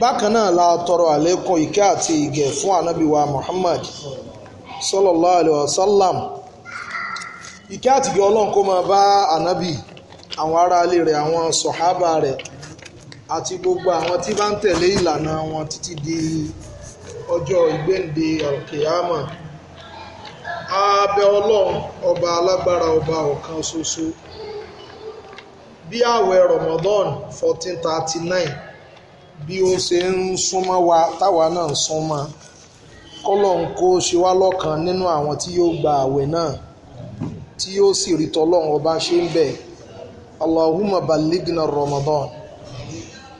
bákan náà la tọrọ àlékún ìkẹ́ àti ìgẹ̀ fún ànábìwá Muhammad sallallahu alayhi wa sallam ìkẹ́ àti ìgẹ̀ ọlọ́run kó máa bá ànábì àwọn aráalé rẹ̀ àwọn sọ̀hábà rẹ̀ àti gbogbo àwọn tí bá ń tẹ̀lé ìlànà wọn títí di ọjọ́ ìgbéǹde alkiyama a bẹ̀ ọlọ́run ọba alágbára ọba ọ̀kan ṣoṣo bí ààwẹ̀ Ramadan fourteen thirty nine bí ó ṣe ń súnmọ́ wa táwa náà súnmọ́ kọ́lọ́hún kó ṣe wá lọ́kàn nínú àwọn tí yóò gba àwẹ̀ náà tí yóò sì rí tọ́lọ́hún ọba ṣe ń bẹ̀ Allahumma Ramadan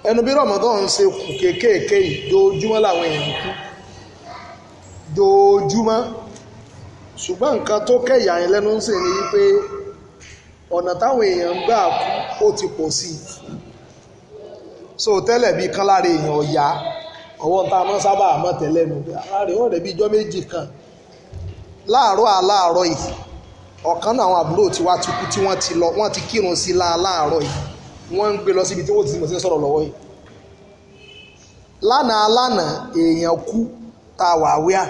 ẹnu bí Ramadan ṣe kù kéékèèké yìí dojúmọ́ làwọn èèyàn kú dojúmọ́ ṣùgbọ́n nǹkan tó kẹ̀yà yẹn ọ̀nà táwọn èèyàn gbà kú ó pọ̀ sí so tẹ́lẹ̀ bíi kan lára èèyàn ọ̀yá ọwọ́ tá a máa sábà mọ̀ tẹ́lẹ̀ nù láàrin ọ̀rẹ́ bíi ijọ́ méjì kan láàárọ̀ aláàárọ̀ yìí ọ̀kan náà àwọn àbúrò tí ti kú tí wọ́n ti lọ wọ́n ti kírun sí la láàárọ̀ yìí wọ́n ń gbé lọ síbi tí wọ́n ti mọ̀ sí sọ̀rọ̀ lọ́wọ́ yìí lánàá lánàá èèyàn kú ta wàwíà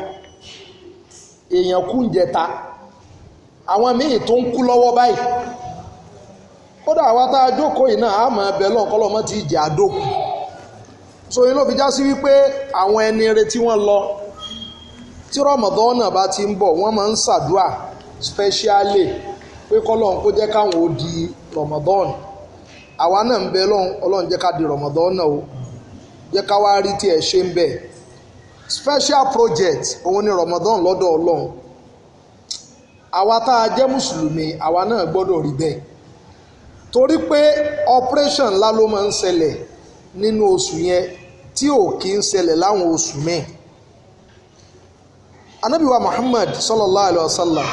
èèyàn kú ń jẹta àwọn míì tó ń kú lọ́wọ́ báyìí kódà àwa tá a jókòó yìí náà a máa bẹ̀ lọ́n kọ́ lọ́mọ ti jẹ́ àdókù so yín fi já sí wípé àwọn ẹni eré wọn lọ tí rọmọdán náà bá ti ń bọ̀ wọ́n máa ń ṣàdúà specially pé kọ́lọ́n kó jẹ́ káwọn ò di rọmọdán àwa náà ń bẹ lọ́n ọlọ́run jẹ́ ká di rọmọdán náà o jẹ́ ká wá rí tí ẹ̀ ṣe ń bẹ̀ special project òun ni rọmọdán lọ́dọ̀ ọlọ́run àwa tá a jẹ́ mùsùlùmí àwa náà gbọ́dọ̀ rí bẹ́ẹ̀ torí pé operation ńlá ló máa ń ṣẹlẹ̀ nínú oṣù yẹn tí ò kí ń ṣẹlẹ̀ láwọn oṣù míì anábìwá Muhammad sallallahu alayhi wa sallam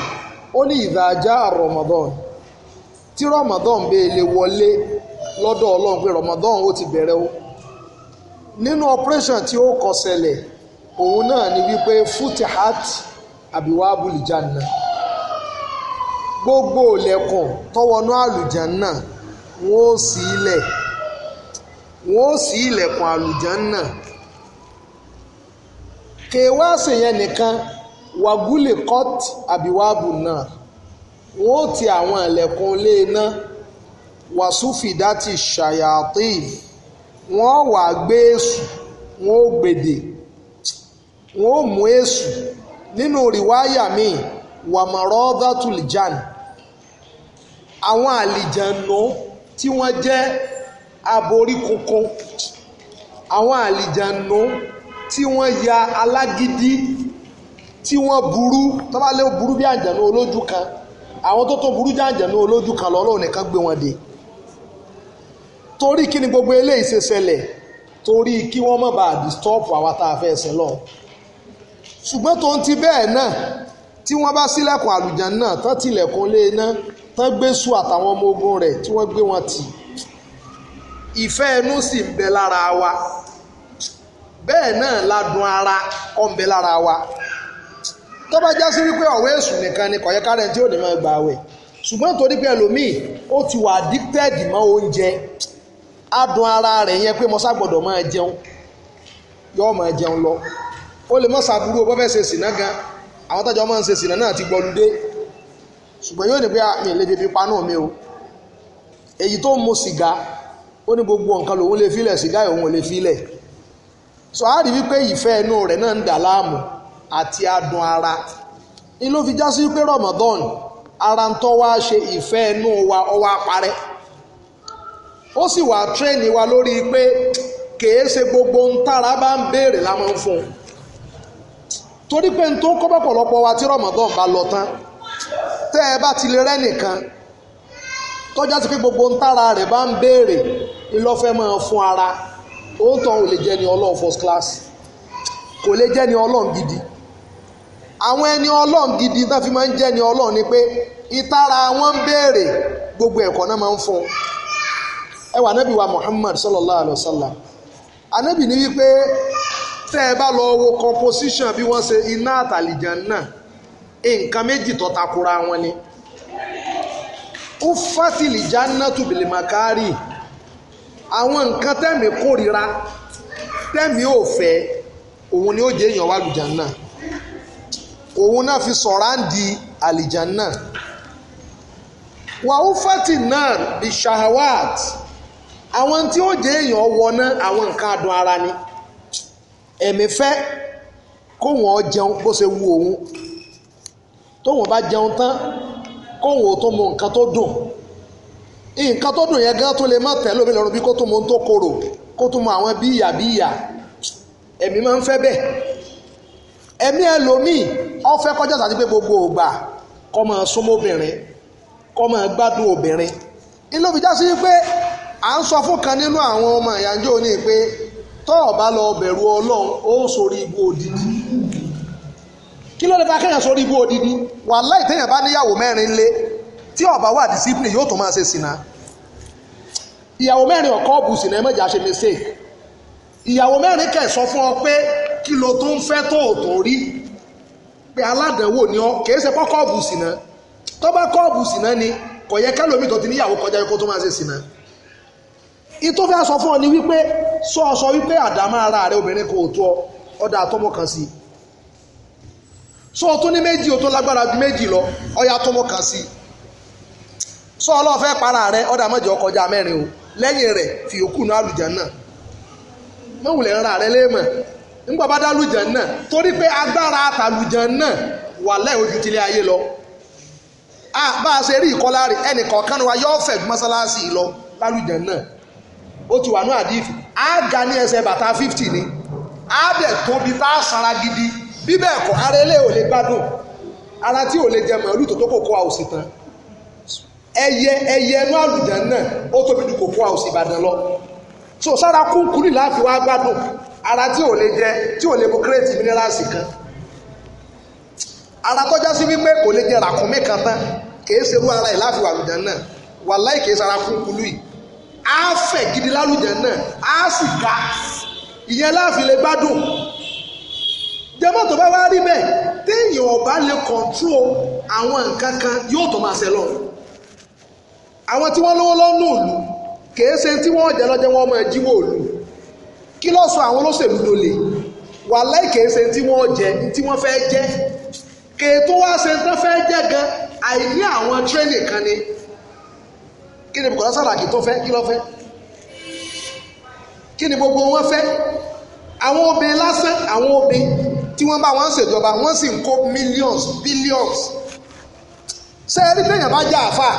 ó ní ìdájá Ramadan tí Ramadan bẹ́ẹ̀ lè wọlé lọ́dọ̀ Ọlọ́run pé Ramadan ó ti bẹ̀rẹ̀ o nínú operation tí ó kọ ṣẹlẹ̀ òun náà ni wípé futihat abiwa abulijanna. gbogbo ìlẹ̀kùn tọ́wọ́nú àlùjànnà wọn ó ṣí ilẹ̀ wọn ó ṣí ilẹ̀kùn àlùjànnà kèwá ṣèyẹn nìkan wàgúlè court àbíwábù náà wọn ó ti àwọn ìlẹ̀kùn ilé iná wàsúfìdátì ṣàyàtì wọn wà gbé èṣù wọn ó gbèdè wọn ó mú nínú rìwáyà míì wàmọ̀rọ́ dátùlìjàn àwọn àlìjànú tí wọ́n jẹ́ aborí kókó àwọn àlìjànú tí wọ́n ya alágídí tí wọ́n burú tó bá lé burú bí àjànú olójú kan àwọn tó tó burú jẹ́ àjànú olójú kan lọ́lọ́run nìkan gbé wọn dé torí kí ni gbogbo eléyìí ṣe ṣẹlẹ̀ torí kí wọ́n má bàa disturb àwa tá a fẹ́ ṣe lọ ṣùgbọ́n tó ń ti bẹ́ẹ̀ náà tí wọ́n bá ṣílẹ̀kùn àlùjá náà tán tilẹ̀kùn lé náà tán gbé su àtàwọn ọmọ ogun rẹ̀ tí wọ́n gbé wọn tì ìfẹ́ ẹnu sì ń bẹ lára wa bẹ́ẹ̀ náà ládùn ara ó ń bẹ lára wa tó bá já sí wípé ọ̀wé èsù nìkan ni kọ̀yẹ́ kárẹ̀ tí ò ní máa gbà wẹ̀ ṣùgbọ́n torí pé ẹlòmíì ó ti wà addicted mọ́ oúnjẹ adùn ara rẹ̀ yẹn pé mọ́sá gbọ́dọ̀ máa jẹun yóò máa jẹun lọ ó lè mọ́sá burú o fẹ́ ṣe sìnà gan àwọn tájọ́ máa ń ṣe sìnà náà ti gbọ́lú dé ṣùgbọ́n yóò ní pé ah, mi lè fi pa náà mi o èyí tó ń mu sìgá ó ní gbogbo nǹkan lòun lè filẹ̀ sìgá òun lè filẹ̀ sọ á rí wípé ìfẹ́ inú rẹ̀ náà ń dà láàmú ara ni ló fi já sí pé Ramadan ara ń tọ́ wá ṣe ìfẹ́ inú wa ọwọ́ wa lórí pé kèé ṣe gbogbo ń bá ń béèrè fún un torí pé n tó kọ́ bọ́pọ̀lọpọ̀ wa tí Ramadan bá lọ tán tẹ́ ẹ bá ti lè rẹ́ nìkan tọ́jà sí pé gbogbo ń tára rẹ̀ bá ń béèrè ńlọ́fẹ́ máa fún ara òun tán ò lè jẹ́ ni ọlọ́run first class kò lè jẹ́ ni ọlọ́run gidi àwọn ẹni ọlọ́run gidi náà fi máa ń jẹ́ ni ọlọ́run ni pé ìtara wọn ń béèrè gbogbo ẹ̀kọ́ náà máa ń fún un ẹ wà anábì wa Muhammad sallallahu alayhi wa sallam anábì ní wípé tẹ́ ẹ bá lọ wo composition bí wọ́n ṣe iná àtàlìjàn náà nǹkan méjì tó takora wọn ni ó fásìlì jáná tùbìlì àwọn nǹkan tẹ́mi kórira tẹ́mi ò fẹ́ òun ni ó jẹ́ èèyàn wá lùjánà òun náà fi sọ̀ráǹdì àlìjánà wàhúfàtì náà bí shahawat àwọn tí ó jẹ́ èèyàn wọná àwọn nǹkan adùn ara ni ẹ̀mí fẹ́ kó wọ́n jẹun ṣe tóun bá jẹun tán kóun ò tó mu nǹkan tó dùn nǹkan tó dùn yẹn gan tó lè má tẹ̀ lómi lọ́rùn bí kó tó mu tó korò kó tó mu àwọn bí ìyà bí ìyà ẹ̀mí máa ń fẹ́ bẹ́ẹ̀ ẹ̀mí ẹlòmíì ó fẹ́ kọjá sàti pé gbogbo ògbà kó máa súnmọ́ obìnrin kó máa gbádùn obìnrin ilé òbí já sí pé à ń sọ fún kan nínú àwọn ọmọ ìyànjọ́ òní pé tọ́ọ̀ bá lọ bẹ̀rù ọlọ́run ó sorí igbó òdìdí kí ló lè fa kéèyàn sórí ibú odidi wàláì téèyàn bá níyàwó mẹ́rin lé tí ó bá wà discipline yóò tó máa ṣe sìnà ìyàwó mẹ́rin ọ̀kọ́ ọ̀bù sìnà ẹ mọ̀jà ṣe mistake ìyàwó mẹ́rin kẹ̀ sọ fún ọ pé kí lo tó ń fẹ́ tó ò rí pé aládàáwò ni ọ kì í ṣe pọ́ kọ́ọ̀bù sìnà tó bá kọ́ọ̀bù sìnà ni kò yẹ kẹ́lòmíì tó ti níyàwó kọjá kó tó máa ṣe sìnà ìtò sọ fún ọ ni wípé sọ ọ sọ wípé àdámọ́ ara rẹ obìnrin kò tó ọ ọ̀dà àtọ́mọ kan sí i sọ ọ ní méjì o tó lọ ọyá tó mọ̀ kàn sí sọ para rẹ ọ̀dà mọ̀jẹ̀ ọkọjá mẹ́rin o lẹ́yìn rẹ̀ fi òkú nu àlùjánnà mọ̀wùlẹ̀ ńra rẹ léèmọ̀ nígbà bá dá náà torí pé agbára àtàlùjánnà wà lẹ́ lọ a ṣe rí ìkọlá wa mọ́sálásì lọ ó ti wà ní àdìf fifty ni tóbi a gidi bí bẹ́ẹ̀ kọ́ ara ilé ò lè gbádùn ara tí ò lè jẹ màálù tó tó kòkó àwòsì tán ẹyẹ ẹyẹ ẹnu àlùján náà ó tóbi ju kòkó àwòsì Ìbàdàn lọ so sára kúnkúrì láti wá gbádùn ara tí ò lè jẹ tí ò lè mú kírètì mínírààsì kan ara tọ́já sí wípé kò lè jẹ ràkúnmí kan tán kìí ṣerú ara ẹ̀ láfi wà lùján náà wàláì kìí sára kúnkúrì yìí á fẹ̀ gidi lálùján náà á sì ga ìyẹn láàfin lè gbádùn jẹ́mọ́ tó bá wá rí bẹ́ẹ̀ téèyàn ò bá lè kọ̀ǹtró àwọn nǹkan kan yóò tó máa ṣe lọ àwọn tí wọ́n lówó lọ́nà òlu kìí ṣe tí wọ́n jẹ́ lọ́jẹ́ wọ́n máa jíwó òlu kí ló sọ àwọn olóṣèlú lólè wàláì kìí ṣe tí wọ́n jẹ tí wọ́n fẹ́ jẹ́ kìí tó wá ṣe tó fẹ́ jẹ́ gan àìní àwọn tírẹ́nì kan ni kí ni Bùkọ́lá Sàràkí tó fẹ́ kí ló fẹ́ kí ni gbogbo wọn fẹ́ àwọn obìnrin lásán àwọn obìnrin tí wọ́n bá wọn ṣèjọba wọ́n sì ń kó millions billions ṣé ẹ rí téèyàn bá jẹ́ àáfà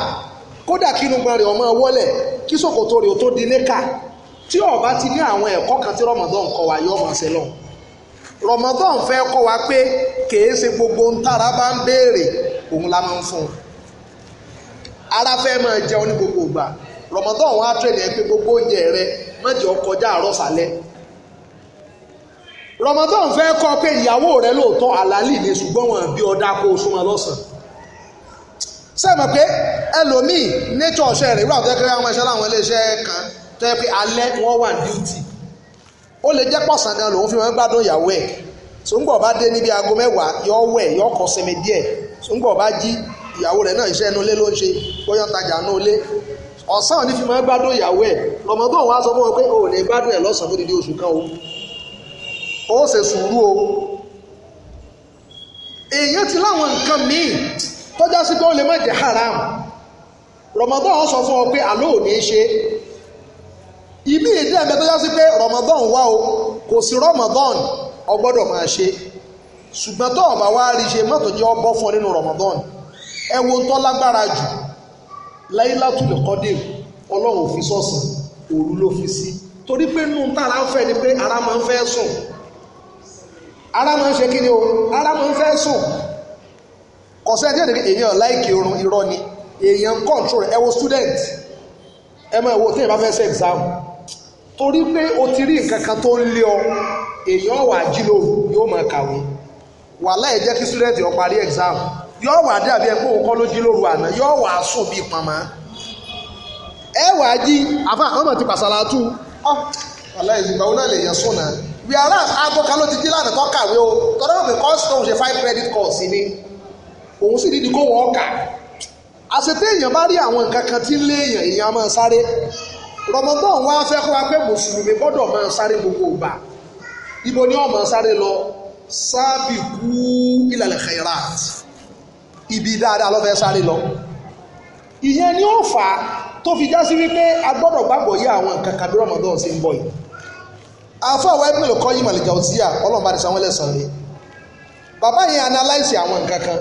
kódà kí inú gbọ́n rẹ̀ ọmọ wọlé kí ṣòkòtò rẹ̀ ó tó di níkà tí ó bá ti ní àwọn ẹ̀kọ́ kan tí Ramadan kọ́ wa yọ máa ṣe lọ Ramadan fẹ́ kọ́ wa pé kèé ṣe gbogbo ń tára bá ń béèrè òun la máa ń fún un ara fẹ́ máa jẹun ní gbogbo ìgbà Ramadan wọn á tẹ̀lé ẹ pé gbogbo oúnjẹ rẹ má kọjá àárọ̀ Ramadan fẹ́ kọ́ pé ìyàwó rẹ lóòótọ́ àlálì ni ṣùgbọ́n wọn bí ọdá kó o súnmọ́ lọ́sàn-án sẹ́mọ̀ pé ẹlòmíì nature ọ̀ṣẹ́ rẹ̀ ìwúrà tó kéré àwọn iṣẹ́ láwọn iléeṣẹ́ kan tó yẹ pé alẹ́ wọ́n wà duty ó lè jẹ́ pọ̀sán gan lòun fi wọn gbádùn ìyàwó ẹ̀ sóńgbọ̀ bá dé níbi aago mẹ́wàá yọ wẹ̀ yọ kọ́ sinmi díẹ̀ sóńgbọ̀ bá jí ìyàwó rẹ̀ náà iṣẹ́ inú ilé ló ń ṣe bóyá tajà inú ilé ọ̀sán ò ní fi wọn gbádùn ìyàwó ẹ̀ lọ́mọdún wa sọ fún wọn pé òun ní gbádùn ẹ̀ lọ́sàn-án tó di oṣù kan òun ó ṣe sùúrù o èèyàn ti láwọn nǹkan míì tọ́já sí pé ó lè haram Ramadan sọ fún ọ pé àlọ́ ò ní í ṣe ìmí ìdí ẹ̀mẹ́ tọ́já sí pé Ramadan o kò sí Ramadan o máa ṣe ṣùgbọ́n tó o wá rí ṣe mọ́tò jẹ́ ọ bọ́ fún ọ nínú Ramadan ẹ wo ń tọ́ lágbára jù láyélátùlẹ̀ kọ́dé ọlọ́run ò fi òru ló fi sí torí pé nù ń fẹ́ ni ara máa ń fẹ́ ara máa ń ṣe kí ni o ara máa ń fẹ́ sùn kọ̀sẹ́ tí ni èyàn control ẹ studenti student wo téèyàn bá fẹ́ exam torí pé o ti rí nǹkan kan tó ń lé ọ èyàn wà á jí lóru yóò máa kàwé wàhálà exam yóò wà á ló jí lóru àná yóò wà á sùn bíi pàmò ọ wàhálà We are wíwárà aago kan ló ti jí lánàá tó kàwé o tọ́lá òfin kọ́ọ̀sì tó ń ṣe five credit course ni òun sì dídí kó wọ́n kà àṣetẹ́ èèyàn bá rí àwọn nǹkan kan tí ń lé èèyàn èèyàn máa sáré rọmọdún wa fẹ́ kó wa pé mùsùlùmí gbọ́dọ̀ máa sáré gbogbo ìgbà ibo ni wọ́n máa sáré lọ sábì kú ilal khairat ibi dáadáa lọ́fẹ́ sáré lọ ìyẹn ni ó fà á tó fi já sí wípé a gbọ́dọ̀ gbàgbọ́ yé àwọn nǹkan kan bí rọmọdún ṣe ń bọ̀ yìí àfọwọ́ ẹ̀bùn lè kọ́ yìí màlìjà òtí à ọlọ́run bá ti sanwó lẹ́sàn rẹ̀ bàbá yẹn analyse àwọn nǹkan kan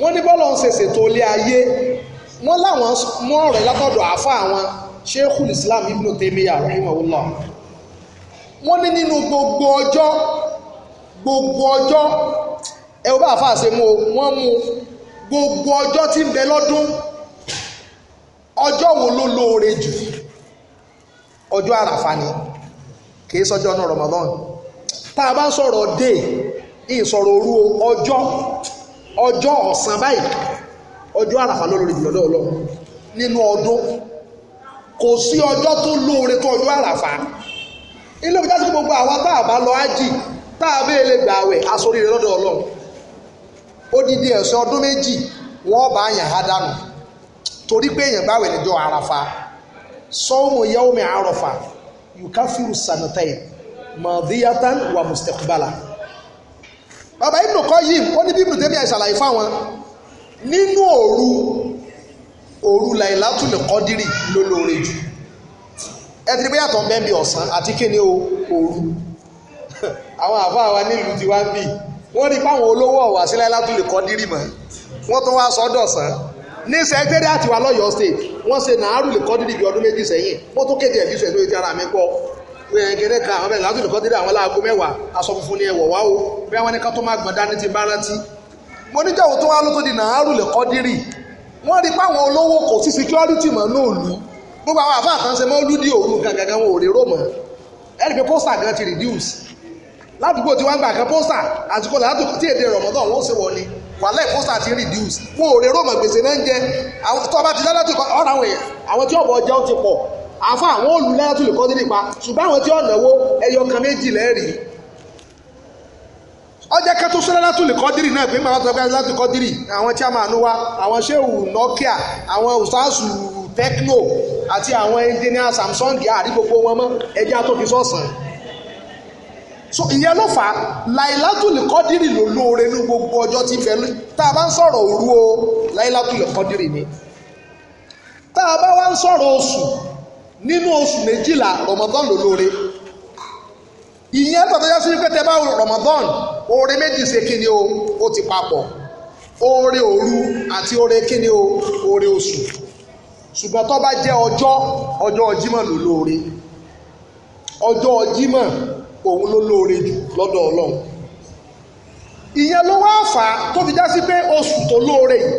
wọ́n ní bọ́ọ̀lù ń ṣèṣe tó lé ayé wọ́n láwọn mú ọ̀rọ̀ látọ̀dọ̀ àfa àwọn sheikhul islam ibn taymiyyah rahimahullah wọ́n ní nínú gbogbo ọjọ́ gbogbo ọjọ́ ẹ wọ́n bá àfa àṣẹ mú wọ́n mú gbogbo ọjọ́ tí ń bẹ lọ́dún ọjọ́ wo ló lóore jù ọjọ́ àràfà ni. ka í sọjọ́ náà Ramadan tá a bá sọrọ sọ̀rọ̀ day oru ọjọ ọjọ́ ọjọ́ arafa báyìí ọjọ́ àràfà lórí ìjọdọ̀ ọlọ́run nínú ọdún kò sí ọjọ́ tó lóore tó ọjọ́ àràfà ilé ìjọba sí gbogbo àwa a bá lọ ájì tá a bẹ́ẹ̀ lè asorí rẹ lọ́dọ̀ ọlọ́run odidi ẹ̀sìn ọdún méjì wọ́n bá yàn á dànù torí pé èèyàn àràfà yukafiru sanatain madiyatan wa mustaqbala bàbá ibnu Qayyim ó ní bí ibnu Taymiyyah ṣàlàyé fáwọn nínú òru òru làìlátùlẹ̀ kọ́dírì lólóore jù ẹ ti bóyá tó ń bẹ́ẹ̀ bí ọ̀sán àti kíni o òru àwọn àfáà wa nílùú ti wá ń bì wọ́n rí páwọn olówó ọ̀wà sílẹ̀ látùlẹ̀ kọ́dírì mọ́ wọ́n tún wá sọ́dọ̀ sàn ní sẹ́kítẹ́rì àti wà lọ́yọ̀ọ́ state wọ́n ṣe nàárù lè kọ́ dídì bí ọdún méjì sẹ́yìn wọ́n tó kéde ẹ̀fíṣọ̀ ètò ìtara mi kọ́ gẹ́gẹ́ ká àwọn ẹ̀lá àtúndì kọ́ dídì àwọn aláàgó mẹ́wàá aṣọ funfun ni ẹ̀wọ̀ wá o bí wọ́n ní ká tó má gbọ̀n dání ti bá rántí. mo níjàwó tó wá ló tó di nàárù lè kọ́ dírì wọ́n rí páwọn olówó kò sí security mọ́ náà lù gbogbo àwọn àfáà kan ṣe mọ́ lúdí òru gangan wọn ò rí rómọ̀ ẹ̀rí pé pósítà gan ti reduce ládùúgbò tí wọ́n gbà kan pósítà àtìkọ́ làádùúgbò tí èdè rọ̀mọ́dọ̀ wọn ó ṣe wọ wàhálà ìkóṣà ti reduce wọn ò lè gbèsè náà ń jẹ tó bá ti dáná kọ́ ọ̀rọ̀ àwọn èèyàn àwọn tí ọ̀bọ̀ ọjà ti pọ̀ àfa àwọn olùlẹ́yà tó lè kọ́ nípa ṣùgbọ́n àwọn tí ọ̀nàwó ẹyọ kan méjì lẹ́rìí ọjọ́ kẹtù sọ́dọ́lá tó lè kọ́dírì náà pé màá tọ́gbà láti kọ́dírì àwọn chairman wa àwọn sehu nokia àwọn usasu tecno àti àwọn engineer samsung àrí gbogbo wọn mọ́ ẹja tó sọ̀sán so ìyẹn ló fà á láìlátùlì kọ́dírì ló lóore ní gbogbo ọjọ́ tí fẹ́ tá a bá ń sọ̀rọ̀ òru o láìlátùlì kọ́dírì ni tá a bá wá ń sọ̀rọ̀ oṣù nínú oṣù méjìlá Ramadan ló lóore ìyẹn tó tọ́jọ́ sí pé tẹ́ bá Ramadan oore méjì ṣe kíni o ó ti papọ̀ oore òru àti oore kíni o oore oṣù ṣùgbọ́n tó bá jẹ́ ọjọ́ ọjọ́ Jímọ̀ ló lóore ọjọ́ Jímọ̀ òun ló lóore jù lọ́dọ̀ ọlọ́run ìyẹn ló wá fà á tó fi já sí pé oṣù tó lóore yìí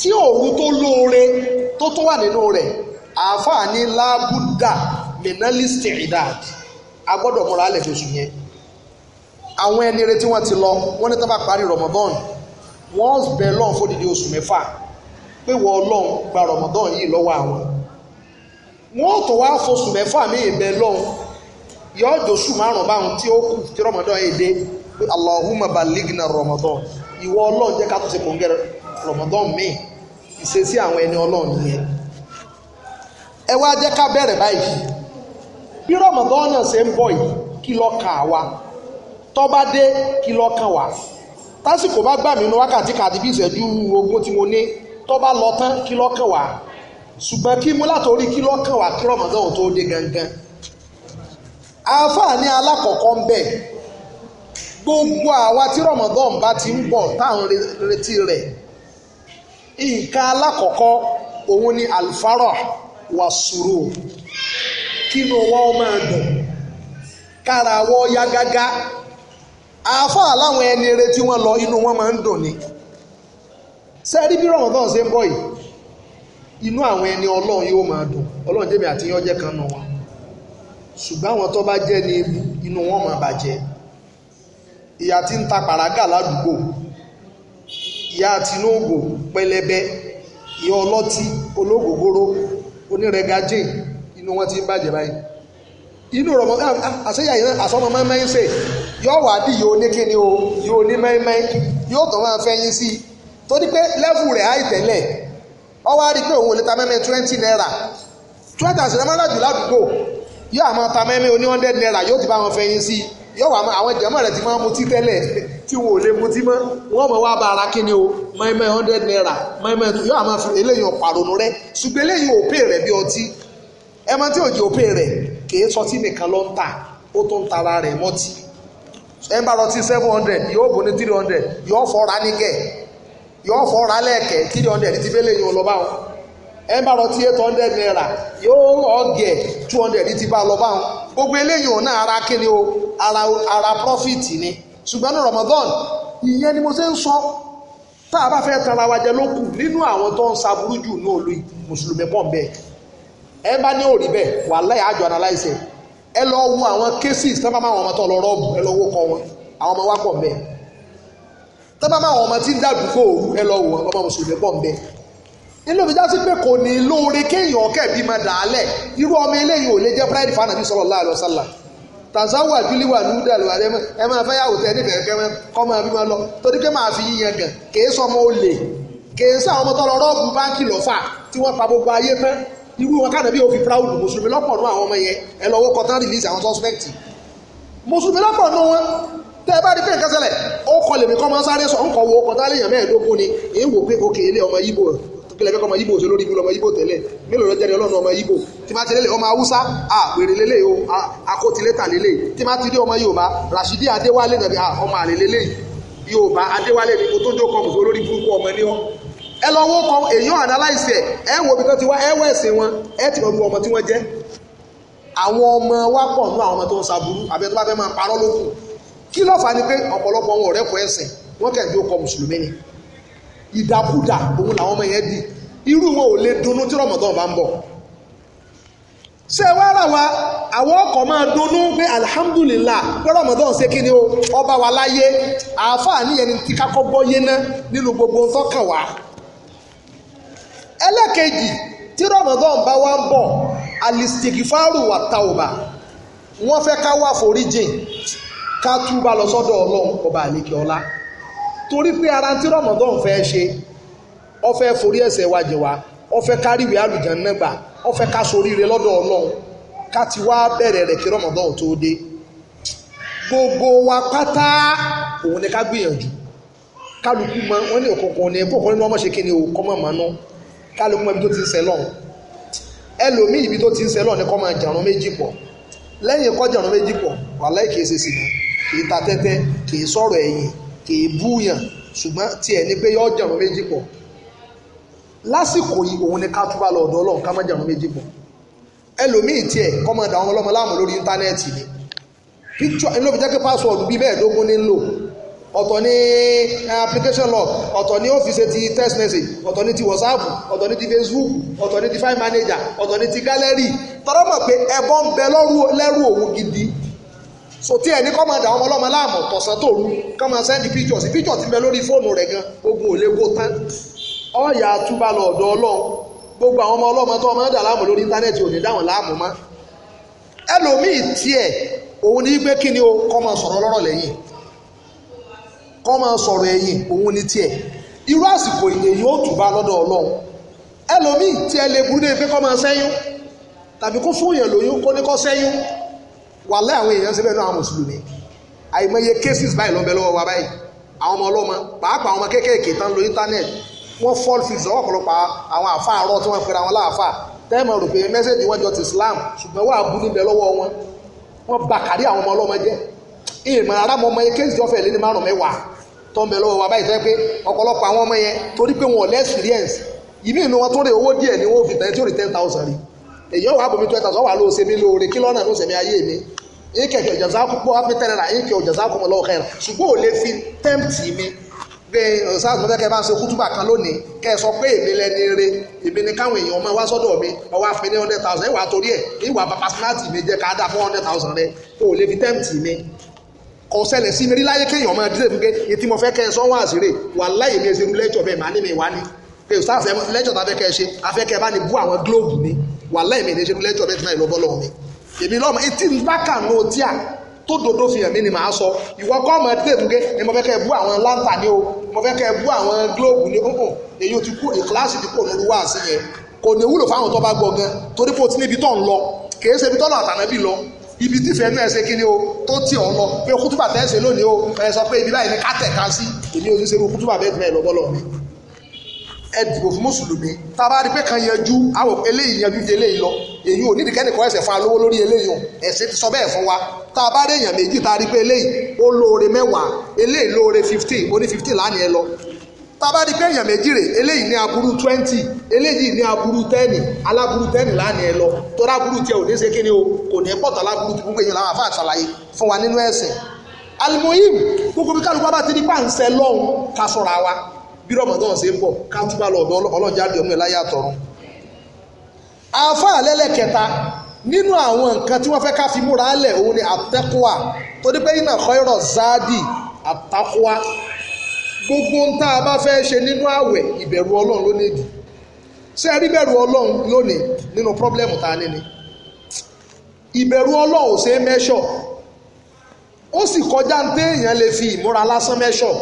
tí òru tó lóore tó tó wà nínú rẹ̀ àáfàá ní lábúdà mìnálísítì ìdáàdì a gbọ́dọ̀ múra alẹ́ fi oṣù yẹn àwọn ẹni retí wọn ti lọ wọn ní tábà parí rọmọdán wọn bẹ lọ́n fódìdí oṣù mẹ́fà pé wọ́n ọlọ́run gba rọmọdán yìí lọ́wọ́ àwọn wọn ò tó wá fọṣù mẹ́fà míì bẹ lọ́n yọ dòṣù márùn báwọn tí ó kù tí rọmọdọ yìí dé pé Allahumma baligna rọmọdọ ìwọ Ọlọ́run jẹ́ ká ṣe rọmọdọ míì ìṣesí àwọn ẹni Ọlọ́run yẹn ẹ wá jẹ́ ká bẹ̀rẹ̀ báyìí bí rọmọdọ náà ṣe ń bọ̀ yìí kí ló kàn wá dé kí wá tásìkò bá gbà mí wákàtí kàdí àáfàá ní alákọ̀ọ́kọ́ ń gbogbo àwa tí Ramadan bá ti ń bọ̀ táwọn retí rẹ̀ nǹkan alákọ̀ọ́kọ́ òun ni alfarah wà sùúrù kínú wọn máa dùn kára wọn yá gágá àáfàá láwọn ẹni retí wọn lọ inú wọn máa ń dùn ni sẹ́ẹ̀rí bí Ramadan ṣe ń bọ̀ yìí inú àwọn ẹni ọlọ́run yóò máa dùn ọlọ́run jẹ́mi àti yín kan nù wọn ṣùgbọ́n àwọn tó bá jẹ́ ní ebu inú wọn máa bàjẹ́ ìyá tí ń ta pàrágà ládùúgbò ìyá tinúgbò pẹlẹbẹ ìyá ọlọ́tí olóògógóró onírẹgajé inú wọn ti ń bàjẹ́ báyìí inú rọmọ ah, ah, àṣeyà yìí náà àsọmọ mẹ́mẹ́yìn ṣe yóò wá bí yóò ní kíni o yóò ní mẹ́mẹ́yìn yóò tàn máa fẹ́ sí i tó ní pé lẹ́fù rẹ̀ áì tẹ́lẹ̀ ọ òun ò lè ta mẹ́mẹ́ twenty naira twenty àṣìlẹ́mọ́lá jù ládùúgbò yóò àmọ́ ta mẹ́mí oní hundred naira yóò ti bá wọn fẹ̀yìn sí yóò wà mọ́ àwọn jẹ̀mọ́ rẹ̀ ti máa mutí tẹ́lẹ̀ tí wọn ò lè mutí mọ́ wọ́n mọ̀ wá bára kí ni o mẹ́mẹ́ hundred naira mẹ́mẹ́ yóò àmọ́ fi eléyìí ọ̀pàrònú rẹ̀ ṣùgbọ́n eléyìí òpè rẹ̀ bí ọtí ẹ mọ tí òjì òpè rẹ̀ kìí sọtí nìkan ló ń ta ó tó ń tara rẹ̀ mọ́tì ẹ bá rọtí seven hundred yóò bò ní three hundred yóò fọ́ nígẹ̀ yóò fọ́ lẹ́ẹ̀kẹ́ three hundred ti fẹ́ lè yàn lọ báwọn ẹ bá rọtí eight naira yóò ọ̀gẹ̀ two ti bá lọ báwọn gbogbo eléyìí òun náà ara kíni o ara ara profit ni ṣùgbọ́n ní Ramadan ìyẹn ni mo ṣe ń sọ tá a bá fẹ́ tara wa jẹ lókù nínú àwọn tó ń saburú jù ní olú mùsùlùmí pọ̀ bẹ́ẹ̀ ẹ bá ní òrì bẹ́ẹ̀ wàláhì àjọ analyse ẹ lọ wo àwọn cases bá máa ọmọ tó lọ rọ́ọ̀bù ẹ lọ wó kọ inú mi já sí pé kò ní lóore kéèyàn kẹ̀bí máa dà á lẹ̀ irú ọmọ eléyìí ò lè jẹ́ pride fan àbí sallallahu alaihi wasallam tàzáwò àbílí wà ní dàlù àdé ẹ máa fẹ́ yàwó tẹ́ nífẹ̀ẹ́ kẹ́mẹ́ kọ́ máa bí máa lọ torí pé máa fi yíyan gàn kèé sọmọ olè kèé sáwọn ọmọ tọrọ rọ́ọ̀bù báńkì lọ́fà tí wọ́n pa gbogbo ayé tán irú wọn kànáà bí o fi proud mùsùlùmí lọ́pọ̀ nù àwọn ọmọ yẹn ẹ lọ́wọ́ kọ́ release àwọn suspect mùsùlùmí lọ́pọ̀ nù wọn tẹ́ ẹ bá rí pé nǹkan ó kọ lèmi kọ́ máa sáré sọ ń wo ọkọ̀ kílẹ̀ fẹ́ kọ́ ọmọ Ìgbò ṣe lórí ibi lọ́mọ Ìgbò tẹ́lẹ̀ mélòó lọ jẹ́rìí ọlọ́run ọmọ Ìgbò tí máa ti lélẹ̀ ọmọ Haúsá àpèrè lélẹ̀ o àkótilétà lélẹ̀ tí máa ti rí ọmọ Yorùbá Rashidi Adéwálé nàbí ọmọ àlè lélẹ̀ Yorùbá Adéwálé ni tó jó kọ́ mùsùlùmí lórí burúkú ọmọ ní ọ ẹ lọ wó kan èyàn analyse ẹ ẹ wo ibi tó ti wá ẹ wọ ẹsìn wọn ẹ ti rọrùn ọmọ tí wọn jẹ àwọn ọmọ wa pọ̀ nínú àwọn ọmọ tó ń ṣàbùrú àbẹ tó bá fẹ́ máa parọ́ lókun kí ló fà ni pé ọ̀pọ̀lọpọ̀ wọn ọ̀rẹ́kọ̀ọ́ ẹ̀sìn wọn kẹ̀ ń jó kọ mùsùlùmí ni ìdàkudà òun làwọn ọmọ yẹn di irú wọn ò lè dunnú tí rọmọdán bá ń bọ̀ ṣé wàrà wa àwọn ọkọ máa dunnú pé alihamudulilah pé rọmọdán ṣe kí ni o ọba wa láyé àáfàá nìyẹn ti kákọ́ bọ́ yé ná nínú gbogbo ntọ́kàn wa ẹlẹ́kejì tí rọmọdán bá wá ń bọ̀ alistigifaru wa tauba wọ́n fẹ́ ká wá foríjìn ká túbà lọ sọ́dọ̀ ọlọ́run ọba àlekè ọlá. torí pé ara tí rọmọdún fẹ́ ṣe ó fẹ́ forí ẹ̀ṣẹ̀ wa jì káríwé àlùjá nẹgbà fẹ́ ká soríire lọ́dọ̀ wá bẹ̀rẹ̀ rẹ̀ kí rọmọdún tó dé gbogbo wa pátá òun ni ká gbìyànjú kálukú mọ wọn òkùnkùn ní kan ọmọ ṣe kí ni mọ màánú kálukú mọ ibi kìí búyàn ṣùgbọ́n tiẹ̀ ní pé yọ jẹun méjì pọ̀ lásìkò yìí òun ni ká túbà lọ ọ̀dọ̀ ọlọ́run ká má jẹun méjì pọ̀ ẹlòmíì tiẹ̀ kọ́mọdà àwọn ọlọ́mọ láàmú lórí íńtánẹ́ẹ̀tì ni picture ẹni ló fi jẹ́ pé password bíi mẹ́ẹ̀ẹ́dógún ní ń lò ọ̀tọ̀ ní eh, application log ọ̀tọ̀ ní ọ́fíìsì ti text message ọ̀tọ̀ ní ti whatsapp ọ̀tọ̀ ní ti facebook ọ̀tọ̀ ní ti file manager ọ̀tọ̀ ní ti gallery tọ́lọ́mọ̀ pé ẹ̀bọ́n bẹ lẹ́rù òun gidi so tí ẹni kọ́ máa dà ọmọ ọlọ́mọ láàmú tọ̀sán tòru kọ́ máa sẹ́ndì pictures pictures ti bẹ lórí fóònù rẹ̀ gan ogun ò lè wo tán ọ̀yà àtúbà lọ ọ̀dọ̀ ọlọ́run gbogbo àwọn ọmọ ọlọ́mọ tó máa ń dà láàmú lórí íńtánẹ́ẹ̀tì ò ní dá wọn láàmú mọ́ ẹlòmíì tiẹ̀ òun ní gbé kíni o kọ́ máa sọ̀rọ̀ lọ́rọ̀ lẹ́yìn kọ́ máa sọ̀rọ̀ ẹ̀yìn òun ní tiẹ̀ irú àsìkò èyí ó tùbá lọ́dọ̀ ọlọ́run ẹlòmíì tiẹ̀ lè burú dé pé kọ́ máa sẹ́yún tàbí kó fún èèyàn lóyún kó ní kọ́ sẹ́yún wàhálà àwọn èèyàn ṣe bẹ́ẹ̀ náà àwọn mùsùlùmí àìmọye cases báyìí ló ń bẹ lọ́wọ́ wa báyìí àwọn ọmọ ọlọ́mọ pàápàá àwọn ọmọ kéékèèké tán lo internet wọ́n fall fix ọwọ́ ọ̀pọ̀lọpọ̀ àwọn àfa àárọ̀ tí wọ́n pera wọn láàfà tẹ́ẹ̀mọ̀ rò pé mẹ́sẹ̀jì wọn jọ ti Islam ṣùgbọ́n wà á bú níbẹ̀ lọ́wọ́ wọn wọ́n bà kárí àwọn ọmọ ọlọ́mọ jẹ́ ìmọ̀ ara mọ ọmọ yẹn kéèsì ọ̀fẹ́ lé ní márùn mẹ́wàá tó ń bẹ lọ́wọ́ wa báyìí tẹ́ pé ọ̀pọ̀lọpọ̀ àwọn ọmọ yẹn torí pé wọn ò lẹ́sìrìẹ́nsì ìmí inú wọn tó rè owó díẹ̀ ni wọ́n fi tẹ̀ tí ó rí ten thousand rí èyí ọ̀wá bomi twenty thousand ọ̀wá ló ṣe mí lóore kí lọ́nà ló ṣe mí ayé mi ìkẹ̀kẹ̀ jazakumullahu àpẹtẹrẹ rà ìkẹ̀ jazakumullahu khairan ṣùgbọ́n ò fi tẹ́ǹtì mi pé ṣáàtì eh, mọ́tẹ́kẹ́ bá ń ṣe kútùbà kan lónìí kẹ́ ẹ pé èmi lẹni re èmi ni káwọn èèyàn máa mi ọwọ́ àfẹ́ ní hundred thousand ìwà torí ẹ̀ ìwà papasinati mi jẹ́ káàdà fún hundred thousand rẹ kó o fi tẹ́ǹtì mi kò ṣẹlẹ̀ sí mi láyé kéèyàn máa dídé fún etí mo fẹ́ kẹ́ ẹ sọ́wọ́n àṣírí wà láyé mi ṣe lẹ́jọ̀ bẹ́ẹ̀ màá ní mi wá ní pé ṣáàtì lẹ́jọ̀ tá a fẹ́ kẹ́ ẹ ṣe afẹ́kẹ́ bá ní bú àwọn gílóòbù mi wà láyé mi ṣe lẹ́jọ̀ bẹ́ẹ̀ èmi lọ́mọ etí ń bá kà ní otí à tó dodo fi hàn mí ni màá sọ ìwọ kọ́ ọmọ ẹdílé fúnke ni mo fẹ́ kẹ́ ẹ bú àwọn láńtà ni o mo fẹ́ kẹ́ ẹ bú àwọn gílóòbù ni o èyí ò ti kú ìkíláàsì ti kò lórí wáàsí yẹn kò ní wúlò fáwọn tó bá gbọ́ gan torí pé o ti níbi tó ń lọ kìí ṣe ibi tọ́nà àtànábì lọ ibi tí fẹ́ náà ṣe kíni o tó tì ọ́ lọ pé kútùbà tẹ́ ṣe lónìí o ẹ sọ pé ibi báyìí ni ká tẹ̀ ká sí èmi ò ní ṣe kútùbà bẹ́ẹ̀ ẹ dìbò fún mùsùlùmí tá a bá rí pé kan yanjú àwọn eléyìí yanjú ju eléyìí lọ èyí ò nídìí kẹ́nìkan ẹ̀sẹ̀ fún alówó lórí eléyìí o ẹ̀sìn ti sọ bẹ́ẹ̀ fún wa tá a bá rí èèyàn méjì tá a rí eléyìí ó lóore mẹ́wàá eléyìí lóore fifteen ó ní fifteen lánìí ẹ lọ tá a èèyàn méjì rè eléyìí ní aburú twenty eléyìí ní aburú ten aláburú ten lánìí ẹ lọ tọ́lá aburú tiẹ̀ ò ní ṣe kíni o kò ní pọ̀tà aláburú tí gbogbo èèyàn làwọn àfa àṣàlàyé fún wa nínú ẹ̀sìn alimoyim gbogbo bí kálukú bá ti di pàǹsẹ̀ bí rọmọdún ṣe ń bọ̀ ká túbà lọ ọ̀dọ̀ ọlọ́jà lè ọmọ ẹ̀ láyé àtọ̀run. àáfàá lẹ́lẹ́kẹta nínú àwọn nǹkan tí wọ́n fẹ́ ká fi múra lẹ̀ òun ni àtẹ́kùwà tó dé pé iná kọ́rọ̀ záàdì àtàkùwà gbogbo ń tá a bá fẹ́ ṣe nínú ààwẹ̀ ìbẹ̀rù ọlọ́run ló nídìí ṣé ẹ rí bẹ̀rù ọlọ́run lónìí nínú pọ́blẹ́mù tá a ní ni ìbẹ̀rù ọlọ́run ò ṣe é mẹ́ṣọ̀ ó sì kọjá ń téèyàn lè fi ìmúra lásán mẹ́ṣọ̀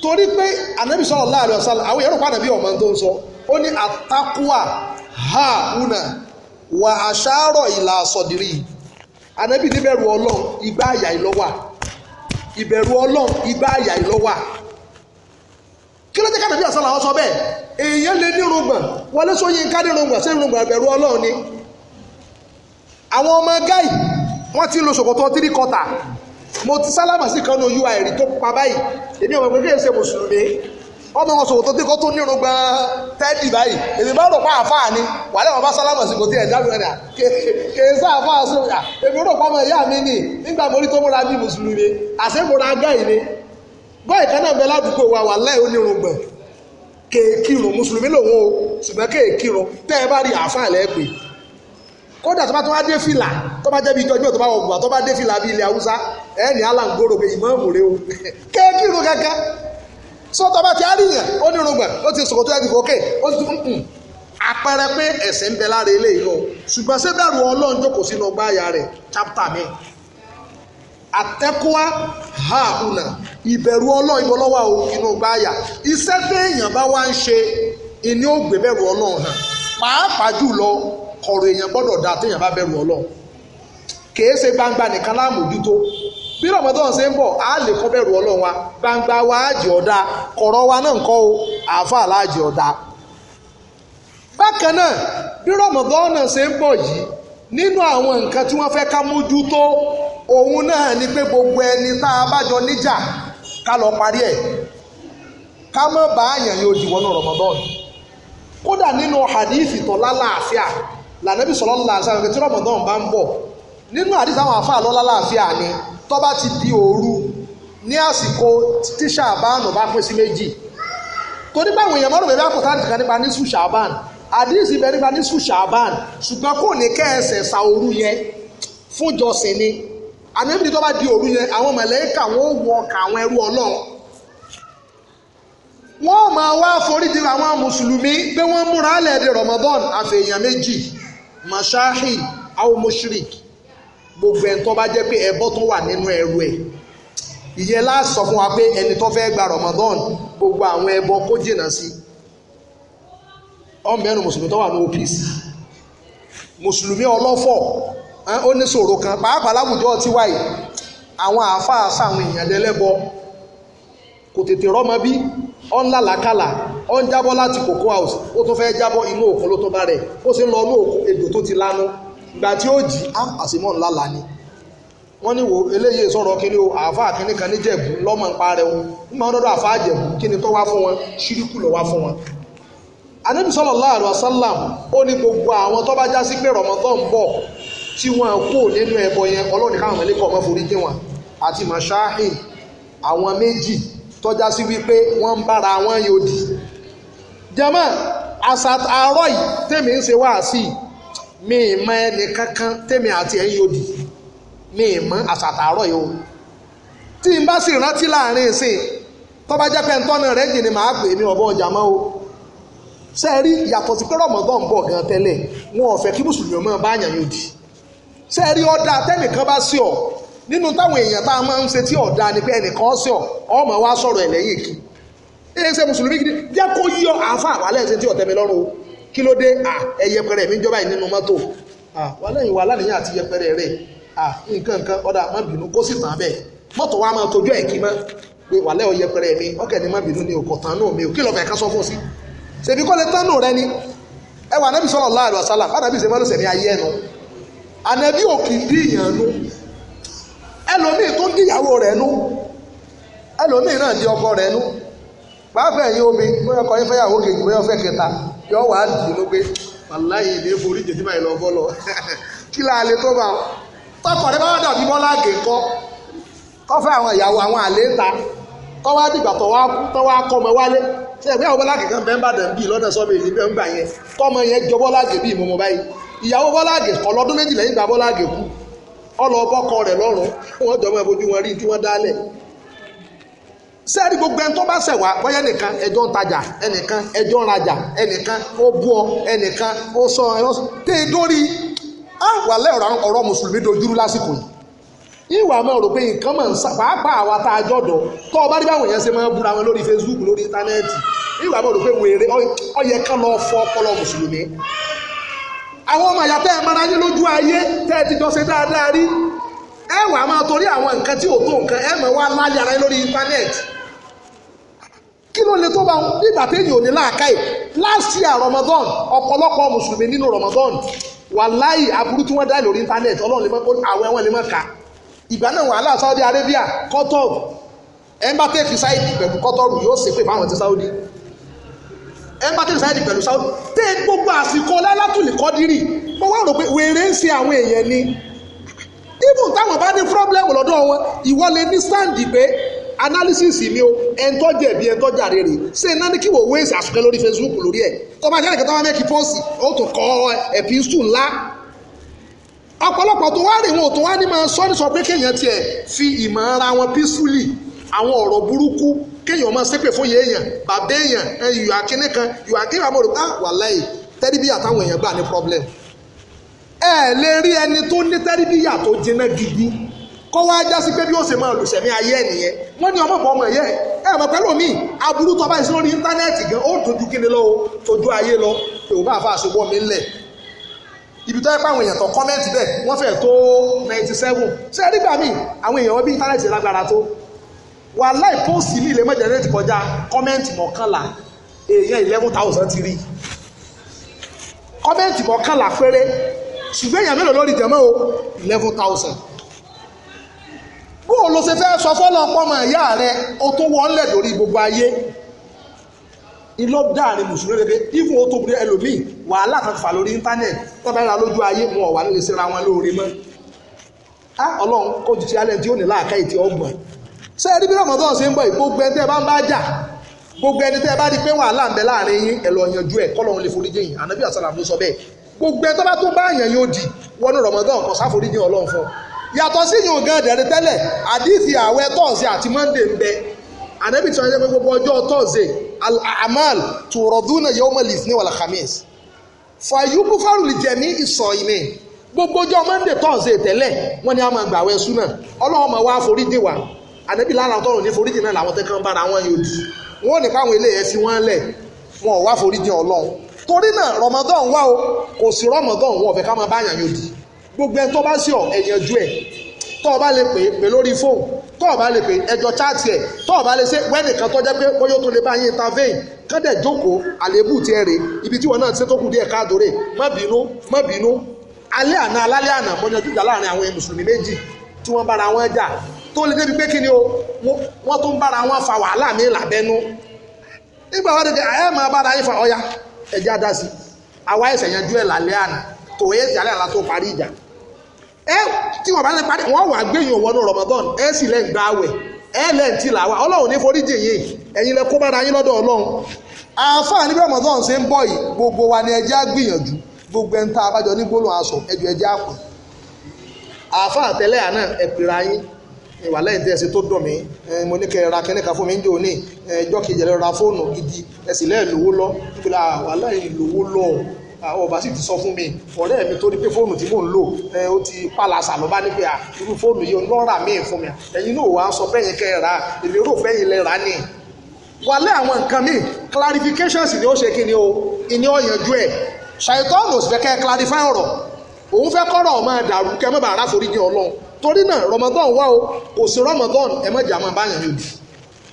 torí pé ànábì sallallahu alaihi wasallam àwọn èèyàn rò pé ànábì ọmọ tó ń sọ ó ní àtàkùà ha una wà àṣàrọ̀ ìlà sọ̀dìrì ànábì níbẹ̀rù ọlọ́run igbá àyà ìlọ́wà ìbẹ̀rù ọlọ́run igbá àyà ìlọ́wà kí ló dé ká nàbí àsálà wọn sọ bẹ́ẹ̀ èèyàn lè ní irùngbọ̀n Wọlé Ṣóyínká ní irùngbọ̀n sí irùngbọ̀n ìbẹ̀rù ọlọ́run ni àwọn ọmọ gáì wọ́n ti lo ṣòkòtò tírí kọta mo ti sálámà sí kan ní oyú àìrí tó pa báyìí èmi ò mọ̀ kéèyàn ṣe mùsùlùmí ọmọ wọn sọ̀rọ̀ tó dé kó tó nírun gan tẹ́lì báyìí èmi bá rò pa àfáà ni wà lẹ́wọ̀n bá sálámà sí kò tí ẹ̀ rẹ̀ kèé sá àfáà sí èmi rò pa ọmọ ìyá mi nì mo rí tó múra bí mùsùlùmí àṣẹ mo ra gáì ni bọ́ọ̀ kan náà bẹ ládùúgbò wa wà láì onírun mùsùlùmí lòun o ṣùgbọ́n tẹ́ ẹ bá rí lẹ́ẹ̀pẹ́ kódà tó bá tó bá dé fìlà tó bá jẹ́bi ìjọ́jú tó bá wọ̀ bùbá tó bá dé fìlà bí ilẹ̀ haúsá ẹ̀ ní alangoro pé ìmáàmù rẹ o kéèkìrò kankan sọ́tọ̀ bá ti àríyàn ó ní irungbọ̀n ó ti sọ̀kòtò ẹ̀ ti fòkè ó ti tún hmm, hmm. àpẹẹrẹ pé ẹ̀sẹ̀ ń bẹ lára eléyìí o ṣùgbọ́n sẹ́bẹ̀rù ọlọ́run jókòó sínú ọgbà àyà rẹ̀ chápítà mi àtẹ́kùá ha una ìbẹ̀rù ọlọ́run ibo lọ́wọ́ o inú ọgbà àyà iṣẹ́ téèyàn bá wá ń ṣe ìní ògbébẹ̀rù ọlọ́run hàn pàápàá Ọrụ èèyàn gbọdọ da téèyàn bá bẹ̀rù ọlọ kèé gbangba nìkan láàmójútó bí rọmọdún ṣe ń bọ̀ á lè kọ́ bẹ̀rù wa gbangba wa á ọ̀dà kọ̀rọ̀ wa náà ń kọ́ o àáfà láàjẹ́ ọ̀dà bákan náà bí náà ṣe ń bọ̀ yìí nínú àwọn nǹkan tí wọ́n fẹ́ ká mójútó òun náà gbogbo ẹni tá a bá jọ níjà ká lọ parí ẹ̀ ká yóò kódà nínú lànàbí sọlọ́lá àṣàyàn pé tí rọ̀mọ̀dán bá ń bọ̀ nínú àdìsí àwọn àfáà lọ́lá láàfíà ni tó bá ti di òru ní àsìkò tí ṣàbán bá pín sí méjì torí báwọn èèyàn mọ́rùn bẹ́ẹ̀ bá kò tá nìkan nípa nísù ṣàbán àdìsí bẹ́ẹ̀ nípa nísù ṣàbán ṣùgbọ́n kò ní kẹ́ẹ̀sẹ̀ sa òru yẹn fún jọ́sìn ni àmì tó bá di òru yẹn àwọn mọ̀lẹ́kà wọ́n wọ ọkà àwọn ẹrú ọlọ́run wọ́n máa wá foríjì àwọn mùsùlùmí pé wọ́n múra lẹ́ẹ̀dẹ̀ Ramadan àfẹ̀yàn méjì mashahid àwọn mushrik gbogbo ẹni tó bá jẹ́ pé ẹbọ tó wà nínú ẹrù ẹ̀ ìyẹn láàsọ fún wa pé ẹni tó fẹ́ gba Ramadan gbogbo àwọn ẹbọ kó jìnnà sí ọmọ ẹnu mùsùlùmí tó wà ní OPC mùsùlùmí ọlọ́fọ̀ ó ní ṣòro kan pàápàá láwùjọ ti wáyé àwọn àáfàá sáwọn èèyàn lẹ́lẹ́bọ kò tètè rọ́mọ bí ọ̀nlàlàkàlà ó ń jábọ́ láti cocoa house ó tún fẹ́ jábọ́ inú òkun ló tún bá rẹ̀ ó sì ń lọ inú òkun èdò tó ti lánú ìgbà tí ó jì á àsìmọ́ ńlá là ni wọ́n ní wo eléyìí sọ̀rọ̀ kíní o àáfàá kíní kan níjẹ̀bú lọ́mọ ńpa rẹ̀ o ń máa ń dọ́dọ̀ àáfàá jẹ̀bú kíní tó wá fún wọn ṣíríkù ló wá fún wọn. Ànábì sallallahu alaihi wasallam ó ní gbogbo àwọn tó bá já sí pé Ramadan bọ̀ tí wọ́n kú nínú ẹbọ yẹn ọlọ́ọ̀ni káwọn mẹ́lẹ́kọ̀ ọmọ forí jìn wọn àti màṣáhìn àwọn méjì tọ́já sí wípé wọ́n ń bára wọn yòdì jama àṣàtàárọ̀ yìí tèmi ń ṣe wáàsí mi ìmọ̀ ẹni kankan tèmi àti ẹ̀yìn òdì mi ìmọ̀ àṣàtàárọ̀ yìí o tí n bá sì rántí láàrin ìsìn tó bá jẹ́ pé ntọ́nà rẹ̀ jì ni màá pè mí ọ̀bọ ọjà mọ́ o ṣe rí yàtọ̀ sí pé rọ̀mọ́dán bọ̀ gan tẹ́lẹ̀ wọn ò fẹ́ kí mùsùlùmí ọmọ bá yàn yòdì ṣe rí ọ̀dà tẹ́nìkan bá sí ọ nínú táwọn èèyàn tá a máa ń ṣe tí ọ̀dà ni pé ẹnìkan sí ọ ọmọ wa sọ̀rọ̀ ẹ̀ lẹ́yìn kí ẹsẹ mùsùlùmí gidi jẹ́ kó yọ àáfà wàhálà ẹsẹ tí ọ̀tẹ́mi lọ́rùn o kí ló dé à ẹyẹ pẹrẹ mi jọba yìí nínú mọ́tò à wàhálà yìí wàhálà nìyẹn àti yẹpẹrẹ rẹ à nǹkan nǹkan ọ̀dà má bínú kó sì tàn bẹ́ẹ̀ mọ́tò wa máa tójú ẹ̀ kí mọ́ pé wàhálà ò yẹpẹrẹ mi ọkẹ́ ni má bínú ni òkò tán náà mi ò kí lọ́ọ́ fẹ́ ká sọ fún sí ṣèbí kọ́ lè tán náà rẹ ni ẹ wà anábì sọlọ láàrú àṣálà fàdàbí ṣe mọ́lùsẹ̀ ní ayé ẹnu anábì òkì dìyàn nu ẹlòmíì tó ń dìyàwó rẹ̀ nu ẹlòmíì náà di ọkọ rẹ̀ nu pàápàá ẹ̀yin omi bóyá ọkọ yín fẹ́yàwó kejì bóyá ọfẹ́ kẹta yọ wàá dì í ló pé wàláyé ilé forí jẹ tí màá lọ bọ́ lọ kí la lè tó bá tọkọ rẹ bá dàbí bọ́lá àwọn ìyàwó àwọn àlè ta ọmọ wálé ṣe àwọn bọ́lá kan bẹ́ẹ̀ bàdàn sẹ́ẹ̀rì gbogbo ẹni tó bá ṣẹ̀ wá bóyá ẹnìkan ẹjọ́ ntajà ẹnìkan ẹjọ́ ń ẹnìkan ó bú ọ ẹnìkan ó sọ ẹ̀rọ tẹ́ ọ̀rọ̀ mùsùlùmí dojúrú lásìkò yìí ìwà máa rò pé nǹkan máa ń sá pàápàá àwa tá a jọ̀dọ̀ tó o bá rí báwọn èèyàn ṣe máa ń búra wọn lórí Facebook lórí tó nǹkan ẹ máa wá kí ló lè tó bá nígbà téèyàn ò ní láàkáì last year Ramadan ọ̀pọ̀lọpọ̀ mùsùlùmí nínú Ramadan wàláì aburú tí wọ́n dá lórí íńtánẹ́ẹ̀tì ọlọ́run lè mọ́ àwọn ẹ̀wọ̀n lè mọ́ ká ìgbà náà wàhálà Saudi Arabia Qatar ẹ̀ńbàtẹ́ fi sáìdì pẹ̀lú Qatar yóò ṣépè fáwọn ti Saudi ẹ̀ńbàtẹ́ fi sáìdì pẹ̀lú Saudi tẹ́ gbogbo àsìkò lálátùlì kọ́dírì mo wá rò pé wèrè ń ṣe àwọn èèyàn ni even táwọn bá ní problem lọ́dọ̀ wọn ìwọ lè ní sáǹdì pé analysis mi o ẹ̀ńtọ́ jẹ̀bi ẹ̀ńtọ́ jàre rè ṣé iná ní kí wò wéèsì àsùnkẹ́ lórí Facebook lórí ẹ̀ tó bá jẹ́rìí kan tó bá mẹ́kì pọ́ọ̀sì ó tún kọ́ ẹ̀pínsù ńlá ọ̀pọ̀lọpọ̀ tó wá rè wọn ò tó wá ní máa sọ ní sọ pé kéèyàn tiẹ̀ fi ìmọ̀ ara wọn peacefully àwọn ọ̀rọ̀ burúkú kéèyàn máa ṣépè fún yéèyàn bàbá èèyàn ìyọ̀ àkíní kan ìyọ̀ àkíní àmọ́ rẹ̀ ah wàláì tẹ́ríbíyà táwọn èèyàn gbà ní problem ẹ lè rí ẹni tó ní tẹ́ríbíyà tó jiná gidi kọ́ wá já sí pé bí ó ṣe máa lùsẹ̀mí ayé ẹ̀ nìyẹn wọ́n ní ọmọ ọmọ ọmọ ẹ̀yẹ ẹ̀ mọ̀ pẹ́lú mi aburú tó bá ìṣòro ní íńtánẹ́ẹ̀tì gan ó tójú kíni lọ́wọ́ tójú ayé lọ yorùbá àfa àṣọwọ́ mi ńlẹ̀ ibi tó yẹ pé àwọn èèyàn tó kọ́mẹ́ǹtì bẹ́ẹ̀ wọ́n fẹ́ tó ninety seven ṣé ẹ nígbà míì àwọn èèyàn bí íńtánẹ́ẹ̀tì lágbára tó wà láì póòsì ní ilé mọ́jẹ̀ẹ́tì kọjá kọ́mẹ́ǹtì mọ́kànlá èèyàn eleven thousand ti rí kọ́mẹ́ǹtì mọ́kànlá péré ṣùgbọ́n èèyàn mélòó lórí jẹ̀mọ́ o eleven thousand bó o lo ṣe fẹ́ sọ fọ́nà pọ́mọ ìyá rẹ o tó wọ́n lẹ̀ lórí gbogbo ayé ilọ́ dáàrin mùsùlùmí rẹ̀ ìfún o tó bí ẹlòmíì wàhálà kan fà lórí íńtánẹ̀tì tó bá ra lójú ayé wọn ò wà nílé síra wọn lóore mọ́ á ọlọ́run kò jù sí alẹ́ tí ó ní láàká ìtì ọgbọ̀n ṣé ẹni bí rọmọdún ṣe ń bọ̀ gbogbo ẹni tẹ́ bá ń bá jà gbogbo ẹni tẹ́ bá di pé wàhálà ń bẹ láàrin yín ẹ lọ yanjú ẹ̀ kọ́lọ́run lè foríjì yín ànábì àsàlám ló sọ bẹ́ẹ̀ gbogbo ẹni tó bá tó bá yàn yóò dì wọnú rọmọdún kò sáforíjì ọlọ́run fún ọ yàtọ̀ sí yìí ògan ẹ̀dẹ̀rẹ̀ tẹ́lẹ̀ àdìsí ààwẹ̀ tọ́ọ̀sì àti mọ́ndé ń bẹ anabi tí wọ́n ṣe gbogbo ọjọ́ tọ́ọ̀sì al-amal turaduna yawmal ithni wal khamis ìsọ̀ gbogbo ọjọ́ mọ́ndé tẹ́lẹ̀ wọ́n ní a máa wẹ̀ súnà ọlọ́wọ́n máa wá wa anabi lára ní náà làwọn bára wọn gbogbo ẹni tó bá sí ọ ẹ̀yànjú ẹ̀ tó o bá lè pè é pè lórí fóònù tó o bá lè pè é ẹjọ́ chaatì ẹ̀ tó o bá lè ṣe wẹ́ẹ̀nì kan tó jẹ́ pé bóyá tó lè bá yín intervene kọ́dẹ̀ jókòó àlébù tiẹ̀ rè ibi tí wọn náà ti ṣe tó kù díẹ̀ káàdó rè má bínú má bínú alẹ́ àná alálẹ́ àná mọ́jọ́jú ìjà láàrin àwọn mùsùlùmí méjì tí wọ́n bára wọn jà tó lè débi pé kí ni o wọ́n tó ń bára wọn fa wàhálà mi làbẹ́nu nígbà wọn dèjì ẹ máa bára yín fa ọya ẹ̀jẹ̀ adásí àwa ẹ̀sẹ̀ yanjú ẹ̀ lálẹ́ àná tòun ẹ̀sẹ̀ alẹ́ àlá tó parí ìjà ẹ tí wọ́n bá lè parí wọ́n wà gbẹ̀yìn òwọ́nú Ramadan ẹ sì lẹ́ gba àwẹ̀ ẹ lẹ́ ti là wá ọlọ́run ní forí jèyè ẹ̀yin lẹ kó bára yín lọ́dọ̀ ọlọ́run àǹfààní bí Ramadan ṣe ń bọ̀ yìí gbogbo wa ni ẹjẹ́ á gbìyànjú gbogbo ẹni tá a bá jọ ní gbólóhùn aṣọ ẹjọ́ ẹjẹ́ àpò àfa àtẹlẹ́ àná ẹ̀pẹ̀rẹ̀ ayín ìwà lẹ́yìn tí ẹ̀sìn tó dùn mí mo ní kẹ́ ra kẹ́nìkan fún mi ń jò ní ẹjọ́ kejì ẹ̀rọ ra fóònù gidi ẹ̀sìn lẹ́ẹ̀ lówó lọ nígbà wà láì lówó lọ́ọ̀ ọba ah, sì ti sọ fún mi ọ̀rẹ́ mi tó ní pé fóònù tí mò ń lò ó ti pàlàsà ló bá ní irú fóònù yìí ọlọ́rà míì fún mi ẹ̀yin náà wàá sọ fẹ́yìn kẹ́ èmi rò fẹ́yìn lẹ́ ni wàlẹ́ àwọn nǹkan míì clarifications ni ó ṣe kí ni o ìní ọ̀yànjú ẹ̀ ṣàìtọ́nù sì fẹ́ kẹ́ ẹ clarify ọ̀rọ̀ òun fẹ́ kọ́rọ̀ ọ̀ máa dàrú kẹ́ mọ́ bàa ráforíjì ọlọ́run torí náà Ramadan wá o kò sí Ramadan ẹ mọ̀ jà máa bá yàn yòdì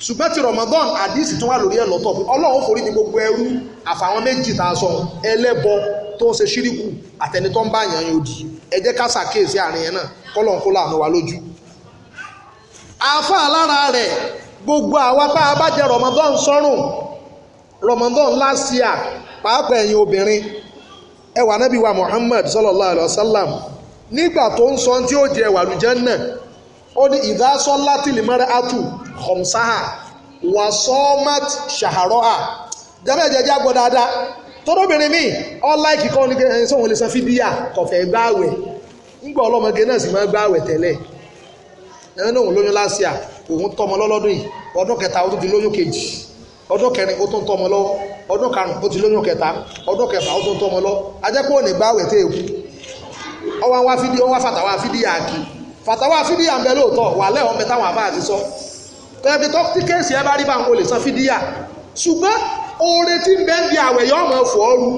ṣùgbọ́n ti Ramadan àdìsí tó wà lórí ẹ̀ lọ́tọ̀ ọlọ́run forí ní gbogbo ẹrú àfàwọn méjì tá a sọ ẹlẹ́bọ tó ń ṣe ṣíríkù àtẹni tó ń bá yàn yín òdì ẹ jẹ́ ká ṣàkíyèsí àárín yẹn náà kọ́lọ̀ ń kó láàánú wa lójú. àfa lára rẹ̀ gbogbo àwa tá a bá jẹ Ramadan sọ́rùn Ramadan last year pàápàá ẹ̀yin obìnrin ẹ wà nábì wa Muhammad sallallahu alayhi wa sallam nígbà tó ń sọ tí ó jẹ wàlújẹ́ náà ó ní ìdásọ́lá tìlímọ́rẹ́ àtù kọ̀msáhà wàsọ́mát ṣàhárọ́hà jẹ́bẹ́ jẹ́ jágbọ́ dáadáa tọ́dọ́bìnrin mi ọ́láìkì kọ́ ní ẹni sọ́wọ́n lè san fídíà kọ̀fẹ́ gbáwẹ̀ ńgbà ọlọ́mọge náà sì máa gbáwẹ̀ tẹ́lẹ̀ ẹni òun lóyún lásìá òun tọmọ lọ́lọ́dún yìí ọdún kẹta ó tún ti lóyún kejì ọdún kẹrin ó tún tọmọ lọ ọdún karùn ó ti lóyún kẹta ọdún kẹfà ó tún tọmọ lọ ajẹ́pọ̀ gbáwẹ̀ tẹ́ ọwọ́ fàtàwà fídíà ń bẹ lóòótọ́ wà lẹ́wọ̀n bẹ táwọn àbáà ti sọ tẹ́bi tó tí kéèsì ẹ bá rí bá ń kó lè san fídíà ṣùgbọ́n oore tí ń bẹ ń di àwẹ̀ yọ ọmọ ẹ̀fọ́ ọrù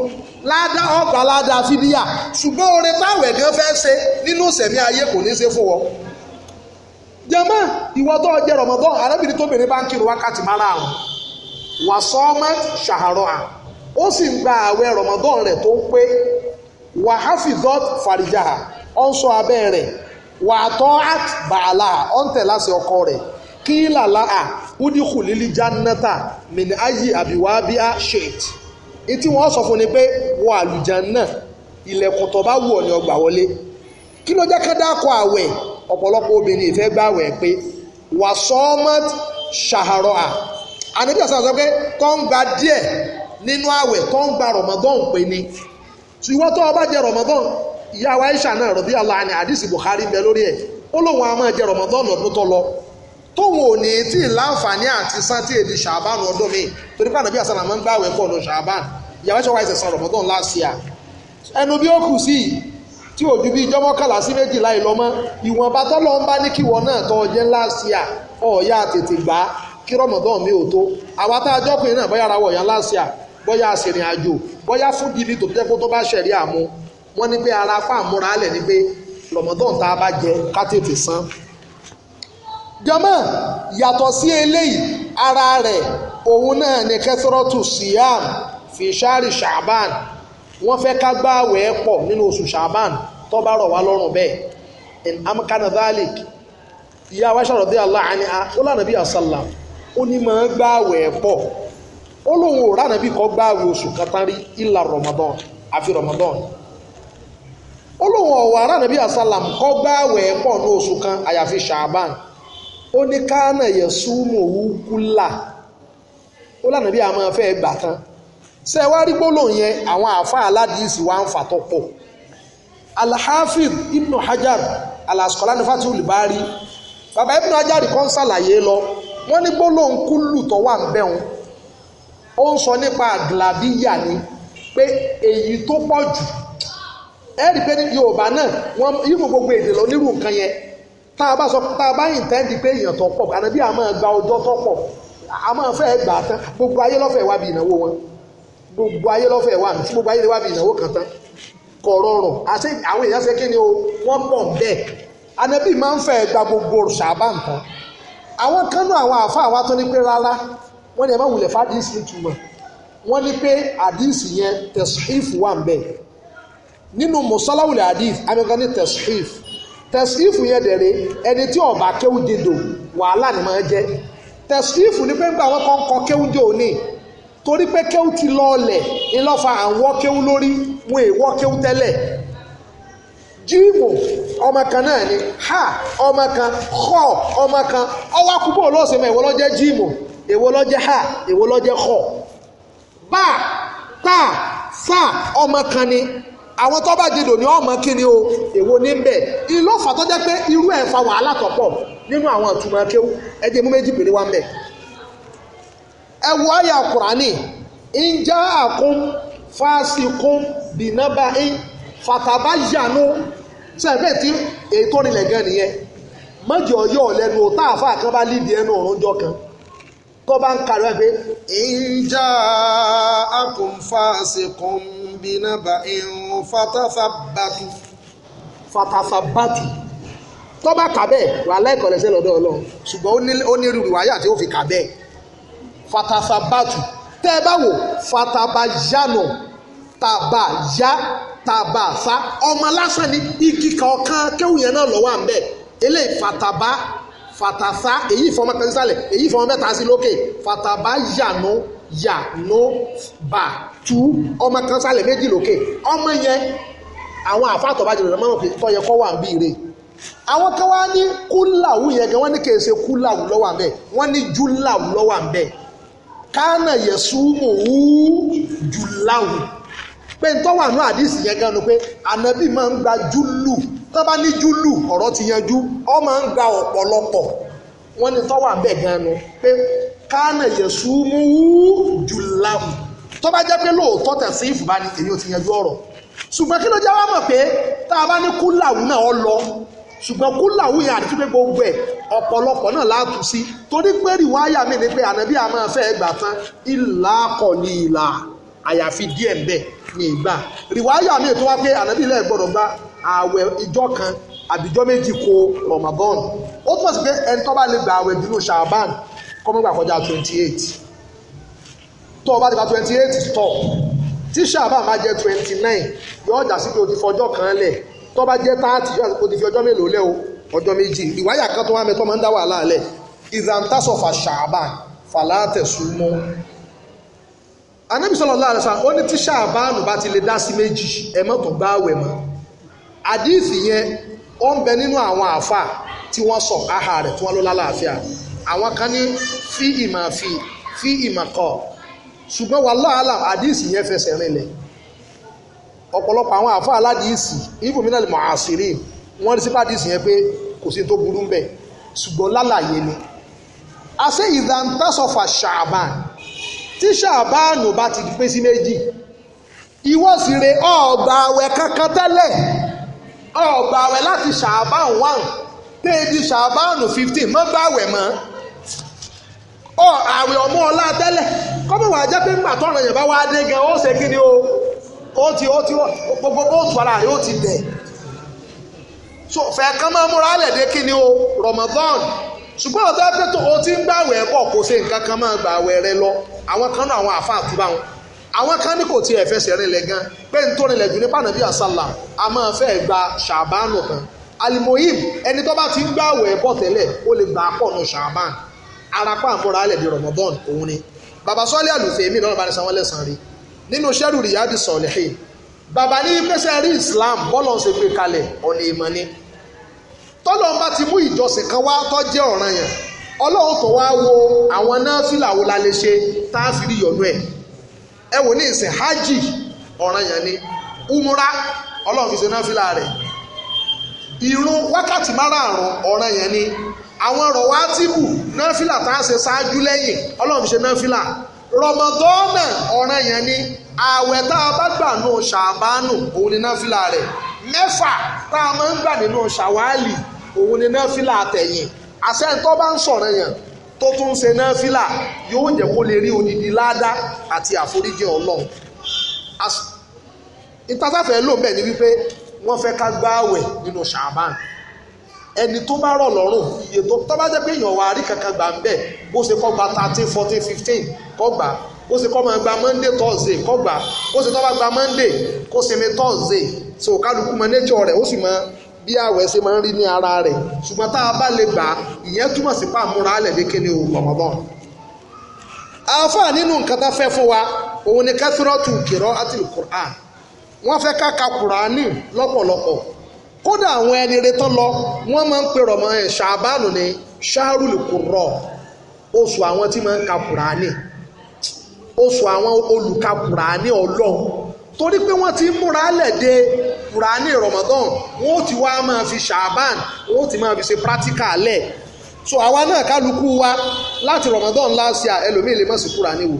ládá ọgbà ládá fídíà ṣùgbọ́n oore táwẹ̀ gan fẹ́ ṣe nínú ìsẹ̀mí ayé kò ní ṣe fún wọn. jẹ́mọ́ ìwọ tó rọmọdọ́ arábìnrin tóbìnrin bá ń kírun wákàtí márààrún wà sọ́ọ́mọ́ ṣàhárọ̀ à ó sì ń gba àwẹ̀ rọmọdọ́ rẹ̀ tó ń pé wàhálà fìdọ́t fàríjà ọ̀ ń sọ abẹ́ rẹ̀ wàtọ́ at bàálà ọ̀ǹtẹ̀ láti ọkọ rẹ̀ kí làlá à wúdíkù lílí jánátà mìíní ayé àbíwábí à ṣèt etí wọ́n sọ fún ni pé wọ àlùjánnà ilẹ̀kùn tó bá wù ọ́ ni ọgbà wọlé kí ló jẹ́ kẹ́dá kọ àwẹ̀ ọ̀pọ̀lọpọ̀ obìnrin ìfẹ́ gbà wẹ̀ pé wà sọ́ọ́mọ́t ṣàhàrọ̀ à àníbí ọ̀sán sọ pé tó ń gba díẹ̀ nínú àwẹ̀ tó ń gba rọ̀mọ́dọ́n pé ni ṣùgbọ́n tó o bá jẹ rọ̀mọ́dọ́n ìyá wa Aisha náà rọ̀bí Allah ni àdìsí Bukhari ń bẹ lórí ẹ̀ ó lóun a máa jẹ Ramadan ọdún tó lọ tóun ò ní tí ì láǹfààní àti sántì èdè ṣàbánu ọdún mi torí pé ànàbí àsàlà máa ń gbàwẹ̀ pọ̀ lọ ṣàbánu ìyàwó ṣọwọ́ àìsàn san Ramadan last year ẹnu bí ó kù sí tí ò ju bí ijọ́ mọ́kànlá sí méjìlá ìlọ́mọ́ ìwọ̀nba tọ́lọ́ ń bá ní kíwọ náà tọ́ ọjẹ́ last year ọ̀ọ́yá tètè gbà á kí Ramadan mi ò tó àwa tá a jọ́kùnrin náà bọ́yá ara wọ̀ yá last year bọ́yá àṣìrìn àjò bọ́yá fún gidi tó tẹ́kó tó bá ṣẹ̀rí àmú wọ́n ní pé ara fáàmúra alẹ̀ ni pé lọ́mọdún tá a bá jẹ ká tètè san jọmọ yàtọ̀ sí eléyìí ara rẹ̀ òun náà ni kẹsìrọ́tù siam fìṣàrì ṣàbàn wọ́n fẹ́ ká gbààwẹ̀ pọ̀ nínú oṣù ṣàbàn tó bá rọ̀ wá lọ́rùn bẹ́ẹ̀ in amkana dhalik ìyá wa ṣàrọ̀ bí allah àni a ó lànà bí àṣàlà ó ní máa gbààwẹ̀ pọ̀ ó lóun ò rànà bí kò gbààwẹ̀ oṣù kan tán rí ìlà ramadan àfi ramadan ó lóun ọ̀wọ́ ará nàbí àsálàm kọ́ gbá àwẹ̀ pọ̀ ní oṣù kan àyàfi ṣàbán ó ní kánà yẹ súnmọ̀ wúkúlà ó lànàbí àmọ́ fẹ́ gbà tán ṣe wá rí gbólóhùn yẹn àwọn àáfàá aládìísì wá ń fàtọ́ pọ̀ alhafid ibn hajar alaskolani fatul bari bàbá ibn hajar kan ṣàlàyé lọ wọ́n ní gbólóhùn kúlù tó wà ń bẹ̀hùn ó ń sọ nípa àgìlàbíyà ni pé èyí tó pọ̀ jù ẹ rí i pé yorùbá náà wọ́n yíwò gbogbo èdè lọ nírú nǹkan yẹn tá a bá sọ tá a bá ìntẹ́ndì pé èèyàn tó pọ̀ àná bí a máa gba ọjọ́ tó pọ̀ a máa fẹ́ gbà tán gbogbo ayé lọ́fẹ̀ẹ́ wá bí ìnáwó wọn gbogbo ayé lọ́fẹ̀ẹ́ wá tí gbogbo ayé lè wá bí ìnáwó kan tán kò rọrùn àti àwọn èèyàn ṣe kí ni o wọ́n pọ̀ bẹ́ẹ̀ ànábì máa ń fẹ́ gba gbogbo ṣàbá nǹkan àwọn kan náà àwọn àáfàá wa tó ní pé rárá wọ́n ní ẹ má wulẹ̀ fádìsì túmọ̀ wọ́n ní pé àdìsì yẹn tẹ̀sífù wà bẹ́ẹ̀ nínú mùsọ́láwùlì hadith amẹ́kan ní tẹ̀síf tẹ̀síf yẹn dẹ̀rẹ̀ ẹni tí ọba kéwù dìdò wàhálà ni máa jẹ́ tẹ̀síf ní pé nígbà wọn kọ́ ń kọ kéwù jò ní torí pé kéwù ti lọ́ọ̀lẹ̀ ńlọ́fà àwọn kéwù lórí wọn èèwọ̀ kéwù tẹ́lẹ̀ jíìmù ọmọ kan náà ni ha ọmọ kan họ ọmọ kan ọwọ́ akúbọ̀ olóòsè mọ́ èwo jíìmù èwo ha èwo họ bá tá sá ọmọ kan ni àwọn tó bá dìdò ní ọmọ kí ni o èwo ní bẹ̀ ìlọ́fà tó jẹ́ pé irú ẹ̀ fa wàhálà tó pọ̀ nínú àwọn ìtumọ̀ kéwú ẹ jẹ́ mú méjì péré wá ń bẹ̀ ẹ wo àyà kùránì ń já àkún fásikún bìnàbà ń fàtàbà yànú sẹ́fẹ̀ tí ètò ìrìnlẹ̀ gan nìyẹn mọ́jọ yọ lẹ́nu ọ̀tá àfa kan bá lídìí ẹnu ọ̀run jọ kan tó bá ń kàrọ̀ ẹ̀ pé ń já àkún fásikún bìnàbà ń fatafabbatu fatafabbati tó bá kà bẹ́ẹ̀ wà láìkọ̀lẹ́sẹ̀ lọ́dọ̀ ọlọ́run ṣùgbọ́n ó ní rúru wáyà tí ó fi kà bẹ́ẹ̀ fatafabbatu tẹ́ ẹ bá wò fatabayanu tàbá yá tàbá fa ọmọ lásán ni ìkìkà ọ̀kan kéwù yẹn náà lọ́wọ́ à ń bẹ̀ eléyìí fataba fatasa èyí ìfọmọ kan sísàlẹ̀ èyí ìfọmọ mẹ́ta sí lókè fataba yà no bà tú ọmọ kan sálẹ̀ méjì lókè ọmọ yẹn àwọn àfáàtọ̀ bá jẹ̀rẹ̀ mọ́ràn pé tọ́ yẹ kọ́ wà ń bí ire àwọn kan wá ní kúláwù yẹn gan wọ́n ní kèése kúláwù lọ́wọ́ àbẹ̀ wọ́n ní júláwù lọ́wọ́ àbẹ̀ kánà yẹ̀sù mòwú júláwù pé ń tọ́wọ́ àánú àdìsí yẹn gan ni pé ànábì máa ń gba júlù tó bá ní júlù ọ̀rọ̀ ti yanjú ó máa ń gba ọ̀pọ̀lọpọ̀ wọ́n ní tọ́wọ́ àbẹ̀ gan nu pé kánà yẹ̀sù mú jùlámù tó bá jẹ́ pé lóòótọ́ tẹ̀sí ìfúbá ni èyí ò ti yanjú ọ̀rọ̀ ṣùgbọ́n kí ló jẹ́ wá mọ̀ pé tá a bá ní kúláwù náà ọ lọ ṣùgbọ́n kúláwù yẹn àti pé gbogbo ẹ̀ ọ̀pọ̀lọpọ̀ náà látú sí torí pé rìwáyà mi ni pé ànábì àmọ́ fẹ́ gbà tán ìlà kọ̀ ní ìlà àyàfi díẹ̀ ń bẹ̀ ní ìgbà rìwáyà mi tó wá pé ànábì lẹ́ẹ̀ gbọ́dọ̀ gba ààwẹ̀ ìjọ kan àbíjọ́ méjì kó Ramadan ó túmọ̀ sí pé ẹni tó bá lè gba àwẹ̀ bínú Shaban kọ́ mọ́gbà kọjá twenty eight tó o bá ti gba twenty eight stop tí Shaban bá jẹ́ twenty nine yóò jà sí pé o ti fọjọ́ kan lẹ̀ tó bá jẹ́ thirty yóò jà sí pé o ti fi ọjọ́ mélòó lẹ̀ o ọjọ́ méjì ìwáyà kan tó wá mẹ́tọ́ máa ń dá wàhálà lẹ̀ ìzàntàsọ̀fà Shaban fàlàtẹ̀sùmọ́ anábì sallallahu alaihi wasallam ó ní tí Shaban bá ti lè dá sí méjì ẹ̀ mọ́tò gbáwẹ̀ mọ́ àdìsí yẹn ó ń bẹ nínú àwọn àfa tí wọ́n sọ aha rẹ̀ tí wọ́n ló lálàáfíà àwọn kan ní fi ìmọ̀ fi fi ìmọ̀ kọ̀ ṣùgbọ́n wallahu alam àdìsí yẹn fẹsẹ̀ rinlẹ̀ ọ̀pọ̀lọpọ̀ àwọn àfa aládìsí ibùmínà lè mọ̀ àṣírí wọ́n rí sípà àdìsí yẹn pé kò sí tó burú ń bẹ̀ ṣùgbọ́n lálàyé ni àṣẹ ìdántàsọ̀fà ṣàbàn tí ṣàbàn ò bá ti pín sí méjì ìwọ́sìrè ọ̀ọ́gbà àwẹ̀ kankan tẹ́lẹ̀ ọgbà àwẹ̀ láti ṣàbáàn one peeti shaabanu fifteen mọ́ bá àwẹ̀ mọ́ ọ àwẹ̀ ọmọ ọlá tẹlẹ kọ́mọ̀ wàá jẹ́ pé ńgbà tọ́rọ̀ yẹn bá wá dé gan ó ṣe kí ni o ó ti ó ti gbogbo ó tu ara ti dẹ̀ so fẹ́ kán máa múra lẹ̀ kí ni o Ramadan ṣùgbọ́n ọ̀dọ́ pé o ti ń gbàwẹ̀ bọ̀ kò ṣe nǹkan kan máa gbàwẹ̀ rẹ lọ àwọn kan náà àwọn àfa àtúbà wọn àwọn kan ní kò tiẹ̀ fẹsẹ̀ rinlẹ̀ gan pé n tó rinlẹ̀ jù ní pànàbí àsálà a máa fẹ́ gba ṣàbánù kan alimoyim ẹni tó bá ti ń gbà wẹ̀ bọ̀ tẹ́lẹ̀ ó lè gbà pọ̀ nù ṣàbán arapa àmúra alẹ̀ di rọmọdọ́n òun ni bàbá sọ́lé àlùfẹ́ mi lọ́nà bá ní sanwó lẹ́sàn-án rí nínú sẹ́rù rìyáàdì sọ̀lẹ́hìn bàbá ní pẹ́sẹ́ rí Islam bọ́lọ̀ ṣe gbé kalẹ̀ ọ̀nà ìmọ̀ ni tọ́lọ́n bá ti mú ìjọsìn kan wá tó jẹ́ ọ̀ranyàn ọlọ́run tó wá wo àwọn náà fìlà wo la lè ṣe tá a fi rí yọ̀nú ẹ̀ ẹ ní ìsìn hajj ọ̀ranyàn ni umra ọlọ́run fi ṣe náfìlà rẹ̀ ìrun wákàtí márààrún ọ̀ranyàn ni àwọn rọ̀wátìbù náfìlà tá a ṣe ṣáájú lẹ́yìn ọlọ́run fi ṣe náfìlà rọmọdọ́nà ọ̀ranyàn ni ààwẹ̀ tá a bá gbà nù ṣàbánù òun ni náfìlà rẹ̀ mẹ́fà tá a máa ń gbà nínú ṣàwálì òun ni náfìlà àtẹ̀yìn àṣẹ tó bá ń sọ̀ranyàn tó tún ṣe náfìlà yóò jẹ́ kó lè rí odidi ládá àti àforíjì ọlọ́run ìtàtàfẹ́ ló mẹ́ ni wípé wọ́n fẹ́ ká gbáwẹ̀ nínú ṣàbán ẹni tó bá rọ̀ lọ́rùn iye tó tó bá jẹ́ pé èèyàn wà rí kankan gbà ń bẹ̀ bó ṣe kọ́ gba thirteen fourteen fifteen kọ́ gbà bó ṣe kọ́ máa gba monday thursday kọ́ gbà bó ṣe tó bá gba monday kó sinmi thursday so kálukú mọ nature rẹ̀ ó sì mọ bí àwẹ̀ ṣe máa ń rí ní ara rẹ̀ ṣùgbọ́n tá a bá lè gbà á ìyẹn túmọ̀ sí pàmúra alẹ̀ lékè ní òun Ramadan. afa nínú nǹkan tó fẹ́ fún wa òun ni kẹ́sìrọ́tù kìrọ́ àti Qur'an wọ́n fẹ́ ká ka Qur'ani lọ́pọ̀lọpọ̀ kódà àwọn ẹni retọ́ lọ wọ́n máa ń pe rọ̀mọ́ ẹ̀ ṣàbánu ní ṣáàrù lùkùrọ̀ oṣù àwọn tí máa ń ka Qur'ani oṣù àwọn olùka Qur'ani ọlọ́run torí pé wọ́n ti ń múra lẹ̀dẹ̀ kùránì Ramadan wọ́n ó ti wá máa fi ṣàbán wọ́n ó ti máa fi ṣe practical lẹ̀ so àwa náà kálukú wa láti Ramadan last year ẹlòmíì lè má sí kùránì wò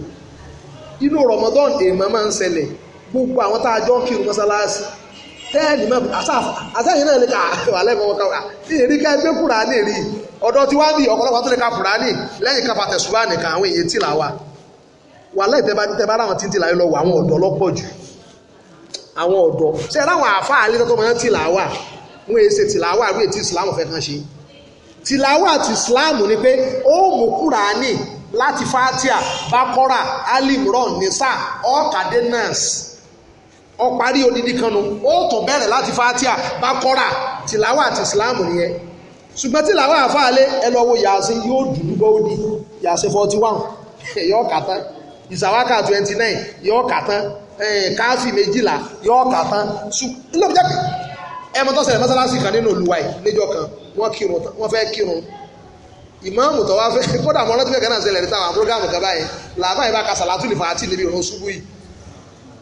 inú Ramadan èèmọ̀ máa ń ṣẹlẹ̀ gbogbo àwọn tá a jọ ń kírun mọ́sálásí tẹ́ẹ̀lì mọ́ àtẹ́yìn náà lè ka àlẹ́ mọ́ wọn ká ìrì ká ẹgbẹ́ kùránì rí ọ̀dọ́ tí wá ń bì ọ̀pọ̀lọpọ̀ tó lè ka kùránì lẹ́yìn ká fàtẹ̀sùbá nìkan àwọn èyí tìlà wa wàhálà ìtẹ́bá ráwọn tí ń tìlà yìí lọ wọ àwọn ọ̀dọ́ lọ́pọ̀ jù àwọn ọ̀dọ́ ṣe ráwọn àáfàá alẹ́ tó máa ń tìlàwà wọn èsè tìlàwà àrùn ètí ìsìláàmù fẹ́ kan ṣe tìlàwà àti ìsìláàmù ni pé ó mú kúránì láti fatia bakora alimron nisa ọ̀kadé nurse ọparí odidi kanu ó tún bẹ̀rẹ̀ láti fatia bakora tìlàwà àti ìsìláàmù nìyẹn ṣùgbọ́n tìlàwà àáfàá alẹ́ ẹ lọ wo yàsín yóò dùdú bọ́ọ̀dì yàsín forty one yọ̀ọ̀kà tán ìsàwákà twenty nine yọ̀ọ̀kà tán káàfì méjìlá yọ ọ̀kà tán ṣùgbọ́n ló fi jẹ́ pé ẹmọ tó ṣẹlẹ̀ mọ́sálásí kan nínú olùwà yìí níjọ́ kan wọ́n kírun wọ́n fẹ́ kírun ìmáàmù tó wá fẹ́ kódà mọ́ lọ́tí fẹ́ẹ́ náà ṣẹlẹ̀ ní táwọn àbúrógámù kan báyìí làbá yìí bá ka sàlátù lè fàátì níbi ìrún ṣubú yìí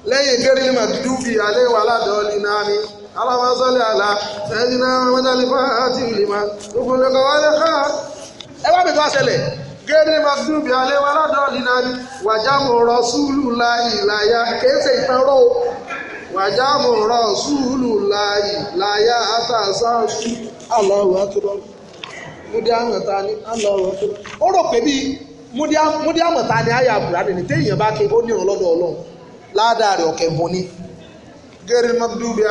lẹ́yìn kéré mà dúdú alẹ́ wà ládọ́ọ̀lì náà ni aláwọ̀sọ́lẹ̀ àlá sẹ́yìn náà mọ́tàlífà àti ìlímà gbogbo lọ́kọ̀ wálé ká ẹ wá bẹ̀ tó wá ṣẹlẹ̀ gẹ́gẹ́ máa dúró bí alẹ́ wa ládàá nínú wàjámù rọ súúlù la ìlàyà kéésì ìtanrọ́ o wàjámù rọ súúlù la ìlàyà àtàzánsù aláwọ̀ àtúrọ̀ ni àtúrọ̀ ó rò pé bí múdí àmọ̀ta ni àyà àbúrà téèyàn bá ké ó ní ọlọ́run ládàá rẹ̀ ọ̀kẹ́ ni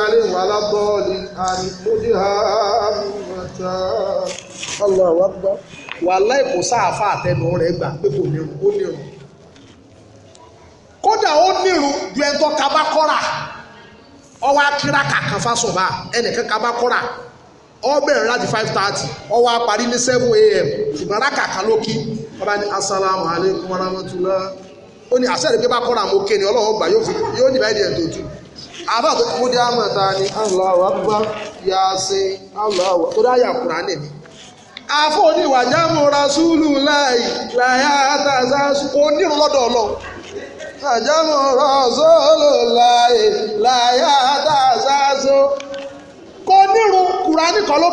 alẹ́ wàhálà èkó sáàfà àtẹnu rẹ gbà pé kò nírun ó nírun kódà ó nírun ju ẹtọ́ kabakọ́ra ọwọ́ akíra kàkàn fásọ̀bà ẹnìkan kabakọ́ra ọbẹ̀rẹ̀ láti five thirty ní seven a.m. ṣùgbọ́n rákàkà ló ọba ní asalaamu aleykum ó ní àṣẹ bá kọ́ra gbà yóò àbá tó afọ oníwà jámúra súlù láì láyà àtàzà láì láyà àtàzà so kò nírun kùránì kan ló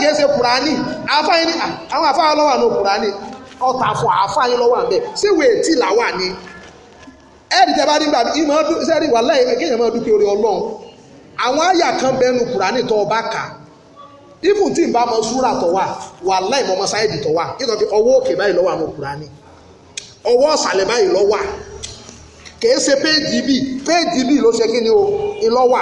ṣe kùránì àfáyín kùránì ọ̀tà fún àfáyín lọ́wọ́ tí làwà ni tẹ́ bá ìmọ̀ ọdún sẹ́rí kéèyàn máa dúkìá orí ọlọ́run àwọn àyà kan bẹ́ẹ̀ nu kùránì tó ọba kà even tí n bá mọ súrà tó wà wà láì mọ́ mọ́ tó wà nítorí pé ọwọ́ òkè báyìí ló wà ní Kùránì ọwọ́ ọ̀sàlẹ̀ báyìí kìí ṣe péèjì bíi péèjì bíi ló ṣe kí ni o ìlọ́wà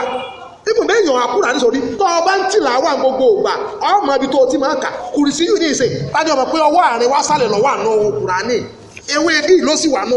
ibùn bẹ́ẹ̀ yàn àkúrà nítorí tó o bá ń tìlà wà gbogbo ògbà ọmọ ibi tó o ti máa kà kùrìsí yìí ní ìsìn tani ọmọ pé ọwọ́ àárín wá sálẹ̀ lọ́wọ́ àná òun Kùránì ewé bíi ló sì wà ní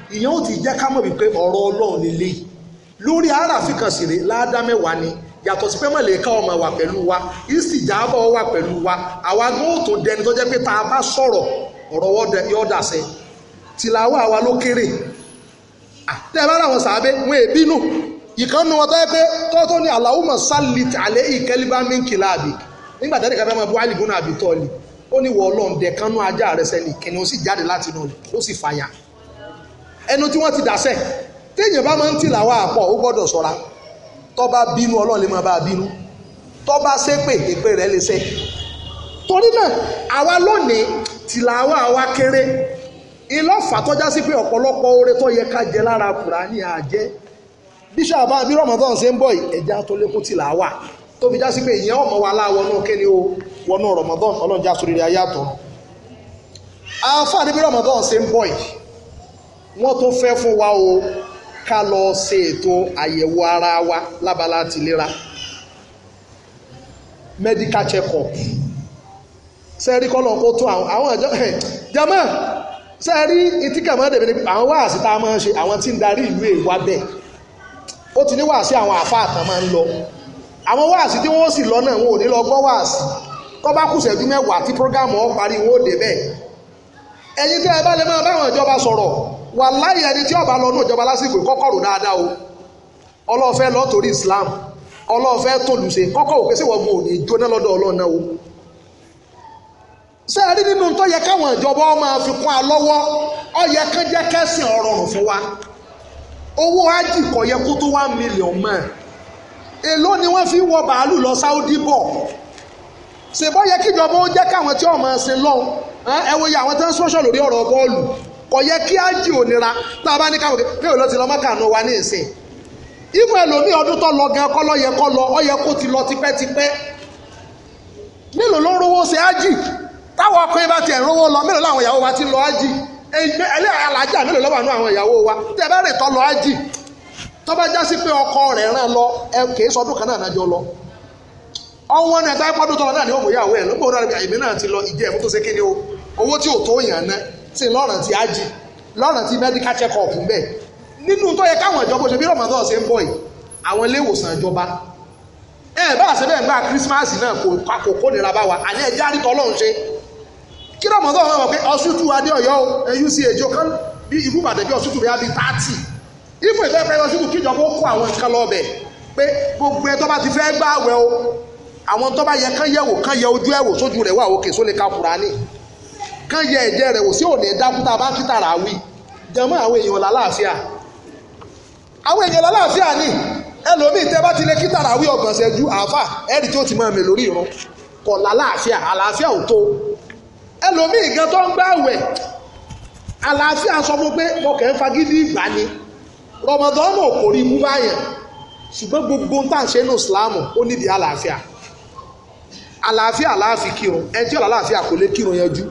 ìyẹn ó ti jẹ́ ká mọ̀ wípé ọ̀rọ̀ ọlọ́run lélẹ̀ lórí aráàfin kan sì rè láàdá mẹ́wàá ni yàtọ̀ sí pé mọ̀lẹ́ká ọmọ wà pẹ̀lú wa ìsìjàbọ̀ wà pẹ̀lú wa àwa gan ó tó dẹni tó jẹ́ pé tá a bá sọ̀rọ̀ ọ̀rọ̀ yọ̀ọ̀dà sẹ́ tìlàwọ́ àwa ló kéré tẹ́ bá làwọn sàábé wọn è bínú ìkànnì wọn tó yẹ pé tọ́tọ́ ni Allahumma sallit alayhi kalban min kilabik nígbà tẹ́lẹ̀ kan fẹ́ máa bu Ali ibn Abi Talib ó ní wọ́ ọlọ́run dẹ̀ kánú ajá rẹ̀ sẹ́ni kẹ́ni sì jáde láti náà ó sì fàyà ẹnu tí wọ́n ti dàsẹ̀ téèyàn bá máa ń tìlàwà àpọ̀ ó gbọ́dọ̀ ṣọ́ra tó bá bínú ọlọ́ọ̀lẹ́ máa bá bínú tó bá ṣépè èpè rẹ̀ lè ṣe torí náà àwa lónìí tìlàwà wa kéré ìlọ́fà tọ́já sí pé ọ̀pọ̀lọpọ̀ oore tó yẹ ká jẹ lára Kùránì àjẹ́ bíṣà bá bí Ramadan ṣe ń bọ̀ ẹ̀já tó lékún tìlàwà tó fi já sí pé ìyẹn ọmọ wa láwọn náà kéde o wọnú Ramadan ọlọ́jà sórí ayé àtọ̀ àfáà ní bí Ramadan ṣe ń bọ̀ yìí wọ́n tún fẹ́ fún wa o ká lọ ṣe ètò àyẹ̀wò ara wa lábala tìlera medical check up sẹ́ẹ̀rí kọ́lọ̀ kó tó àwọn àwọn àjọ jẹ́mọ́ sẹ́ẹ̀rí ìtìkà máa dẹ̀bẹ̀ ní àwọn wáàsí tá a máa ń ṣe àwọn tí ń darí ìlú èèwà bẹ́ẹ̀ ó ti ní wáàsí àwọn àfáà tán máa ń lọ àwọn wáàsí tí wọ́n sì lọ náà wọn ò ní lọ gbọ́ wáàsí tó bá kù ìṣẹ́jú mẹ́wàá tí prógámù ọ̀ parí wọn ò débẹ̀ ẹ̀yin tẹ́ ẹ bá lè máa báwọn ìjọba sọ̀rọ̀ wàláyé ẹni tí ọba lọ ní ìjọba lásìkò kọ́kọ́ o ọlọ́ọ̀fẹ́ lọ torí Islam ọlọ́ọ̀fẹ́ tòlùṣe kọ́kọ́ òkè sí wọ́n òní jóná lọ́dọ̀ o ṣé ẹ rí nínú tó yẹ káwọn ìjọba ọmọ fi kún a lọ́wọ́ yẹ fún wa owó yẹ kó tó mílíọ̀n mọ́ èló ni wọ́n fi wọ bàálù lọ bọ̀ yẹ kọ yẹ kí ájì ò nira tá a bá ní káwọn kí èèyàn lọ ti lọ mọ́kànù wa ní ìsìn ìmọ̀ ẹlòmíì ọdún tó lọ gan kọ́ lọ́yẹ kọ́ lọ ọyẹ kó ti lọ tipẹ́tipẹ́ mélòó lọ mélòó làwọn ìyàwó wa ti lọ ájì ẹlẹ́ alájà mélòó lọ́wọ́ àwọn ìyàwó wa tẹ́ bá rè tọ́ lọ ájì tọ́ bá pé ọkọ rẹ̀ ràn lọ kì sí lọ́ràn ti ájì lọ́ràn ti medical check up ń bẹ nínú tó yẹ káwọn ìjọba ṣe bí ramadan ṣe ń bọ̀ yìí àwọn ilé ìwòsàn ìjọba ẹ bá àṣẹ bẹ́ẹ̀ gba christmas náà kò kò kó nira bá wa àní ẹja rí tọ́lọ́run ṣe kí ramadan wọn wọ pé ọṣùtù adéọyọ uch kan bí ìlú ìbàdàn bí ọṣùtù bíi thirty ifo ìfẹ́ fẹ́ ọṣùtù kíjọba ó kó àwọn nǹkan lọ bẹ̀ pé gbogbo ẹ tó bá ti fẹ́ gbààwẹ̀ o àwọn tó bá yẹ kán yẹ̀wò kán yẹ ojú ẹ̀wò sójú rẹ̀ wà òkè sólè ká Kùránì kán yẹ ẹ̀jẹ̀ rẹ̀ wò sí òní ẹ̀dá kúta bá kí tàrà wí jẹmọ́ àwọn èèyàn làlàáfíà àwọn èèyàn làlàáfíà ni ẹlòmíì tẹ́ bá ti lè kí tàrà wí ọgbọ̀n ṣẹ́jú àáfà ẹ̀rì tí ó ti máa mè lórí ìrun kọ̀ làlàáfíà àlàáfíà ò tó ẹlòmíì gan tó ń gbààwẹ̀ àlàáfíà sọ fún pé mo kẹ́ ń fagídí ìgbà ni rọmọdọ́nù kò rí mú báyẹn ṣùgbọ́n gbogbo ń tàn ṣe ní ìsìláàmù ó nídìí àlàáfíà àlàáfíà láàfi kírun ẹni tí ó làlàáfíà kò lè kírun yanjú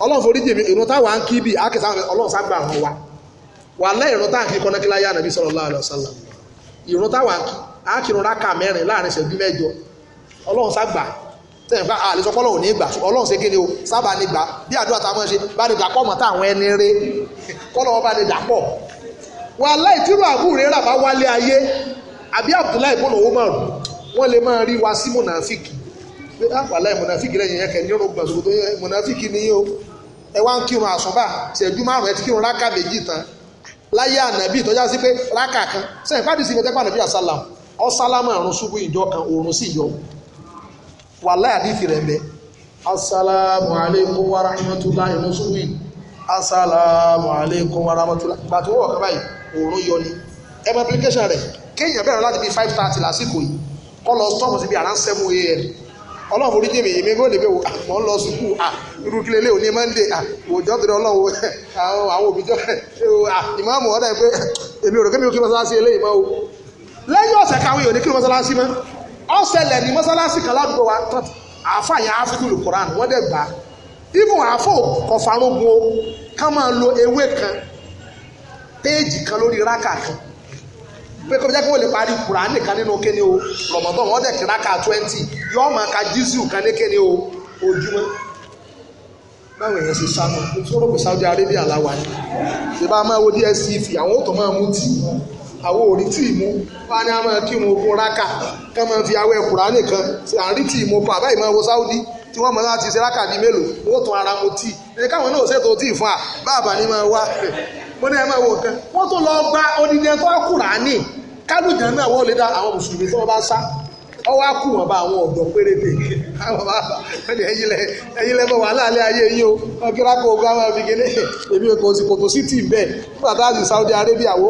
ọlọ́run forí jèmi ìrún táwa ń kí bí àkẹsà ọlọ́run sábà hàn wa wà lẹ́yìn ìrún táà kí kọ́nẹ́kílá yá nàbí sallallahu alaihi wasallam ìrún táwa ń kí àkìrún rákà mẹ́rin láàrin ìṣẹ́jú mẹ́jọ ọlọ́run sábà tẹ̀yìn bá àlejò ọlọ́run ní ìgbà ọlọ́run ṣe kéde o sábà ní gbà bí àdúrà tá a máa ṣe bá ní dàpọ̀ mọ́ táwọn ẹni rẹ kọ́lọ́ bá ní dàpọ̀ wà láì pé àpàlà ìmọ̀nàfíkì rẹ̀ yẹn kẹ́ni yóò gbọ̀n sòkòtò yẹn ìmọ̀nàfíkì ni yóò ẹ wá ń kírun àsùnbà ṣẹ́jú márùn ẹ ti kírun rákà méjì tán láyé ànábì ìtọ́já sí pé rákà kan sẹ́yìn pàdé sí ìmọ̀tẹ́pà ànábì àsálàm ọ sálámà àrùn ṣubú ìjọ kan òòrùn sì yọ wà láyà dífì rẹ̀ mbẹ́ asálàmù alẹ́kùn wa rahmatulahi ìrùn ṣubú yìí asálàmù alẹ́kùn wa rahmatulahi gbàtí wọ́n wọ̀ kaba yìí òòrùn yọ ni ẹmọ application rẹ̀ kéèyàn bẹ̀rẹ̀ láti bí five thirty lásìkò yìí kọ́ lọ stọ́ọ̀mù sí bí around seven a.m ọlọ́run forí jèmi èmi kò lè bẹ̀ wò ah, mọ̀ ń lọ sùkú ah, irú kílẹ̀ lé òní monday òòjọ́ tó dé ọlọ́run àwọn àwọn òbí jọ ah, ìmáàmù ọ̀dà yìí pé eh, èmi ò rò kémi ò kí mọ́sálásí eléyìí mọ́ o lẹ́yìn ọ̀sẹ̀ káwé yòó ní kí mọ́sálásí mọ́ ọ̀sẹ̀lẹ̀ ní mọ́sálásí kan ládùúgbò wa tán àáfà yẹn áfíkìlù koran wọ́n dẹ̀ gbà pé kó jẹ́ kí wọ́n lè parí kùránì kan nínú kéde o rọ̀mọ̀dọ́n wọ́n dẹ̀ kíra ká twenty yọ́ọ́ máa ka jísù kan ní kéde o ojúmọ́ báwọn èèyàn ṣe sá náà pé Saudi Arabia la wà ní ṣe bá máa wo DSTV àwọn òtò máa mú tì àwọn ò rí tì mú wá ní a máa kí wọn ogun rákà ká máa fi awẹ kùránì kan ṣe à ń rí tì mú pa àbáyé máa wo Saudi tí wọ́n máa ti ṣe rákà bíi mélòó wọ́n tún ara mu tì ní káwọn náà ṣètò tì fún mo ní ẹ máa wo wọ́n tó lọ gba odidi ẹ̀ tó ní náà wọ́n lè dá àwọn mùsùlùmí wọ́n bá sá ọwọ́ á bá àwọn ọ̀dọ́ péréte bá o ogun àwọn èmi kò sí sí tì bẹ́ẹ̀ nígbà tá a Saudi Arabia wo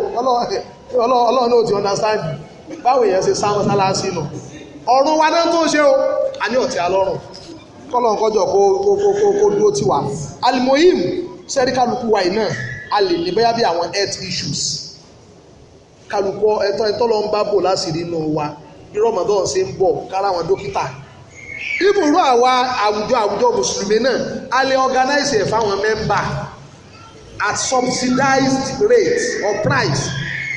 ọlọ́run náà ti understand báwo ṣe o ọ̀tí alọ́run kọ́lọ̀ kó alimoyim sẹ́ríkàlùkù wa a lè ní bóyá bí àwọn health issues kálukọ ẹ̀tọ́ ẹ̀tọ́ ló ń bá bò láṣìírí inú wa irú Ramadan ṣe ń bọ̀ kára àwọn dókítà ibùrú àwa àwùjọ àwùjọ mùsùlùmí náà a lè organize ẹ̀ fáwọn mẹ́mbà at subsidized rate or price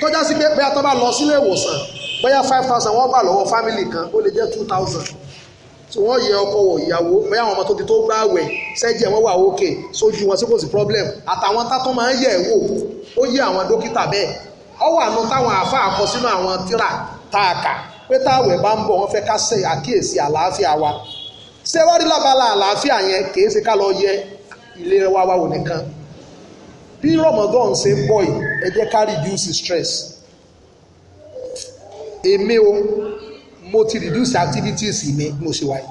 tọ́já sí pé bóyá tó bá lọ sílé ìwòsàn bóyá five thousand wọ́n gbà lọ́wọ́ fámìlì kan ó lè jẹ́ two thousand so wọ́n yẹ ọkọ wọ ìyàwó bẹ́ẹ̀ àwọn ọmọ tó ti tó gbá àwẹ̀ sẹ́jẹ̀ wọ́n wà òkè sójú wọn sí kò sí problem àtàwọn tátọ́ máa ń yẹ̀ ẹ́ wò ó yẹ àwọn dókítà bẹ́ẹ̀ ọ wà nù táwọn àáfà akọ sínú àwọn tíra táàkà pé táwẹ̀ bá ń bọ̀ wọ́n fẹ́ ká ṣe àkíyèsí àlàáfíà wa ṣé wọ́n rí lábala àlàáfíà yẹn kìí ṣe ká lọ yẹ ìlera wa wò nìkan bí Ramadan ṣe ń bọ̀ yìí ẹ jẹ́ ká reduce stress èmi o mo ti reduce activities mi mo ṣe wáyé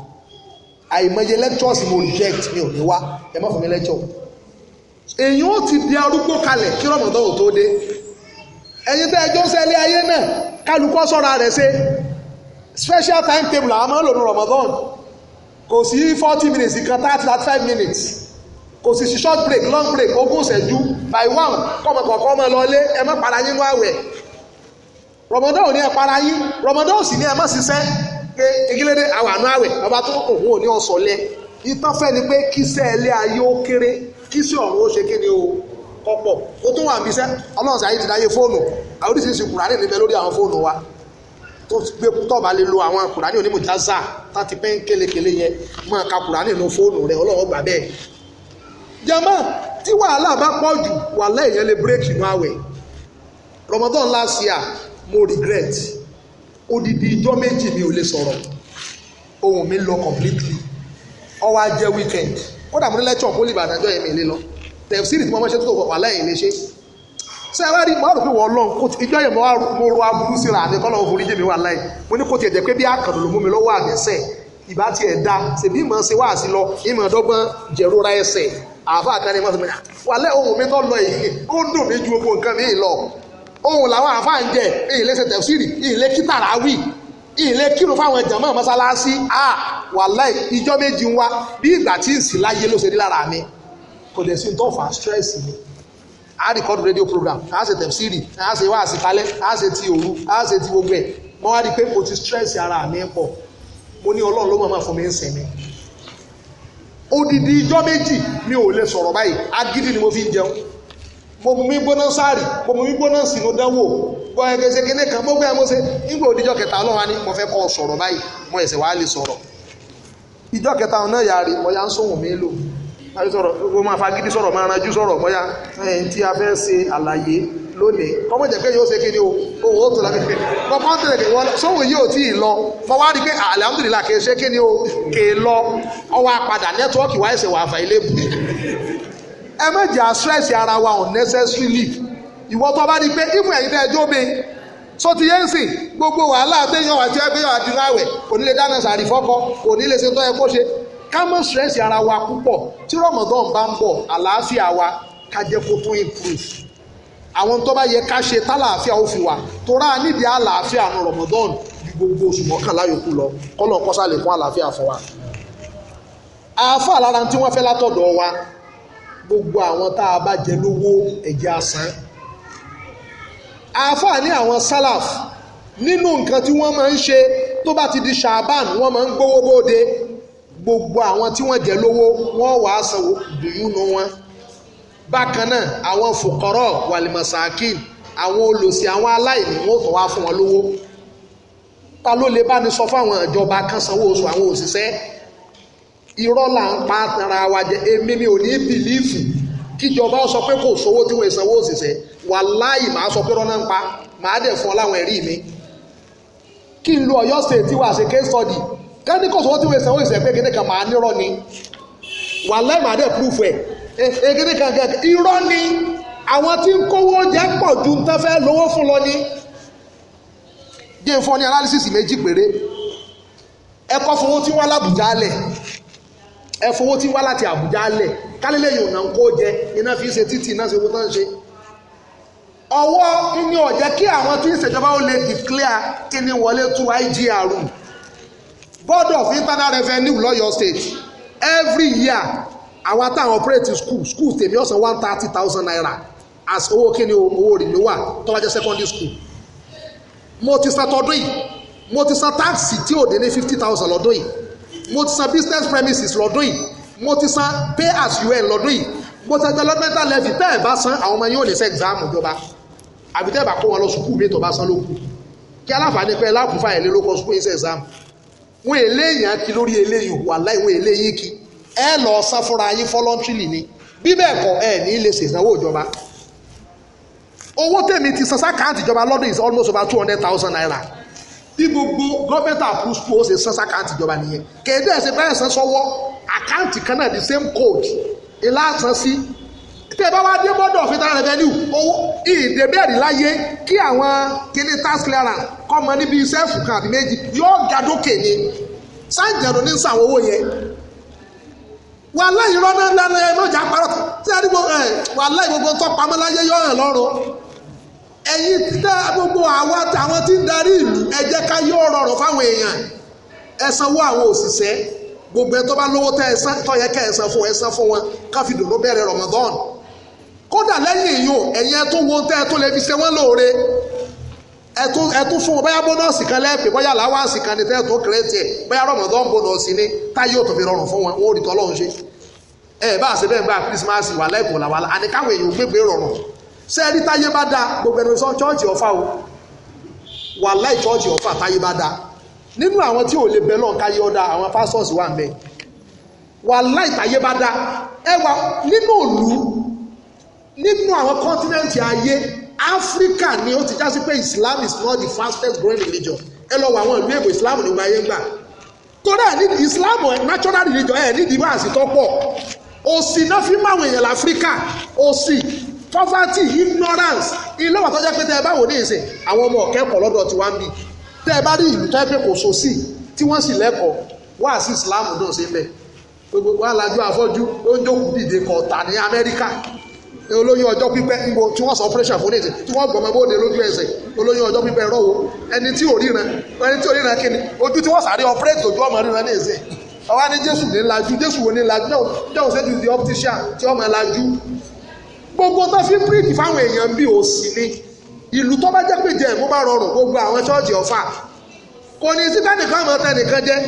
àìmọye lectures mo reject mi ò ní wá ẹ má fún mi lecture èyàn ó ti di arúgbó kalẹ̀ kí rọ̀mọ̀dọ́ ò tó dé ẹ̀yin tẹ́ ẹjọ́ sẹ́lẹ̀ ayé náà kálukọ́ sọ́ra rẹ̀ ṣe special time table àwọn máa ń kò sí forty minutes ìkan thirty thirty five minutes kò sí short break long break ogún ìṣẹ́jú by one kọ́mọkọ̀ọ́kọ́ ọmọ lọ lé ẹ má para nínú àwẹ̀ rọmọdán ní ẹ para yín rọmọdán sì ní ẹ ṣiṣẹ́ pé ìgbéléde àwọn àwẹ̀ ọba tó òun ò ní ọ̀sọ̀ lẹ ìtàn ni pé kíṣẹ́ ilé ayé ó kéré kíṣẹ́ ọ̀run ó ṣe o kọ́pọ̀ ó tún wà ọlọ́run ti dáyé fóònù kùránì níbẹ̀ lórí àwọn wa tó gbé tọ́ba lè lo àwọn kùránì onímọ̀jáza láti pẹ́ kélekèle ka kùránì fóònù rẹ ọlọ́run gbà bẹ́ẹ̀. jama tí wàhálà bá pọ̀ jù wàhálà lè bírèkì àwẹ̀ mo regret odidi ijọ́ méjì mi ò lè sọ̀rọ̀ ohun mi lọ completely ọwọ́ ajẹ́ weekend kódà mo ní lẹ́tọ̀ kó lè bàtà jọ èmi lè lọ tẹ̀síìrì tí mo máa ṣe tó tó wà láyé lè ṣe ṣé ẹ wá rí mo rò pé wọ́n lọ́n kó ijọ́ yẹn mo ro aburú síra àti kọ́lọ́ òfurufú jẹ́mi wà láyé mo ní kó tiẹ̀ jẹ́ pé bí àkàndùn ló mú mi lọ́wọ́ àgẹ́sẹ̀ ìbá tiẹ̀ da ṣèbí ìmọ̀ ṣe wá sí lọ ìmọ̀ ọ̀dọ́gbọ́n jẹ̀rora ẹsẹ̀ àáfàá kan ní mọ́tò mi wà lẹ́ ohun mi tó lọ yìí ó dùn mí ju gbogbo nǹkan mi lọ ohun làwọn àáfàá ń jẹ ìyìnlẹ ṣe tẹfsiri ìyìnlẹ kítàrà wì ìyìnlẹ kírun fáwọn jàmá mọ́sálásí à wàláì ìjọ méjì ń wá bí ìgbà tí ń sì láyé ló ṣe rí lára mi kò dẹ̀ sí tó fà stress mi a record radio program a ṣe tẹfsiri a ṣe wá àṣìkalẹ̀ a ṣe ti òru a ṣe ti gbogbo ẹ̀ mo wá rí i pé mo ti stress ara mi pọ̀ mo ní ọlọ́run ló máa fún mi ń sinmi odidi ìjọ méjì mi ò lè sọ̀rọ̀ báyìí agídí ni mo fi ń jẹun mo mú mi gbóná sáàrì mo mú mi gbóná sínú dánwò gbọ́ ẹgbẹ́ ṣe kíní kan mo gbé mo ṣe nígbà òdìjọ́ kẹta ọlọ́run wa ni mo fẹ́ kọ́ ọ sọ̀rọ̀ báyìí mo ẹ̀sẹ̀ wàá lè sọ̀rọ̀ ìjọ kẹta ọ̀nà ìyá rẹ̀ mo yá ń sóhùn mi lò láti sọ̀rọ̀ gbogbo máa fagídí sọ̀rọ̀ máa ranjú sọ̀rọ̀ bóyá ẹ̀yìn tí a fẹ́ ṣe àlàyé lónìí kọ́mọ̀ jẹ́ pé yóò ṣe kíni o owó ó tó la kékeré lọ́pọ̀ ń tẹ̀lé wọn sówò yìí ò tí ì lọ mo wá rí i pé alhamdulillah kè é ẹ má jẹ́ àstress ara wa unnecessarily ìwọ tó bá di pé ìfún ẹ̀yin tẹ́ ẹ jó mi so ti yé ń sìn gbogbo wàhálà àtẹ̀yàn àti ẹgbẹ́yàn àti láwẹ̀ kò ní lè dáná sàrí fọ́kọ́ kò ní lè ṣe tó yẹ kó ṣe ká má stress ara wa púpọ̀ tí Ramadan bá ń bọ̀ àlàáfíà wa ká jẹ́ kó tún improve àwọn tó bá yẹ ká ṣe tálàáfíà ó fi wà torá nídìí àlàáfíà àrùn Ramadan ju gbogbo oṣù mọ́kànlá yòókù lọ kọ́lọ́ kọ́sálẹ̀ fún àlàáfíà fún wa àáfà lára tí wọ́n fẹ́ látọ̀dọ̀ wa gbogbo àwọn tá a bá jẹ lówó ẹ̀jẹ̀ àsán àáfàá Ni àwọn sálàf nínú nǹkan tí wọ́n máa ń ṣe tó bá ti di ṣàbán wọ́n máa ń gbówó bóde gbogbo àwọn tí wọ́n jẹ lówó wọ́n wàá sanwó dùnyúnú wọn bákan náà àwọn fòkọrọ wàlìmọ̀sákìn àwọn olòṣì àwọn aláìní wọn ò tọ́ wá fún wọn lówó ta ló lè bá ní sọ fáwọn ìjọba kan sanwó oṣù àwọn òṣìṣẹ́ irọ́ là ń pa ara wa jẹ èmi mi ò ní kíjọba sọ pé kò sówó tí wọ́n sanwó wà láì màá sọ pé rọ́nà ń pa dẹ̀ fún ọ láwọn mi kí n lo Ọ̀yọ́ state tí wàá ṣe case study kẹ́ni kò sówó tí wọ́n pé kan ni dẹ̀ ni àwọn tí ń kówó ju ń lọ ni jẹ́ fún ọ ní analysis méjì péré fún ẹ fowó tí wá láti Àbújá lẹ̀ kálílẹ̀ yìí ọ̀nà kó jẹ iná fi ń ṣe títì iná ṣe owó tán ṣe ọwọ́ ní ọ̀jẹ́ kí àwọn tí ìṣèjọba ó lè declare kí ni wọlé tú IGR board of internal revenue lawyer state every year àwa táwọn operating school school tèmi ọ̀sán one thirty thousand naira as owó kí ni owó renewal tó bá jẹ́ secondary school mo ti san tọdún yìí mo ti san táàsì tí ò dé ní fifty thousand lọ́dún yìí mo ti san business premises lọ́dún yìí mo ti san pay as you earn lọ́dún yìí mo ti san developmental levy tẹ́ ẹ̀ bá san àwọn ọmọ yín ò lè ṣe exam ìjọba àbí tẹ́ ẹ̀ bá kó wọn lọ sùkúù mi tó bá san lókù kí aláfààní pé láàkún fáyẹ̀ lé lóko sùkúù yín ṣe exam wọn eléyìí á kí lórí eléyìí wà láì wọn eléyìí kí ẹ lọ san fúnra yín voluntarily ni bí bẹ́ẹ̀ kọ́ ẹ ní lè ṣèṣàwó ìjọba owó tèmi ti san sákàǹtì ìjọba lọ́dún is almost over two hundred thousand naira bí gbogbo gọ́ọ̀mẹ́ntà àpòsùpò ṣe san sákàǹtì ìjọba nìyẹn kèédé ẹ̀sìn fẹ́ẹ́ san sọ́wọ́ àkáǹtì kan náà the same code ìlàsàn sí tẹ́ ẹ bá wá dé bọ́dọ̀ fìtá rẹ̀vẹ́nìú owó ìdẹ́bẹ̀rì láyé kí àwọn kíní tax clearance kọ́ mọ níbi sẹ́ẹ̀fù kan àbí méjì yóò ga dókè ni sáǹjẹ̀rò ní sàwọn owó yẹn wàhálà ìrọ́nà ńlá ẹ̀ mọ̀jà parọ́ tí a dìbò ẹ̀ wàhálà ìgbogbo tó pamọ́ láyé yọ̀ ẹ̀ lọ́rùn ẹ̀yin títà gbogbo àwa àwọn tí ń darí ìlú ẹ jẹ́ ká yọ ọ̀rọ̀ ọ̀rọ̀ fáwọn èèyàn ẹ sanwó àwọn òṣìṣẹ́ gbogbo ẹ tó bá lówó tẹ ẹ san tó yẹ ká ẹ san fún ẹ san fún wọn ká fi dòdò bẹ̀rẹ̀ Ramadan kódà lẹ́yìn èèyàn ẹ̀yin ẹ tó wo tẹ́ ẹ tó lè fi ṣe wọ́n lóore ẹ tó ẹ tó fún wọn bóyá bónọ́ọ̀sì kan lẹ́ẹ̀pẹ́ bóyá làwáàsì kan ní tẹ́ ẹ tó kéré tiẹ̀ bóyá Ramadan bónọ́ọ̀sì ni táyé òtò fi rọrùn fún wọn ó rí tọ́lọ́run ṣe ẹ bá àṣẹ bẹ́ẹ̀ bá Christmas wà lẹ́kọ̀ọ́ làwà àníkàwé èèyàn gbégbé rọrùn ṣé ẹni táyé bá da gbogbo ẹni sọ chọ́ọ̀chì ọ̀fà o wàláì chọ́ọ̀chì ọ̀fà táyé bá da nínú àwọn tí ò lè bẹ̀ lọ́n káyé ọ̀dà àwọn pastors wà ń bẹ̀ wàláì táyé bá da ẹ wà nínú òlú nínú àwọn kọ́ńtínẹ́ǹtì ayé áfíríkà ni ó ti já sí pé Islam is not the fastest growing religion ẹ lọ wọ àwọn ìlú èbò Islam nígbà ayé gbà torí ẹ ní Islam natural religion ẹ nídìí máa sì tọ́pọ̀ òsì náà fi máwọn èèyàn láfíríkà òsì poverty ignorance ilé wà tó jẹ́ pé tẹ́ ẹ bá wò ní ìsìn àwọn ọmọ ọ̀kẹ́kọ̀ọ́ lọ́dọ̀ tí wọ́n ń bì tẹ́ ẹ bá rí ìlú tó yẹ pé kò so sí tí wọ́n sì lẹ́kọ̀ọ́ wá sí Islam náà ṣe bẹ́ẹ̀ gbogbo wa lajú afọ́jú ló ń jókòó dìde kọ̀ tà ní Amẹ́ríkà olóyún ọjọ́ pípẹ́ ń bo tí wọ́n sọ operation fún èsì tí wọ́n gbọ̀mọ́ bóde lójú ẹsẹ̀ olóyún ọjọ́ pípẹ́ rọ́wọ́ ẹni tí ò ríran ẹni tí ò ríran kí ni ojú tí wọ́n sáré operate ojú ọmọ ríran ní èsì ọwọ́ ni Jésù ní lajú Jésù wo ní lajú náà John ṣe ti di optician tí ọmọ lajú gbogbo tó fi pírìtì fáwọn èèyàn bí òsì ni ìlú tó bá jẹ́ pé jẹ́ ìmú bá rọrùn gbogbo àwọn ṣọ́ọ̀jì ọ̀fà kò ní sí tẹ́nìkan mọ́ tẹ́nìkan jẹ́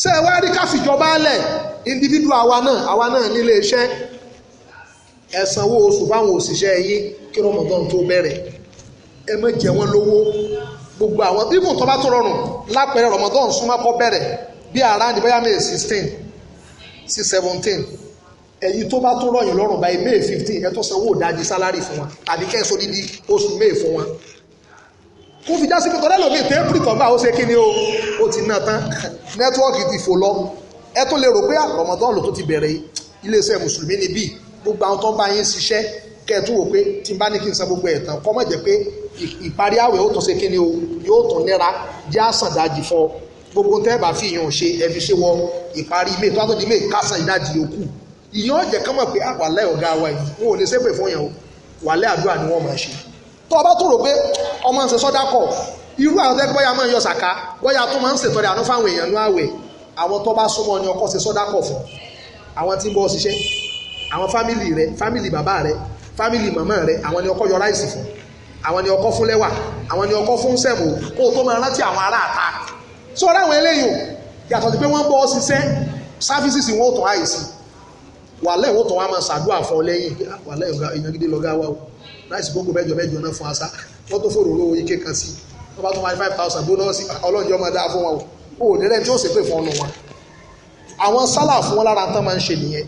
ṣé ẹ wá rí káfíjọba lẹ̀ individual àwa náà àwa náà nílé iṣẹ́ ẹ sanwó oṣù fáwọn òṣìṣẹ́ yín kí rọmọdán tó bẹ̀rẹ̀ ẹ má jẹ wọ́n lówó gbogbo àwọn bí fún tọ́ba tó rọrùn lápẹẹrẹ rọmọdán súnmọ́ kọ́ bẹ̀rẹ̀ bí around bóyá may sixteen sí seventeen ẹ̀yin tó bá tún rọ̀yàn lọ́rùn báyìí may fifteen ẹ̀ tó sanwó ìdajì sálárì fún wa tàbí kẹ́ ẹ̀ sọ dídí oṣù may fún wa kó fi já sí pípọ́ lẹ́lọ́mí tẹ́ẹ̀pì kan bá ó ṣe kí ni o ó ti ná tán nẹ́tíwọ́ọ̀kì ti fò lọ ẹ tó lè rò pé àrọ̀mọ́dọ́ọ̀lù ah, tó ti bẹ̀rẹ̀ iléeṣẹ́ mùsùlùmí ni bíi gbogbo àwọn tó ń bá yín ṣiṣẹ́ kẹ́ẹ̀tú wò pé tí n bá ní kí n san gbogbo ẹ̀ tán kọ́ mọ̀ jẹ́ pé ìparí àwẹ̀ ó tún ṣe kí ni o yóò tún nira jẹ́ àsàn dájì fọ gbogbo tẹ́ẹ̀ bá fi yàn ṣe ẹ ṣe wọ ìparí ilé tó wá tó di ilé kásán ìdájì yòókù ìyẹn ọ̀jẹ̀ kan mọ̀ pé ah, wàlẹ́ ọ̀gá wa yìí wọn ò lè ṣépè fún yẹn o wàlẹ́ àdúrà ni wọ́n máa ṣe tó o bá tún rò pé ọmọ ń ṣe sọ́dá kọ̀ irú àwọn tẹ́ bóyá máa ń yọ sàká bóyá tó máa ń ṣètọ́rẹ́ àánú fáwọn èèyàn ní àwẹ̀ àwọn tó bá súnmọ́ ni ọkọ ṣe sọ́dá kọ̀ fún àwọn tí ń bọ́ ṣiṣẹ́ àwọn fámìlì rẹ fámìlì bàbá rẹ fámìlì màmá rẹ àwọn ni ọkọ yọ ráìsì fún àwọn ni ọkọ fún lẹ́wà àwọn ni ọkọ fún sẹ̀mù kó o tó máa rántí àwọn ará àta sọ́ra àwọn eléyìí yàtọ̀ sí pé wọ́n bọ́ ṣiṣẹ́ sáfísìsì wọn ò tún àìsí wàhálà ìwọ̀n tó wá máa ṣàdúrà fún ọ lẹ́yìn wàhálà èèyàn gidi lọ́gá wa o láìsí gbogbo mẹ́jọ mẹ́jọ náà fún asa wọ́n tó fòrò lówó ike kan sí wọ́n bá tún wáyé five thousand bónọ́ọ̀sì ah, ọlọ́njọ́ máa dáa fún wa o ò nílẹ̀ tí ó sì pè fún ọ̀nà wa àwọn sálà fún wọn lára tán máa ń ṣe nìyẹn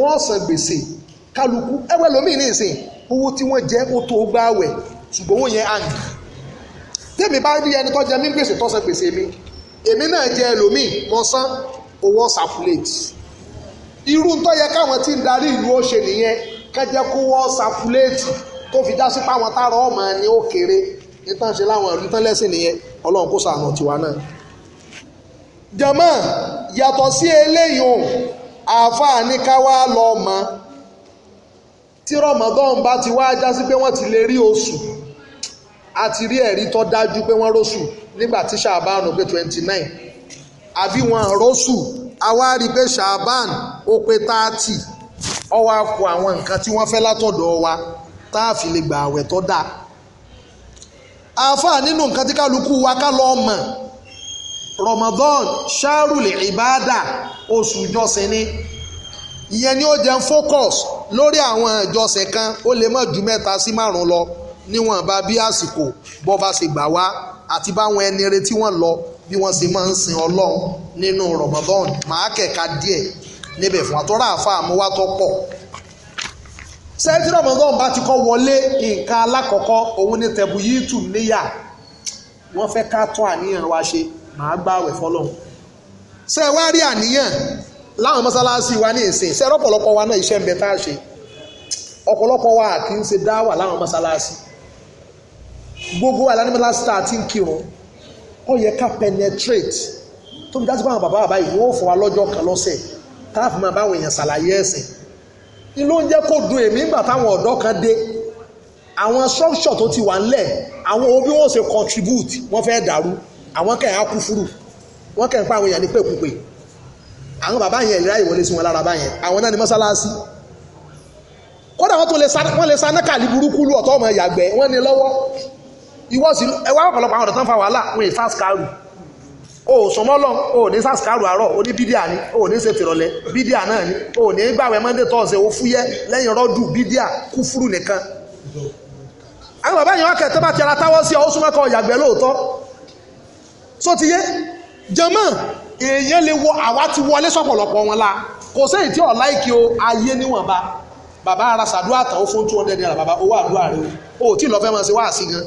wọ́n san gbèsè kálukú ẹwẹ́ lómi ní ìsìn owó tí wọ́n jẹ́ ó tó gbáwẹ̀ ṣùgbọ́n owó yẹn hàn tèmi bá rí ẹni tó irú tó yẹ káwọn tí ń darí ìlú ó ṣe nìyẹn kẹjẹ kó wọ́ safuléètì tó fi já sí páwọn tààrọ̀ ọmọ ni ó kéré nítan ṣe láwọn ìlú tán lẹ́sìn nìyẹn ọlọ́run kó sàánà tiwa náà. jama yàtọ̀ sí eléyìí òun àáfàá ní ká wá lọ mọ́ tí rọmọdọ́n bá ti wá já sí pé wọ́n ti lè rí oṣù a ti rí ẹ̀rí tó dájú pé wọ́n róṣù nígbà tí sàbánu pé twenty nine àbí wọn róṣù àwa rí i pé ṣàbán ó pé táàtì ọwọ́ àpò àwọn nǹkan tí wọ́n fẹ́ látọ̀dọ̀ wa tá a fi lè gbà àwẹ̀ tó dáa àáfàá nínú nǹkan tí kálukú wa ká lọ mọ̀ Ramadan ṣáàrùlì ìbáàdà oṣù ìjọsìn ni ìyẹn ni ó jẹ́ focus lórí àwọn ìjọsìn kan ó lè mọ̀ ju mẹ́ta sí márùn-ún lọ níwọ̀nba bí àsìkò bọ́ bá ṣe gbà wá àti báwọn ẹni retí wọ́n lọ bí wọ́n ṣe máa ń sin Ọlọ́run nínú Ramadan màá kẹ̀ka díẹ̀ níbẹ̀ fún àtọ́rà àfa àmúwá tó pọ̀ sẹ́ẹ̀tì Ramadan bá ti kọ́ wọlé nǹkan alákọ̀ọ́kọ́ òun ní tẹ̀bù yìí tù níyà wọ́n fẹ́ ká tún àníyàn wa ṣe màá gbààwẹ̀ fọlọ́hún ṣe wá rí àníyàn láwọn mọ́sálásí wa ní ìsìn ṣe ọ̀pọ̀lọpọ̀ wa náà iṣẹ́ ń bẹ tá a ṣe ọ̀pọ̀lọpọ̀ wa kì í ṣe dáwà láwọn mọ́sálásí gbogbo wa láwọn mọ́sálásí tá ó yẹ ká penetrate tó fi dásí pé àwọn bàbá bàbá yìí wọ́n fún wa lọ́jọ́ kan lọ́sẹ̀ táàfù máa báwọn èèyàn ṣàlàyé ẹ̀sìn ni ló ń jẹ́ kó dùn èmi nígbà táwọn ọ̀dọ́ kan dé àwọn structure tó ti wà ńlẹ̀ àwọn òbí wọn ò ṣe contribute wọ́n fẹ́ dàrú àwọn kẹ̀ á kú fúrù wọ́n kẹ̀ ń pa àwọn èèyàn ní pèkúpè àwọn bàbá yẹn ìlera ìwọlé sí wọn lára báyẹn àwọn náà ni mọ́sálásí kódà wọ́n tó lè sa nákàlí burúkú lù ọ̀tọ́ ọmọ ìyàgbẹ́ wọ́n ní lọ́wọ́ ìwọ́sí ẹwà ọ̀pọ̀lọpọ̀ àwọn ọ̀dọ́ tán fa wàhálà wọn ì fast o ò sọmọ́ lọ o ò ní sàṣkárù àárọ̀ o ní bídíà ni o ò ní ṣe tìrọ̀lẹ́ bídíà náà ni o ò ní gbàwẹ̀ monday thursday o fúyẹ́ lẹ́yìn rọ́dù bídíà kúfúrú nìkan. àwọn bàbá yẹn wá kẹ̀ tó bá ti ara táwọ́ sí ọ ó súnmọ́ kan ìyàgbẹ́ lóòótọ́ só ti yé jẹ́mọ́ èèyàn lè wọ àwa ti wọlé sọ̀pọ̀lọpọ̀ wọn la kò sẹ́yìn tí ọ̀la ìkí o ayé níwọ̀nba bàbá ara sàdúrà tán ó fún two hundred naira bàbá owó àdúrà rẹ o ò tí ì lọ fẹ́ máa ṣe wáàsí gan-an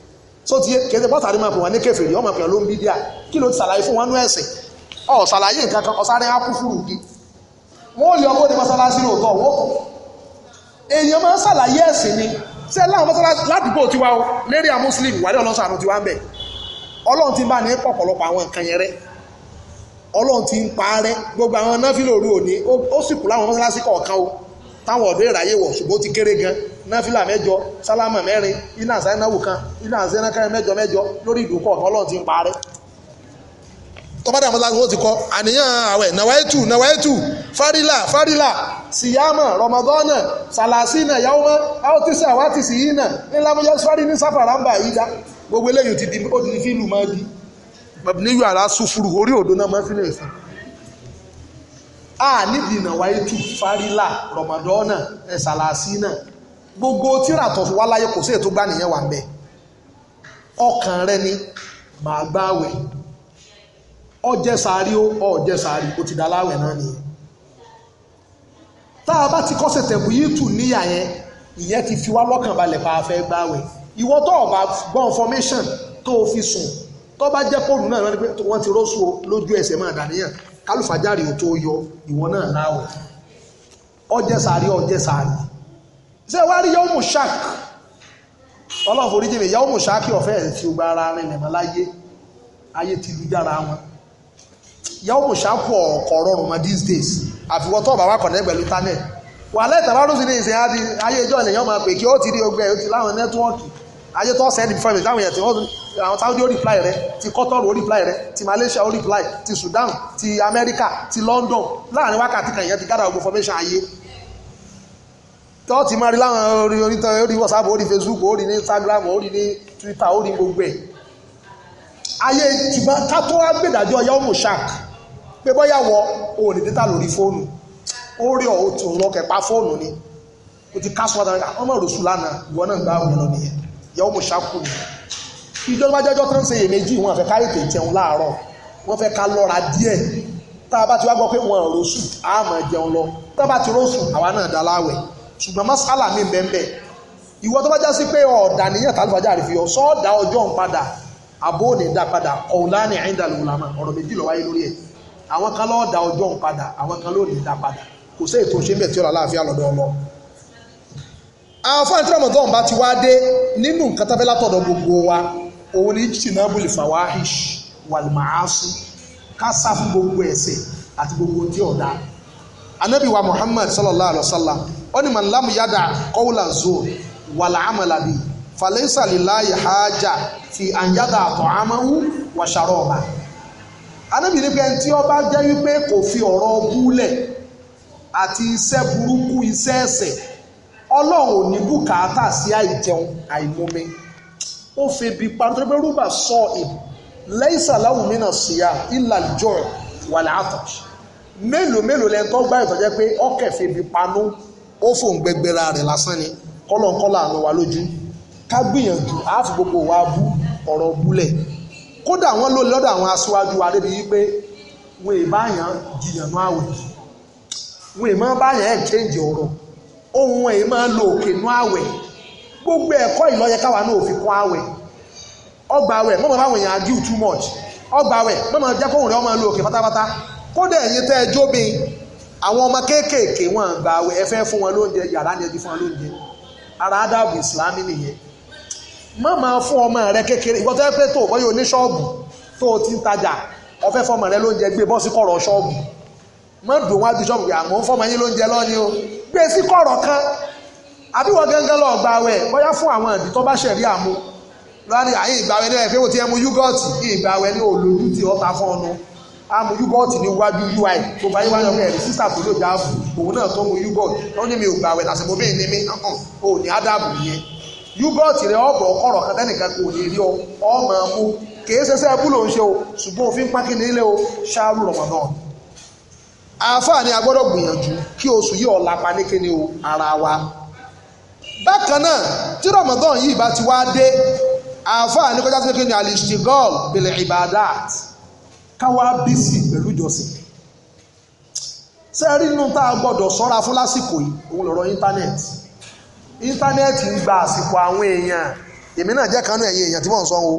so ti kẹsẹ̀ pọ́sà ni máa pè wọ́n ní kẹfìrì ọmọ ìpìlẹ̀ ló ń bí díà kí ló ti ṣàlàyé fún wọn ní ẹ̀sìn ọ ṣàlàyé nǹkan kan ọ̀sáré ápù fúrù bí wọ́n ò lè ọkọ̀ ní mọ́sálásí lóòótọ́ wọ́n kọ̀ èèyàn máa ń ṣàlàyé ẹ̀sìn ni ṣé láwọn mọ́sálásí ládùúgbò tiwa o lérí àwọn Muslim wàdí ọlọ́sàánú tiwa ń bẹ̀ ọlọ́run ti bá ní pọ̀pọ̀lọpọ̀ àwọn nǹkan yẹn rẹ́ ọlọ́run ti ń parẹ́ gbogbo àwọn náfìlì òru òní ó sì kù láwọn mọ́sálásí kọ̀ọ̀kan o táwọn ọ̀dọ́ ìráyè wọ̀ ṣùgbọ́n ó ti kéré gan-an náfìlà mẹ́jọ sálámà mẹ́rin iná àsánáwò kan iná àsánákárí mẹ́jọ mẹjọ lórí ìdúkọ ọ̀kan ọlọ́run ti ń parẹ́ tọ́bádà mọ́sáàkì wọ́n ti kọ́ àníyàn àwẹ̀ nàwáìtù nàwáìtù fárílà fárílà síyámà rọmọdọ́nà sàlàsínà àwòtísà yìí nà ńlámúyẹ́ ní dá gbogbo eléyìí ti di ó ti di fílù máa di sùfúrù orí òdo náà máa a nídìí fárílà rọmọdọ́nà sàlàsínà gbogbo tíra tó fi wá láyé kò sí ètò gbá nìyẹn wà ń bẹ ọkàn rẹ ni màá gbáwẹ̀ ọjẹ́ sàárì ó ọjẹ́ sàárì ó ti dáláwẹ̀ náà nìyẹn tá a bá ti kọ́sẹ̀ tẹ̀bù yìí tù níyà yẹn ìyẹn ti fi wá lọ́kàn balẹ̀ pa afẹ́ gbáwẹ̀ ìwọ tó o gbọ́ information tó o fi sùn tó bá jẹ́ pọ́ọ̀lù náà rẹ wọ́n ti rọ́ṣù lójú ẹsẹ̀ máa dàníyàn kálùfàjárì ò tó yọ ìwọ náà láwẹ̀ ọjẹ́ sàárì ṣé wá rí yọ́mù ṣák ọlọ́run forí jìnnà yọ́mù ṣákì ọ̀fẹ́ ẹ̀ ti gba ara rìn lẹ̀mọ́ láyé ayé ti lu dára wọn yọ́mù ṣákù ọ̀kọ̀ rọrùn mọ́ these days àfiwọ́ tó bàbá kọ̀dẹ́ pẹ̀lú tánẹ̀ wà lẹ́tà bá rúsì ní ìsìn á di ayé ìjọ ènìyàn máa pè kí ó ti rí ogbẹ́ ó ti láwọn nẹ́tíwọ́ọ̀kì ayé tó sẹ́ẹ̀dì fún mi táwọn èèyàn tí wọ́n àwọn Saudi ó reply rẹ ti Qatar ó reply rẹ ti Malaysia ó reply ti Sudan ti America ti London láàrin wákàtí kan ìyẹn ti gádà ogun formation ayé tọ́ọ̀tì máa rí láwọn orí orítan orí whatsapp orí facebook orí ní instagram orí ní twitter orí gbogbo ẹ̀ ayé tìgbà ká tó wá gbèdájọ́ ọyá ọmọ shark pé bóyá wọ òun ní dẹ́ta lórí fóònù ó rí ọ̀ òun lọ́kẹ̀ pa fóònù ni o ti ká sọ́dọ̀ ọmọ rẹ̀ sùn lánàá ìwọ náà gbá àwọn ọ̀nà yẹn ìyá ọmọ shark kù ni ìjọba jẹjọ tó ń ṣe iyèméjì wọn àfẹ káyètè jẹun láàárọ̀ wọn fẹ́ ká lọ́ra díẹ̀ tá a bá ti wá gbọ́ pé wọn ò rọ̀ sùn àmọ́ jẹun lọ tá a bá ti rọ̀ àwa náà dá láwẹ̀ ṣùgbọ́n masala mi bẹ́ẹ̀ ìwọ tó bá já sí pé ọ̀dà níyàn tàbí fàjà àrífi ọ sọ́ọ̀dà ọjọ́ ń padà àbó ní dá padà ọ̀húnláàní àyíndà lòlàmà ọ̀rọ̀ méjì ló wáyé lórí ẹ̀ àwọn kan lọ́ọ̀dà ọjọ́ ń padà àwọn kan ló ní dá padà kò sí ètò ṣe ń bẹ̀ tí ó rà láàfin àlọ́dọ̀ ọlọ́ àfáàn tí Ramadan bá ti wá dé nínú nǹkan tábẹ́ Muhammad sallallahu alaihi wa sallam ó ní màá lámù yàdà kọ́wùlà zoo wàlà àmàlàbí fàlẹ́sà lìláyà hájà fi àyàdà àtọ̀ àmàhù wàṣàrọ̀ ọ̀bà anábìrì pé ẹni tí ó bá jẹ́ wípé kò fi ọ̀rọ̀ búlẹ̀ àti iṣẹ́ burúkú iṣẹ́ ẹ̀ṣẹ̀ ọlọ́run ò ní bùkátà sí àìjẹun àìmumi ó fi bí pàtẹ́pẹ́ rúbà sọ ì lẹ́yìnsà láwùn mí náà síyá ìlà ìjọ wàlẹ́ àtọ̀ mélòó mélòó lẹ́ńtọ́ gbá ìtọ́jẹ́ pé ọkẹ́ fi bí panú ó fòun gbẹgbẹra rẹ̀ lásán ni kọ́lọ̀kọ́lọ̀ àánú wa lójú ká gbìyànjú àáfi gbogbo wa bú ọrọ búlẹ̀ kódà wọ́n ló lọ́dọ̀ àwọn aṣáájú wa débi wípé wọn ì báyàn jìyànú àwẹ̀ wọn ì máa báyàn ẹ̀ change ọ̀rọ̀ ohun ẹ̀ máa lo òkè gbogbo ẹkọ káwa náà kún ọgbà too much ọgbà kóhùn ọmọ lo àwọn ọmọ kéékèèké wọn gba àwẹ̀ ẹ fẹ́ fún wọn lóúnjẹ yàrá ni ẹ ti fún wọn lóúnjẹ ara adáàbò ìsìlámì nìyẹn má máa fún ọmọ rẹ kékeré ìwọ tó yẹ pé tó bọ́yọ̀ oníṣọ́ọ̀bù tó o ti ń tajà ó fẹ́ fọmọ rẹ lóúnjẹ gbé bọ́ sí kọ̀rọ̀ ṣọ́ọ̀bù má dùn wá ju ṣọ́ọ̀bù àmọ́ ń fọmọ yín lóúnjẹ lọ́ni o gbé sí kọ̀rọ̀ kan àbí wọ́n gángan lọ gba àwẹ̀ bóyá fún àwọn ìdí tó bá ṣẹ̀rí àmú lọ́ni àyè ìgbàwẹ̀ ní ẹ̀ pé mo ti ẹ mu yúgọ̀tì ìgbàwẹ̀ ní òlòlù tí fún ọ àmú yúgọ̀tì ní wájú ui tó bá yíwájú ọkọ ẹ̀rí sísà tó lò dáàbò òun náà tó mu yúgọ̀tì ó ní mi ò gbàwẹ̀ làṣẹ̀bọ̀ bẹ́ẹ̀ ní mi hàn ó ní ádàbò yẹn yúgọ̀tì rẹ ọ̀bọ̀ ọkọ̀rọ̀ kan tẹ́nìkan kò ní rí ọ ọmọ mú kìí ṣe sẹ́ẹ̀bù ló ń ṣe o ṣùgbọ́n òfin pákí ní ilé o ṣáàrù rọ̀mọ̀dán àáfàá ni a gbọ́dọ̀ gbìyànjú kí oṣù yìí ọ̀la pa ní kíni o ara wa bákan náà tí rọ̀mọ̀dán yìí bá ti wá dé àáfàá ni kọjá sí kíni al-ishtighal bil ibadat káwá bísí pẹ̀lú ìjọsìn sẹ́ẹ̀rí inú tá a gbọ́dọ̀ sọ́ra fún lásìkò yìí òun lọ̀rọ̀ íńtánẹ́ẹ̀tì íńtánẹ́ẹ̀tì ń gba àsìkò àwọn èèyàn èmi náà jẹ́ kanú ẹ̀yìn èèyàn tí wọ́n ń sanwó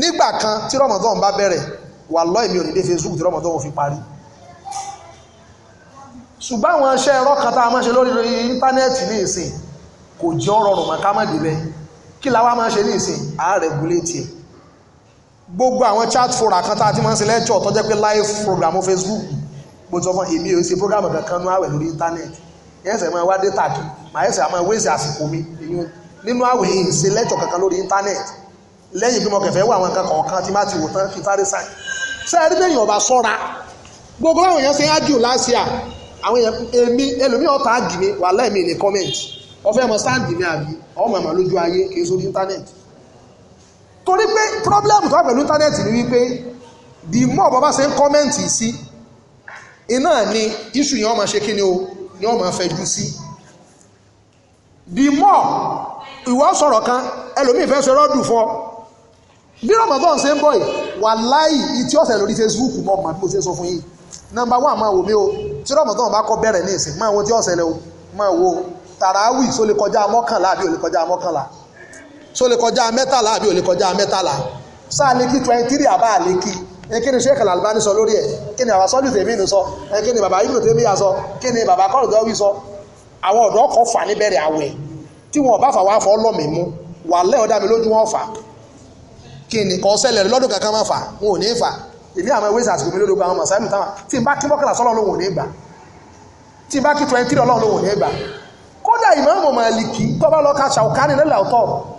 nígbà kan tí rọmọdún bá bẹ̀rẹ̀ wà lọ́ èmi ò ní dé Facebook tí rọmọdún fi parí ṣùgbọ́n àwọn iṣẹ́ ẹ̀rọ kan tá a máa ṣe lórí íńtánẹ́ẹ̀tì ní ìsìn kò jẹ́ ọ̀rọ̀ rùn mọ́ ká má débẹ̀ kí la máa ṣe ní ìsìn àárẹ̀ gúlé tiẹ̀ gbogbo àwọn chat fora kan tá a ti máa ń ṣe lẹ́tọ̀ tó jẹ́ pé live program Facebook mo sọ fún èmi ò ṣe program kankan nú àwẹ̀ lórí internet. ẹ̀sẹ̀ máa wá data kí màá ẹ̀sẹ̀ máa wéṣẹ̀ àsìkò mi nínú àwẹ̀ yìí ṣe lẹ́tọ̀ kankan lórí íńtánẹ́ẹ̀tì lẹ́yìn bí mo kẹfẹ́ wà àwọn kankan kan tí má ti wò tán kí fárí sáì ṣé ẹ rí bẹ́yìn ọba sọ́ra gbogbo àwọn èèyàn ṣe ń ájú last year àwọn èèyàn èmi ẹlòmíì ọ̀tá àgì mi wà láì mi ní comment ọ̀fẹ́ mọ̀ sáǹdì mi àbí ọmọ àmà lójú torí pé pírọ́blẹ́mù tó wà pẹ̀lú íńtánẹ́ẹ̀tì ni wípé the more bàbá ṣe ń kọ́mẹ́ǹtì sí iná ni iṣu yẹn wọ́n máa ṣe kíni o ni wọ́n máa fẹjú sí the more ìwọ sọ̀rọ̀ kan ẹlòmíì fẹ́ sọ rọ́ọ̀dù fọ́ bí rọ̀mọ̀bọ́n ṣe ń bọ̀ yìí wà láì ìtí ọ̀sẹ̀ lórí Facebook mọ́ ọmọ bí mo ṣe sọ fún yìí nọmba wà máa wò mí o tí rọ̀mọ̀bọ́n bá kọ́ bẹ̀rẹ̀ ní ìsìn máa wo tí ọ̀sẹ̀ lẹ o máa wo tàràwì sólè kọjá mọ́kànlá àbí olè kọjá mọ́kànlá so lè kọjá mẹ́tàlá àbí ò lè kọjá mẹ́tàlá sáà lè kí twenty three àbá lè kí kíni Sheikh Al-Albani sọ lórí ẹ̀ kíni àwọn sọ́jú tèmi nù sọ kíni bàbá ibùdó tèmi yà sọ kíni bàbá kọ́lù tó wí sọ àwọn ọ̀dọ́ kọ́ fà níbẹ̀rẹ̀ àwẹ̀ tí wọn bá fà wá fọ́ lọ́mì mú wà lẹ́ ọ̀dà mi lójú wọn fà kíni kọ́ sẹ́lẹ̀ lọ́dún kankan máa fà wọn ò ní fà èmi àwọn ewé sàtìkù mi lódògbò àwọn màsáìmù táwọn tí n bá kí mọ́kànlá sọ́lọ́ lóhùn ní gbà tí n bá kí twenty three ọlọ́run lóhùn ní gbà kódà Imam Maliki tó bá lọ ka ṣàwùkárì nílẹ̀ ọ̀tọ̀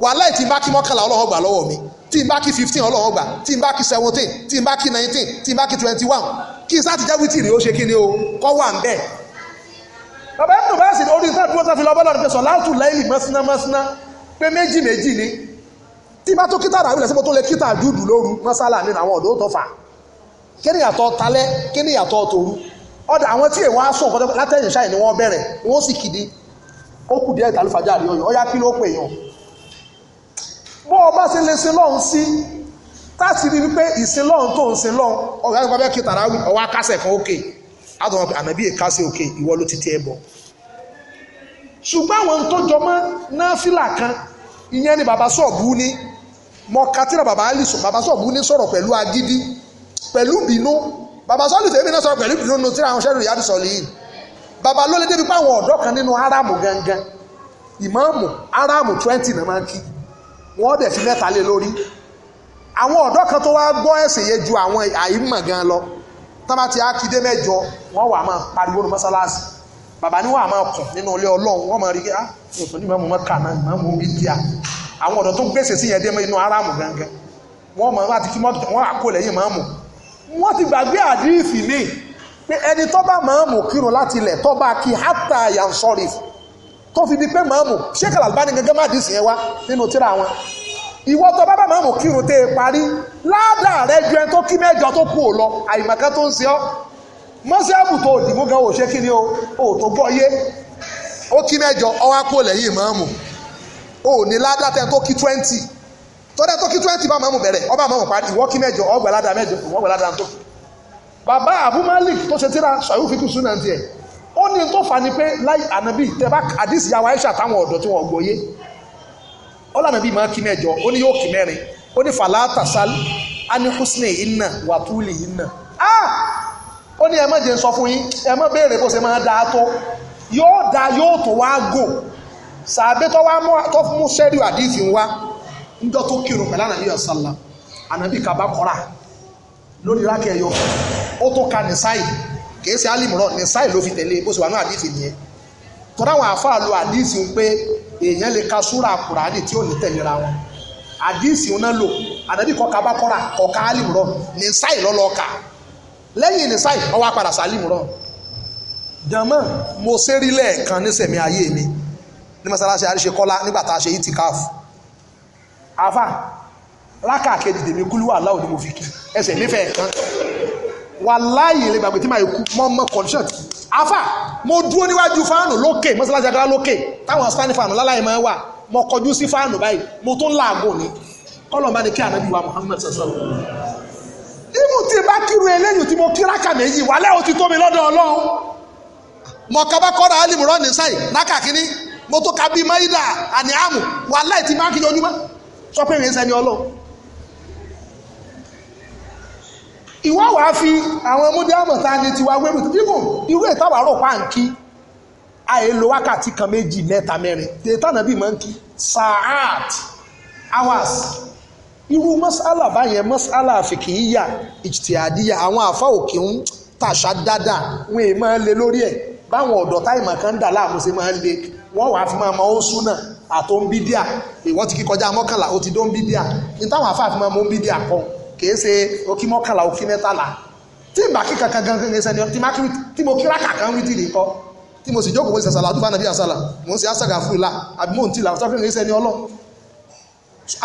wàhálà tí n bá kí mọ́kànlá ọlọ́run gbà lọ́wọ́ mi tí n bá kí fifteen ọlọ́run gbà tí n bá kí seventeen tí n bá kí nineteen tí n bá kí twenty one kí n sáti jẹ́ wítìrì ó ṣe kí ni o kọ́ wà ń bẹ̀. bàbá ẹ̀mí bá sì orí sáà dúró sáfi lọ́bọ́ lọ́dún pẹ̀sọ̀ láàtù láìlì mọ́síná mọ́síná pé méjì méjì ni tí n bá tó kíta ràwílẹ̀ sí mo tó lè kíta dúdú lóru mọ́sálà mi làwọn ọ̀dọ́ tó fà kí ni yàtọ̀ talẹ́ kí ni yàtọ̀ tòru ọ̀dà àwọn tí èèwọ̀n á sùn kọ́tọ́ látẹ̀yìn ṣáì ni wọ́n bẹ̀rẹ̀ wọ́n bó o bá ṣe lè sin lọ́hùn sí táàsì rí wípé ìsin lọ́hùn tó ń sin lọ́hùn ọ̀gá ìgbà bẹ́ẹ̀ tàràwì ọwọ́ akásẹ̀ kan òkè àtọ̀wọ̀n pé ànàbí èkásẹ̀ òkè ìwọ ló ti bọ̀ ṣùgbọ́n àwọn tó jọmọ́ náfìlà kan ìyẹn ni bàbá sọ̀bù bàbá bàbá sọ̀bù sọ̀rọ̀ pẹ̀lú agídí pẹ̀lú bínú bàbá náà sọ̀rọ̀ pẹ̀lú bínú àwọn gangan ìmáàmù twenty náà wọ́n dẹ̀ fi mẹ́ta lé lórí àwọn ọ̀dọ́ kan tó wá gbọ́ ẹ̀sìn yẹn ju àwọn àìmọ̀ gan lọ tábà ti ákídé mẹ́jọ wọ́n wà máa pariwo ní mọ́sálásì bàbá ni wọ́n á máa kùn nínú ilé ọlọ́run wọ́n máa rí i ah ìyẹ̀tọ́ ní mọ́mọ́ kà náà mọ́mọ́ omi díà àwọn ọ̀dọ́ tó gbèsè sí yẹn dé inú aráàmù gangan wọ́n máa láti kí mọ́tò wọ́n àkó lẹ́yìn máàmù wọ́n ti gbàgbé àdírífì míì pé ẹni tó bá máàmù kírun láti ilẹ̀ tó bá kí hátà yàn sọ́rìfù tó fi di pé màmù Sheikh Al-Albani gẹ́gẹ́ má dì sí ẹ wá nínú tíra wọn ìwọ tó bá bá màmù kírun tẹ́ ẹ parí ládàá rẹ ju ẹni tó kí mẹ́jọ tó kú ò lọ àyìnbàkan tó ń ṣe ọ́ mọ́sẹ́ẹ̀bù tó dìbò gan ò ṣe kí ni o ò tó gbọ́ yé ó kí mẹ́jọ ọwọ́ kó lẹ́yìn màmù ò ní ládàá tẹ́ tó kí twenty tọ́dá tó kí twenty bá màmù bẹ̀rẹ̀ ọba màmù parí ìwọ kí mẹ́jọ ọgbà ládàá mẹ́jọ ìwọ ọgbà ládàá tó kí bàbá Abu Malik tó ṣe tíra ṣàyẹ̀wò fikùn súnà tiẹ̀ ó ní tó fà pé láì ànábì tẹ́bá àdìsí yàwó Aisha táwọn ọ̀dọ́ tí wọ́n gbọ́yé ó máa kí mẹ́jọ ó ní yóò kí mẹ́rin ó ní fàlà tàṣàl á húsìnì iná wàtúùlì iná ó ní ẹ má sọ fún yín ẹ béèrè bó ṣe máa dáa tó yóò da yóò tó wá gò sàbẹ́ tó wá tó wa ka ní kìí ṣe alimran ní sáì ló fi tẹ̀lé bó ṣe wà ní àdìsí nìyẹn tọ́ra àwọn àfáà lo àdìsí ń pé èèyàn lè ka súra kùránì tí ò ní tẹ̀léra wọn àdìsí ń náà lò àdàbí kọ́ka bá kọ́ra kọ́ka alimran ní sáì lọ́lọ́ka lẹ́yìn ní sáì ọwọ́ apàdà sàlimran jàmọ́ mo ṣérí lẹ́ẹ̀kan nísẹ̀mí ayé mi ní mọ́sálásí àríṣe kọ́lá nígbà tá a ṣe itikaf afa lákàkejì tèmi kúlúwà láwọn ni mo fi kí ẹsẹ̀ nífẹ̀ẹ́ kan wà láàyè lè gbàgbé tí màá kú mọ́ mọ́ condition afa mo dúró níwájú fáànù lókè mọ́sálásí agbára lókè táwọn spanish fáànù láláyè máa ń wà mo kọjú sí fáànù báyìí mo tún láàgò ní kọ́lọ̀mọ́ ni kí ànábì wa Muhammad sọ̀sọ̀ ìmú tí bá kírun eléyìí tí mo kíráka méjì wàlẹ́ ò ti tó mi lọ́dọ̀ Ọlọ́run mo kaba kọ́ra alimurọ́ ní sáì lákàkíní mo tó ka bíi mayida àní àmù wàlẹ́ ti máa kí lójúmọ́ sọ pé ìrìnsẹ̀ ni Ọlọ́run ìwọ́ wàá fi àwọn mọ́díàmọ̀ tá a ní tiwa wérù dígùn irú ìtawà rò pa ń kí àìlò wákàtí kan méjì mẹ́ta mẹ́rin tètànà bí mọ́ ń kí sa'at hours irú mọ́sálà báyẹn mọ́sálà fìkìyà ìjìtìyàdíyà àwọn àfa òkè ń tàṣà dáadáa wọn èèyàn máa ń le lórí ẹ̀ báwọn ọ̀dọ́ táìmọ̀ kan ń dà láàmú sí máa ń le wọ́n wàá fi máa ma ó súnà àtó ń bídíà èèwọ̀n ti kíkọjá mọ́kànlá ó ti dó ń bídíà ní táwọn àfa àfi máa mọ́ ń bídíà kan kìí ṣe okí mọ́kànlá okí mẹ́tàlá tí ìgbà kí kankan gangan ní sẹ́ni tí mo kí rákà kan wítì rí kọ́ tí mo sì jókòó mo sì sàṣàlà àdúgbò ànàbí àṣàlà mo ń ṣe àṣàgà fún ìlà àbí mo ń tilà sọ́kùnrin ní sẹ́ni ọlọ́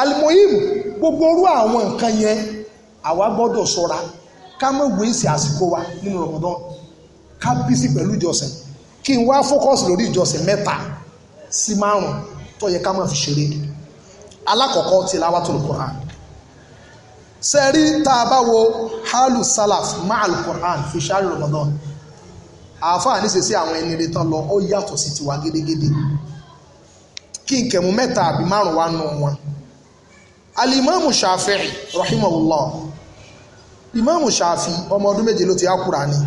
alimoyim gbogbo orú àwọn nǹkan yẹn àwa gbọ́dọ̀ ṣọ́ra ká má wéèsì àsìkò wa nínú Ramadan ká bísí pẹ̀lú ìjọsìn kí n wá fókọ́sì lórí ìjọsìn mẹ́ta sí márùn-ún tó yẹ ká má fi ṣeré alákọ̀ọ́kọ́ tilawatul Qur'an sẹ́rí tá a bá wo halu salaf ma'al quran fi ṣáàrì ramadan àáfàá níṣẹ́sí àwọn ẹni rẹ̀ tán lọ ó yàtọ̀ sí tiwa gédégédé kí n kẹ̀mú mẹ́ta àbí márùn wá nù wọn alimamu shafi'i rahimahullah imamu shafi ọmọ ọdún méje ló ti há kúránì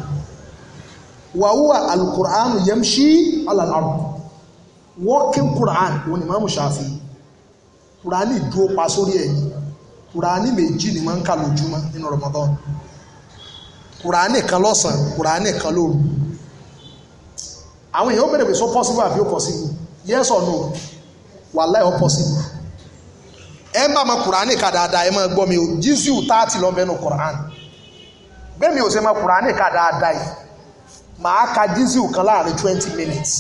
wàhùwà alukur'anu yẹmṣí alàlárù walking quran òun imamu shafi kúránì dúró pa sórí ẹ̀yìn kùránì méjì ni wọ́n ka kà lójúmọ́ nínú Ramadan kùránì kan lọ́sàn-án kùránì kan lóru àwọn èèyàn bẹ̀rẹ̀ pé so possible àbí ó possible yes or no wallahi ó possible ẹ bá ma kùránì ka dáadáa ẹ máa gbọ́ mi o táàtì bẹ́ẹ̀ mi ò ṣe ma kùránì ka dáadáa yìí màá ka kan láàrin twenty minutes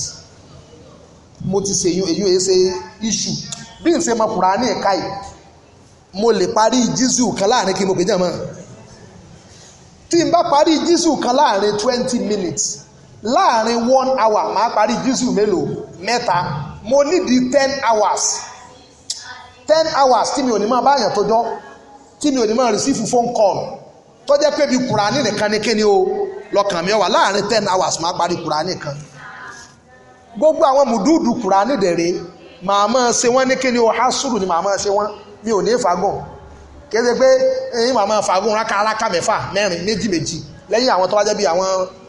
mo ti ṣe èyí èyí ṣe issue bí n ṣe ma ka yìí mo lè parí jísù kan láàrin kí n mo pè jẹ́mọ́ tí n bá parí jísù kan láàrin twenty minutes láàrin one hour màá parí jísù mélòó mẹ́ta mo nídìí ten hours ten hours tí mi ò ní máa bá àyàn tó jọ tí mi ò ní máa receive phone call tó jẹ́ pé bí kùránì nìkan ni kí ni o lọ́kàn mi wà láàrin ten hours máa parí kùránì kan gbogbo àwọn mùdúùdù kùránì dẹ̀rẹ̀ màá máa ṣe wọ́n ní kí ni o hásùrù ni màá máa ṣe wọ́n mi ò ní fagùn kéde pé ẹ̀yin màmá fagùn rákà rákà mẹ́fà mẹ́rin méjì méjì lẹ́yìn àwọn tó wá jẹ́ bí àwọn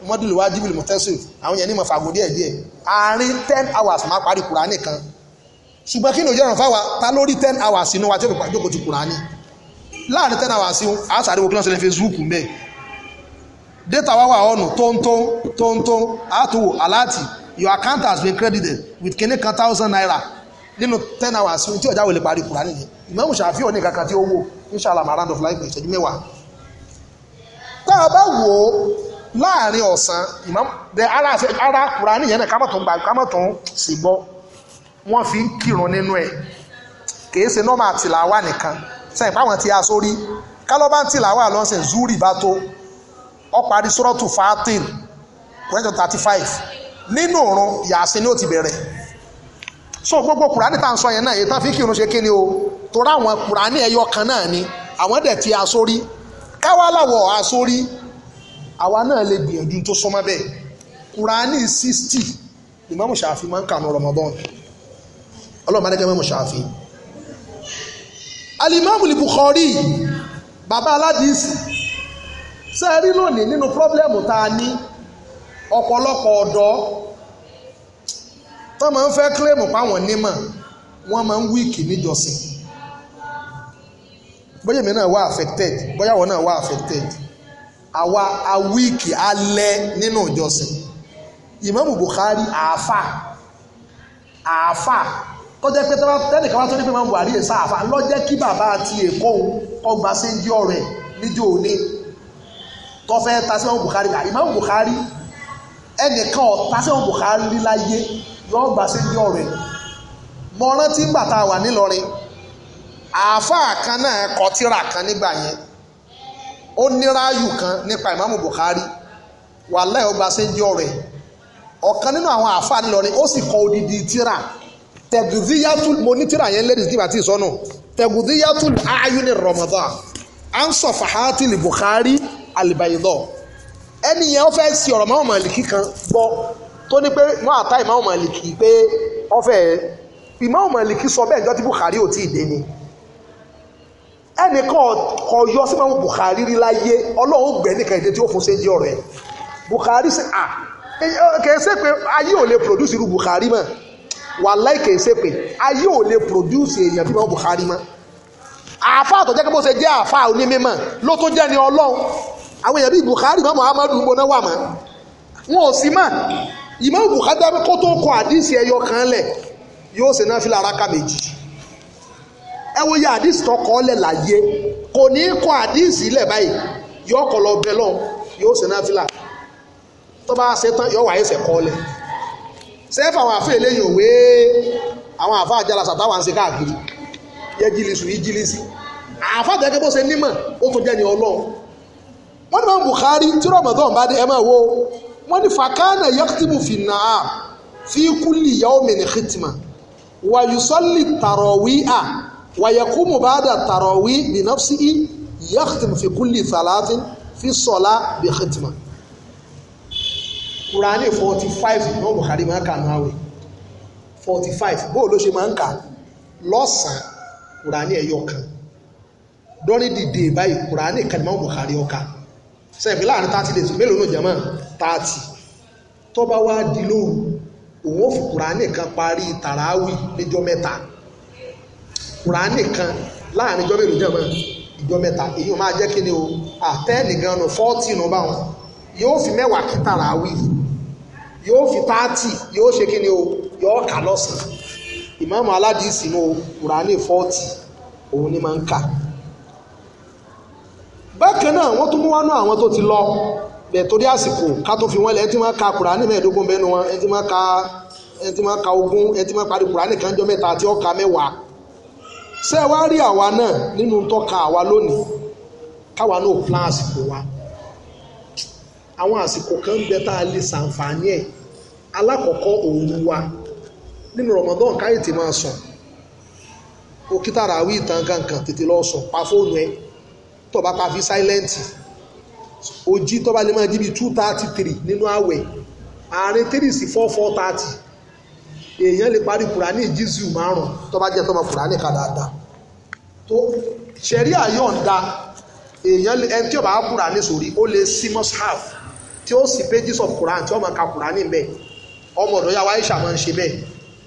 mọ́dúlù wá jíbìlì mọ́tẹ́sìl àwọn yẹn ní mọ̀ fagùn díẹ̀ díẹ̀ àárín ten hours máa parí kùránì kan ṣùgbọ́n kí ni òjò ọ̀ràn fáwa ta lórí ten hours inú wa tí ó fi pàjókòó ti kùránì láàrin ten hours in a sáré wo kí wọ́n ṣe lè Facebook mẹ́ẹ̀ data wá wà ọ̀nà tóńtón tóńtón àtòwò aláàtì your account has been credited with kìnnìkan thousand naira nínú ten hours tí ọjà wò lè parí kùránì yẹn ìmáàmù ṣàfi ò ní kankan tí ó wò inshallah my round of life ìṣẹ́jú mẹ́wàá tá a bá wò ó láàrin ọ̀sán ìmáàmù ara kura nìyẹn náà kámọ̀tún gbà kámọ̀tún sì gbọ́ wọ́n fi ń kírun nínú ẹ̀ kìí ṣe nọ́mà tìlàwà nìkan sẹ́yìn páwọn ti aṣórí kálọ́bá ń tìlàwà lọ́sẹ̀ zúrì bá tó ó parí sọ́rọ́tù fatin twenty thirty five nínú òrun se ni ó ti bẹ̀rẹ̀ so gbogbo kùránì tá à ń sọ yẹn náà èyí tá fi kírun ṣe kíni o torí àwọn kùránì ẹyọ kan náà ni àwọn dẹ̀ ti asórí káwá làwọ̀ asórí àwa náà lè gbìyànjú tó súnmọ́ bẹ́ẹ̀ kùránì sixty ni mọ́mú ṣàfi máa ń kànú Ramadan ọlọ́run adẹ́gẹ́ mọ́mú ṣàfi. alimami Bukhari baba aládìsí sẹ́ẹ̀rí lónìí nínú pírọ́blẹ́mù tá a ní ọ̀pọ̀lọpọ̀ ọ̀dọ́ tó máa ń fẹ́ kílèmù páwọn nímọ̀ wọ́n máa ń wíìkì níjọsìn bóyá èmi náà wà affected bóyá àwọn náà wà affected àwa a wíìkì alẹ́ nínú ìjọsìn Ìmáàmù Bukhari àáfà àáfà tó jẹ́ pé tẹ́nìkan wá tó ní pé máa ń Buhari èsà àáfà ló jẹ́ kí bàbá àti èkó ọgbà sí ń jí ọ̀rẹ́ níjọ́ òní tó fẹ́ tasíwọ̀n Bukhari Ìmáàmù Bukhari ẹnìkan ọ̀ tasíwọ̀n Bukhari láyé yóò gbà sí ní ọ̀rẹ́ mo rántí ńgbà tá a wà nílọrin àáfàá kan náà kọ tírà kan nígbà yẹn ó ní ráàyù kan nípa ìmáàmù Bukhari wàláhì ó gbà sí ní ọ̀rẹ́ ọ̀kan nínú àwọn àáfàá nílọrin ó sì kọ odidi tírà tẹ̀gùdíyàtúl mo ní tírà yẹn lẹ́dìí nígbà tí ì sọ́nù tẹ̀gùdíyàtúl ayúni Ramadan ansọ fàhátì lè Bukhari alìbàyìdọ̀ ẹni yẹn ó fẹ́ sí ọ̀rọ̀ mọ́mọ́ màlìkí kan gbọ́ tó ní pé wọ́n àtá ìmáàmù màlìkì pé ọ̀fẹ́ ìmáàmù màlìkì sọ bẹ́ẹ̀ jọ́tí Bukhari ò tí ì dé ni ẹnìkan ọ̀yọ́ sí ìmáàmù Bukhari rí láyé ọlọ́run gbẹ̀ nìkan èdè tí ó fún ṣe di ọ̀rẹ́ Bukhari sí à kìí ṣe pé ayé ò lè produce irú Bukhari mọ́ wàláì kìí ṣe pé ayé ò lè produce èèyàn bí wọ́n Bukhari mọ́ àáfà àtọ̀jẹ́ kí bó ṣe jẹ́ àáfà onímọ̀ ló tó jẹ́ ni ọlọ́run àwọn èèyàn bíi Bukhari mọ́ Muhammadu ń gbóná wà mọ́ wọn ò sí mọ́ Imam Bukhari kó tó kọ àdìsí ẹyọ kan lẹ̀ yóò ṣe náfìlà rákà méjì ẹ wo yẹ àdìsí tó kọ́ lẹ̀ láyé kò ní kọ àdìsí lẹ̀ báyìí yóò kọ lọ bẹ lọ yóò ṣe náfìlà tó bá ṣe tán yóò wà ẹsẹ̀ kọ́ lẹ̀ sẹ́fà àwọn àfẹ́ eléyìí òwe àwọn àfẹ́ àjàlá sàtáwà ń ṣe káàkiri yẹ jìlìsù yìí jìlìsì àfẹ́ àtẹ́kẹ́ bó ṣe nímọ̀ ó tún jẹ́ ni ọlọ́run wọ́n ní bá Bukhari tí Ramadan bá dé ẹ máa wo wọ́n ní fàkánà yẹ́kítìmù fi nàá fi kúlì yàwó mẹ́ni kìtìmà wàyùsọ́lì tàrọ̀wí à wàyẹ̀kùmù bá dà tàrọ̀wí bìnàfsì í yẹ́kítìmù fi kúlì sàlàfin fi sọ̀lá bí kìtìmà. kùránì forty five náà bùkárí máa kà náà wẹ̀ forty five bóò ló ṣe máa ń kà lọ́sàn-án kùránì ẹ̀yọ̀ kan during the báyìí kùránì kan ní ọ̀ka sẹ́ẹ̀fì láàrin thirty days mélòó ló jẹ́mọ́ thirty tó bá wá di lóru òun ò fi kùránì kan parí tàràwì níjọ́ mẹ́ta kùránì kan láàrin ìjọ́ mélòó jẹ́mọ́ ìjọ́ mẹ́ta èyí ò máa jẹ́ kí ni o àtẹ́ẹ̀nì gan nù fọ́ọ̀tì nù bá wọn yóò fi mẹ́wàá kí tàràwì yóò fi thirty yóò ṣe kí ni o yóò kà lọ́sàn-án ìmáàmù aládìsí nù kùránì fọ́ọ̀tì òun ni máa ń kà bákan náà wọ́n tún mú wánú àwọn tó ti lọ bẹ̀ torí àsìkò ká tó fi wọ́n lẹ̀ ẹ ti máa ka kùránì mẹ́ẹ̀ẹ́dógún bẹ́ẹ̀ wọn ẹ máa ka ẹ máa ka ogún ẹ máa parí kùránì kan jọ mẹ́ta àti ọ̀ka mẹ́wàá ṣé ẹ wá rí àwa náà nínú tọ́ka àwa lónìí káwa náà plan àsìkò wa àwọn àsìkò kan bẹ tá a lè ṣàǹfààní ẹ̀ alákọ̀ọ́kọ́ òru wa nínú Ramadan káyìí ti máa sùn òkítàrà àwí ìtàn kankan tètè lọ sùn pa fóònù ẹ̀ tó bá pa fi sáílẹ́ǹtì ojí tó bá lè máa jíbi two thirty three nínú àwẹ̀ àárín three sí four four thirty èèyàn lè parí kùránì jísù márùn tó bá jẹ́ tó máa kùránì ká dáadáa tó ṣẹ̀rí àyọ̀ǹda èèyàn ẹni tí ó bá kùránì sórí ó lè sí mọ́sáf tí ó sì pages of quran tí ó máa ka kùránì bẹ́ẹ̀ ọmọ ọ̀dọ́ yàwá aisha máa ń ṣe bẹ́ẹ̀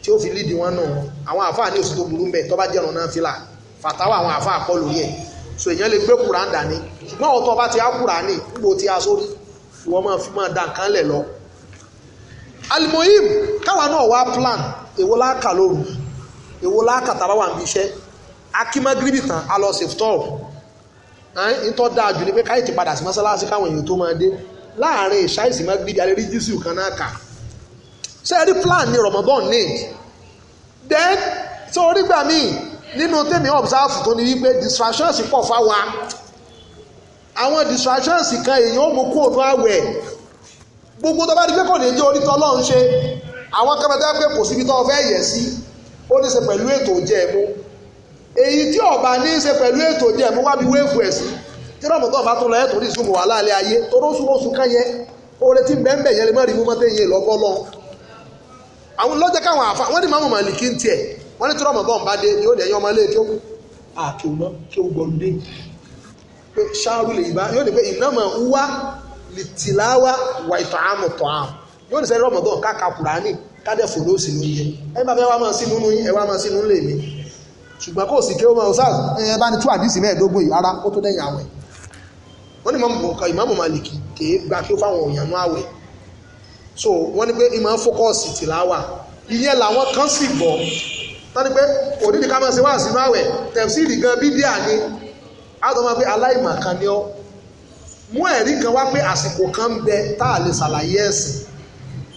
tí ó fi lead wọn náà àwọn àfáà ní òsì tó burú bẹ́ẹ̀ tó bá jẹ́ ọ̀nà náà fìlà fàtàwọ̀ àwọn àfáà kọ́ lórí ẹ̀ so èèyàn lè gbé kùrán dání ṣùgbọ́n ọ̀tọ̀ bá ti á kùránì nígbò tí a sórí ìwọ máa fi máa da nǹkan lẹ̀ lọ. alimoyim káwa náà wá plan èwo láàkà lóru èwo láàkà tàbá wà níbi iṣẹ́ akímágírìbì tán a lọ ṣèftọ́ ìtọ́ dáa jù ní pé káyìí ti padà sí mọ́sálásí káwọn èèyàn tó máa dé láàrin ìṣáìsì mágírìbì alẹ́ rí jísù kan náà kà ṣé ẹ rí plan ní Ramadan ní then tó orí gbà míì nínú tèmi observe tó ní wípé distractions pọ̀ fáwa àwọn distractions kan èèyàn ó mú kó ònú àwẹ̀ gbogbo tó bá di pé kò ní jẹ́ orítọ́ ọlọ́run ṣe àwọn kẹfẹ́tẹ́ pé kò síbi tó o fẹ́ yẹ̀ sí ó ní í ṣe pẹ̀lú ètò jẹ̀mú èyí tí ọba ní í ṣe pẹ̀lú ètò jẹ̀mú wábi wéèfù ẹ̀ sí tí rọ̀mọ̀tọ́ bá tún lọ ẹ̀tọ́ ní ìsúnmù wàhálà alẹ́ ayé tó ló sún oṣù kan yẹ oore tí bẹ́ẹ̀ bẹ́ẹ̀ yẹn lè má rí mú mọ́tẹ́yìn lọ́gọ́ lọ àwọn lọ́jọ́ káwọn àfa wọ́n ní mọ́mọ́ màlìkí ń tiẹ̀ wọ́n ní tí rọmọbọ́n bá dé yóò dẹ̀ yọ ọmọ ilé tó àkè òmọ́ kí ó gbọ́n dé pé ṣáàrù lè bá yóò ní pé ìnáma wá lìtìláwá wà ìtààmù tààmù yóò ní sẹ́ni rọmọbọ́n káka kùránì kádẹ́ fòló sí ló yẹ ẹ bá fẹ́ wá máa sínú yín ẹ wá máa sínú lè mí ṣùgbọ́n kò sì kí ó máa sáà ẹ bá ní tú àdìsí mẹ́ẹ̀ẹ́dógún yìí rárá ó tó dẹ́yìn àwẹ̀ wọ́n ní ìmáàmù Màlìkì kèé gba kí ó fáwọn òyìnbó àwẹ̀ so wọ́n ní pé ìmáà fókọ̀ọ̀sì tìláwà ìyẹn làwọn kan sì bọ̀ tọ́ni pé òdìdí ká máa ṣe wá sínú àwẹ̀ tẹ̀síìlì gan bídíà ni àtọ́ máa pé aláìmọ̀kan ni ọ́ mú ẹ̀rí kan wá pé àsìkò kan ń bẹ tá a lè ṣàlàyé ẹ̀sìn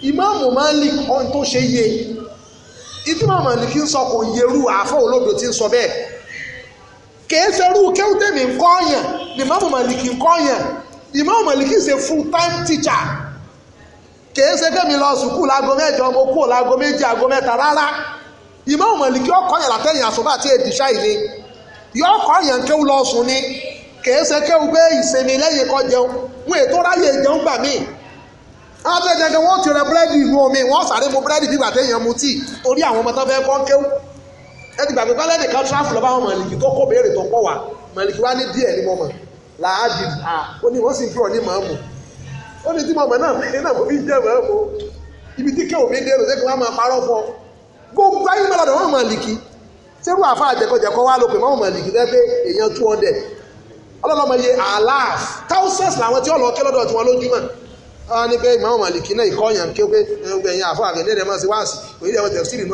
ìmáàmù Malik ohun tó ṣe yé ìdí màmá ni kí n sọ kò yẹrù àáfọ̀ olódò tí ń sọ bẹ́ẹ̀ kèé fẹ́rù kéwùtẹ́mì ń kọ́ yàn ni ìmáàmù Malik ń kọ́ yàn ìmáàmù Malik ṣe full time teacher kèé ṣe kẹ́mi lọ sùkúù láago mẹ́jọ mo kúrò láago méjì àago mẹ́ta rárá Ìmáàmù Málíkì ọkọ̀ yẹn látẹ̀yìn àsọ̀bá àti èdìṣà ìní yọ ọkọ̀ yẹn kéwù lọ sùn ni kèé ṣe kéwù pé ìsinmi lẹ́yìn kọ́ jẹun wọn ètò ráyè jẹun gbà míì àtẹ̀jẹ̀jẹ̀ wọ́n ti rẹ búrẹ́dì inú omi wọ́n sáré mu búrẹ́dì bí gbàtẹ́ èèyàn mu tíì torí àwọn ọmọ tó fẹ́ kọ́ kéwù ẹ ti gbàgbé bálẹ̀ nìkan tíráfù lọ́ba àwọn Málíkì tó kó béèrè tó pọ̀ wá Málíkì wá ní díẹ̀ ní mọ̀mọ̀ làádì à ó ní wọ́n sì ń fi ọ̀ní màámu ó ní tí mọ̀mọ̀ náà ní náà mo fi jẹ́ màámu ibi tí kéwù mi dé lọ sí kí wọ́n máa parọ́ fún ọ gbogbo ayé mọ́lọ́dọ̀ wọ́n Málíkì sẹ́rù àfa àjẹkọ̀jẹkọ̀ wà lópin wọ́n Málíkì rẹ́ pé èèyàn two hundred ọlọ́lọ́mọ iye alaaf thousands làwọn tí ọlọ́ọ̀kẹ́ lọ́dọ̀ tí wọ́n lójúmọ́ wọ́n ní pé ìmọ̀ Málíkì náà ìkọ́ yàn kí pé ẹ̀yìn àfa àgẹ̀dẹ̀ máa ṣe wáàsì òyìnbó ẹ̀wọ̀n tẹ̀sí àwẹ̀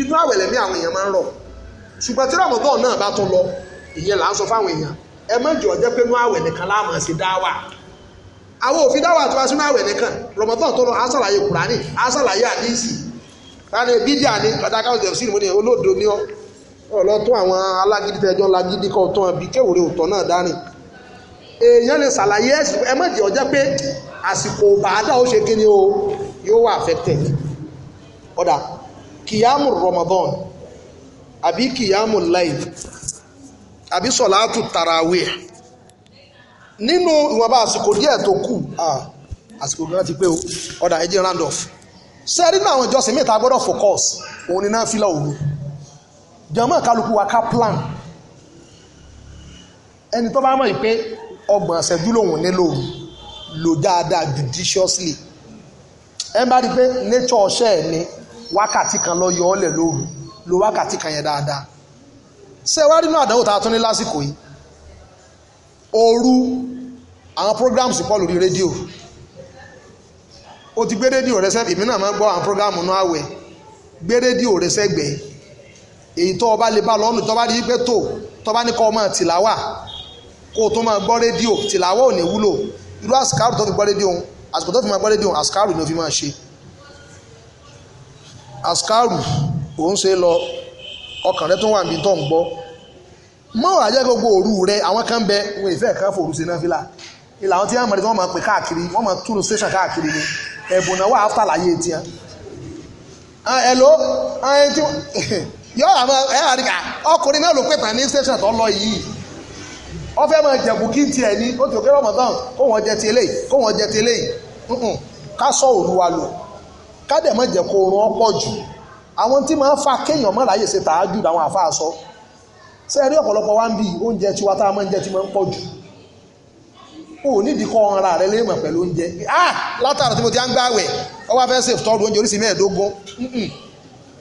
inú àwẹ̀ lẹ̀mí àwọn èèyàn máa àwọn láti ẹbí díà ní kàdákà ọ̀dẹ̀ sí ìmúni olóòdò ní ọlọ́tún àwọn alágídí tẹjọ́ lágídí kọ́ tán àbí kéwòrè ụtọ náà dárìn èèyàn lè ṣàlàyé ẹ̀sìn ẹ mọ̀jẹ̀ ọjọ́ pé àsìkò bàádà ó ṣe kíni o yóò wà affected ọ̀dà kìyàmù Ramadan àbí kìyàmù lail àbí sọ̀láàtù tarawih nínú ìwọ̀nba àsìkò díẹ̀ tó kù àsìkò gan ti pé o ọ̀dà ẹ jẹ́ ṣe rí nínú àwọn ìjọsìn mẹ́ta gbọ́dọ̀ focus òun ni náà fílà òru jọmọ́ kálukú wa ká plan ẹni tó bá mọ̀ pé ọgbọ̀n ṣẹ́jú lòun nílò lò dáadáa judiciously ẹ bá rí i pé nature ọ̀ṣẹ́ ẹ̀ ni wákàtí kan lọ yọ ọ́ lẹ̀ lóru lo wákàtí kan yẹn dáadáa ṣé wá rí inú àdánwò tá a tún ní lásìkò yìí òru àwọn programs pọ̀ lórí rédíò o ti gbé rédíò rẹ sẹ́gbẹ̀ẹ́ èmi náà máa ń gbọ́ àwọn prógámù náà àwẹ̀ gbé rédíò rẹ sẹ́gbẹ̀ẹ́ èyí tó ọba lè bá lọ́nù tó bá rí pé tó tó bá ní kọ́ ọmọ tìláwà kó o tó máa gbọ́ rédíò tìláwà ò ní wúlò irú àsìkárù tó fi gbọ́ rédíò àsìkò tó fi máa gbọ́ rédíò àsìkárù ni o fi máa ṣe àsìkárù òun ṣe lọ ọkàn rẹ tó wà níbi tó ń gbọ́ mọ́ wàá jẹ́ gbogbo òru rẹ àwọn kan bẹ wọn ìfẹ́ kan fòrùsẹ̀ náà fi là ìlà àwọn tí wọ́n máa pè káàkiri wọ́n máa túrò station káàkiri ni ẹ̀bùn náà wà áfà láyé tiẹ̀ ẹ̀lò ah, ah, ẹ̀yìn tí yọ àmọ́ ẹ̀ àríkà ọkùnrin náà ló pè tán ní station tó lọ yìí wọ́n fẹ́ máa jẹ̀bù kí n tiẹ̀ ní ó ti òkè rọ̀mọ̀tàn kó wọ́n jẹ ti eléyìí kó wọ́n jẹ ti eléyìí ká sọ Olúwa lò ká dẹ̀ má jẹ́ kó oorun ọ̀pọ̀ jù àwọn tí máa ń fa kéèyàn mọ́ láyè ṣe tààjù làwọn àfa àsọ sẹ́ẹ̀rí ọ̀pọ̀lọpọ̀ wá ń bí oúnjẹ tiwa tá a máa ń jẹ ti máa ń pọ̀ jù o ò nídìí kọ́ ọ̀ràn rẹ léèmọ̀ pẹ̀lú oúnjẹ ah látàrí tí mo ti á ń gbàwẹ̀ ọwọ́ afẹ́ ṣe tọ́ọ̀dù oúnjẹ oríṣi mẹ́ẹ̀ẹ́dógún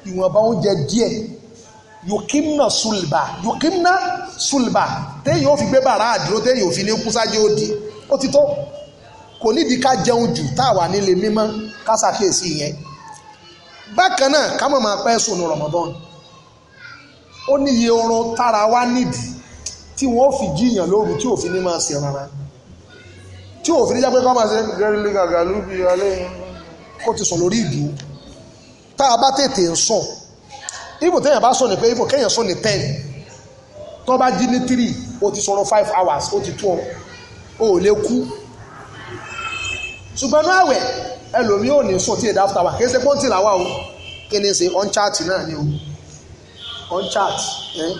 ìwọ̀nba oúnjẹ díẹ̀ yòkímnà sulba yòkímnà sulba téèyàn ò fi gbé bàrà àdúró téèyàn ò fi ní kú sájú òdì ó ti tó kò nídìí ká jẹun jù tá a wà nílé mímọ́ ká ṣàkíyèsí yẹn bákan náà ká mọ̀ máa pẹ́ sùn ní Ramadan ó ní iye oorun tára wá nídìí tí wọ́n fi tí òfin ní jápé kọ́ máa ṣe gẹ́rẹ́lẹ́ gàgà lóbi alẹ́ kó ti sùn lórí ìdú tá a bá tètè ń sùn ibò téèyàn bá sùn ní pé ibò kéèyàn sùn ní ten tó bá jí ní three ó ti sọ̀rọ̀ five hours ó ti tó ọ ò lè kú ṣùgbọ́n ní àwẹ̀ ẹlòmíì ò ní sùn tí èdè after wa kì í ṣe pọ́ńtì làwa o kí ni ṣe on chart náà ni o on chart eh?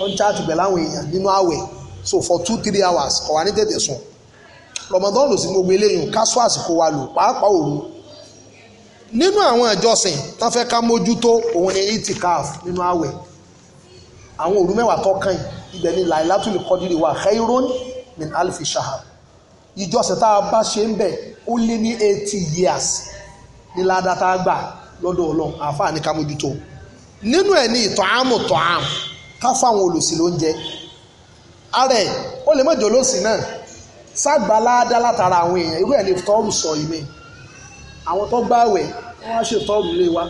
on èèyàn nínú àwẹ̀ so for two three hours kọ̀ wá ní tètè sùn rọmọdọ́nù sí gbogbo eléyìí ká sọ àsìkò wa lò pàápàá òru nínú àwọn ìjọsìn tán fẹ́ ká mójútó òun ni itikaf nínú àwẹ̀ àwọn òru mẹ́wàá tó kàn ibẹ̀ ni lailatul qadiri wa khairun min alfi shahar ìjọsìn tá a bá ṣe ń bẹ̀ ó lé ní eighty years ní ládàá tá a gbà lọ́dọ̀ ọlọ́run àáfàá ní ká mójútó nínú ẹ̀ ní ìtọ̀ àmù tọ̀ àmù ká fáwọn olùsìn lóúnjẹ ara ẹ̀ ó lè mọ̀jọ́ lóṣìn náà ságbàláàdá látara àwọn èèyàn irú ẹ̀ lè tọ́ọ̀rù sọ ìmí àwọn tó gbà wẹ̀ wọ́n á ṣe tọ́ọ̀rù lé wa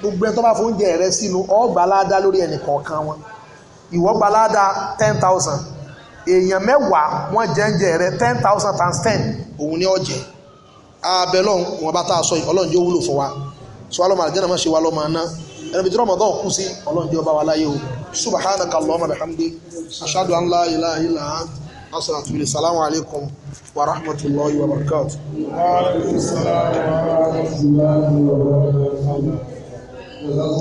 gbogbo ẹ̀ tó bá fún oúnjẹ rẹ sínú ọ̀gbàláàdá lórí ẹnì kọ̀ọ̀kan wọn ìwọ gbàláàdá ten thousand èèyàn mẹ́wàá wọ́n jẹ oúnjẹ rẹ ten thousand times ten òun ni ọ̀jẹ̀ abẹ́ lọ́hùn wọn bá tá a sọ yìí ọlọ́run yóò wúlò fún wa sọ wa lọ́mọ àlùjànnà má ṣe wa lọ́mọ aná ẹni bí tí rọmọdọ́ kù sí ọlọ́run yóò bá wa láyé o subhanaka Allahumma bihamdi ashhadu an la ilaha illa asalatu billahi salamu alaikum wa rahmatulahi wa barakatu. wa alaikum salaam wa rahmatulahi wa barakatu.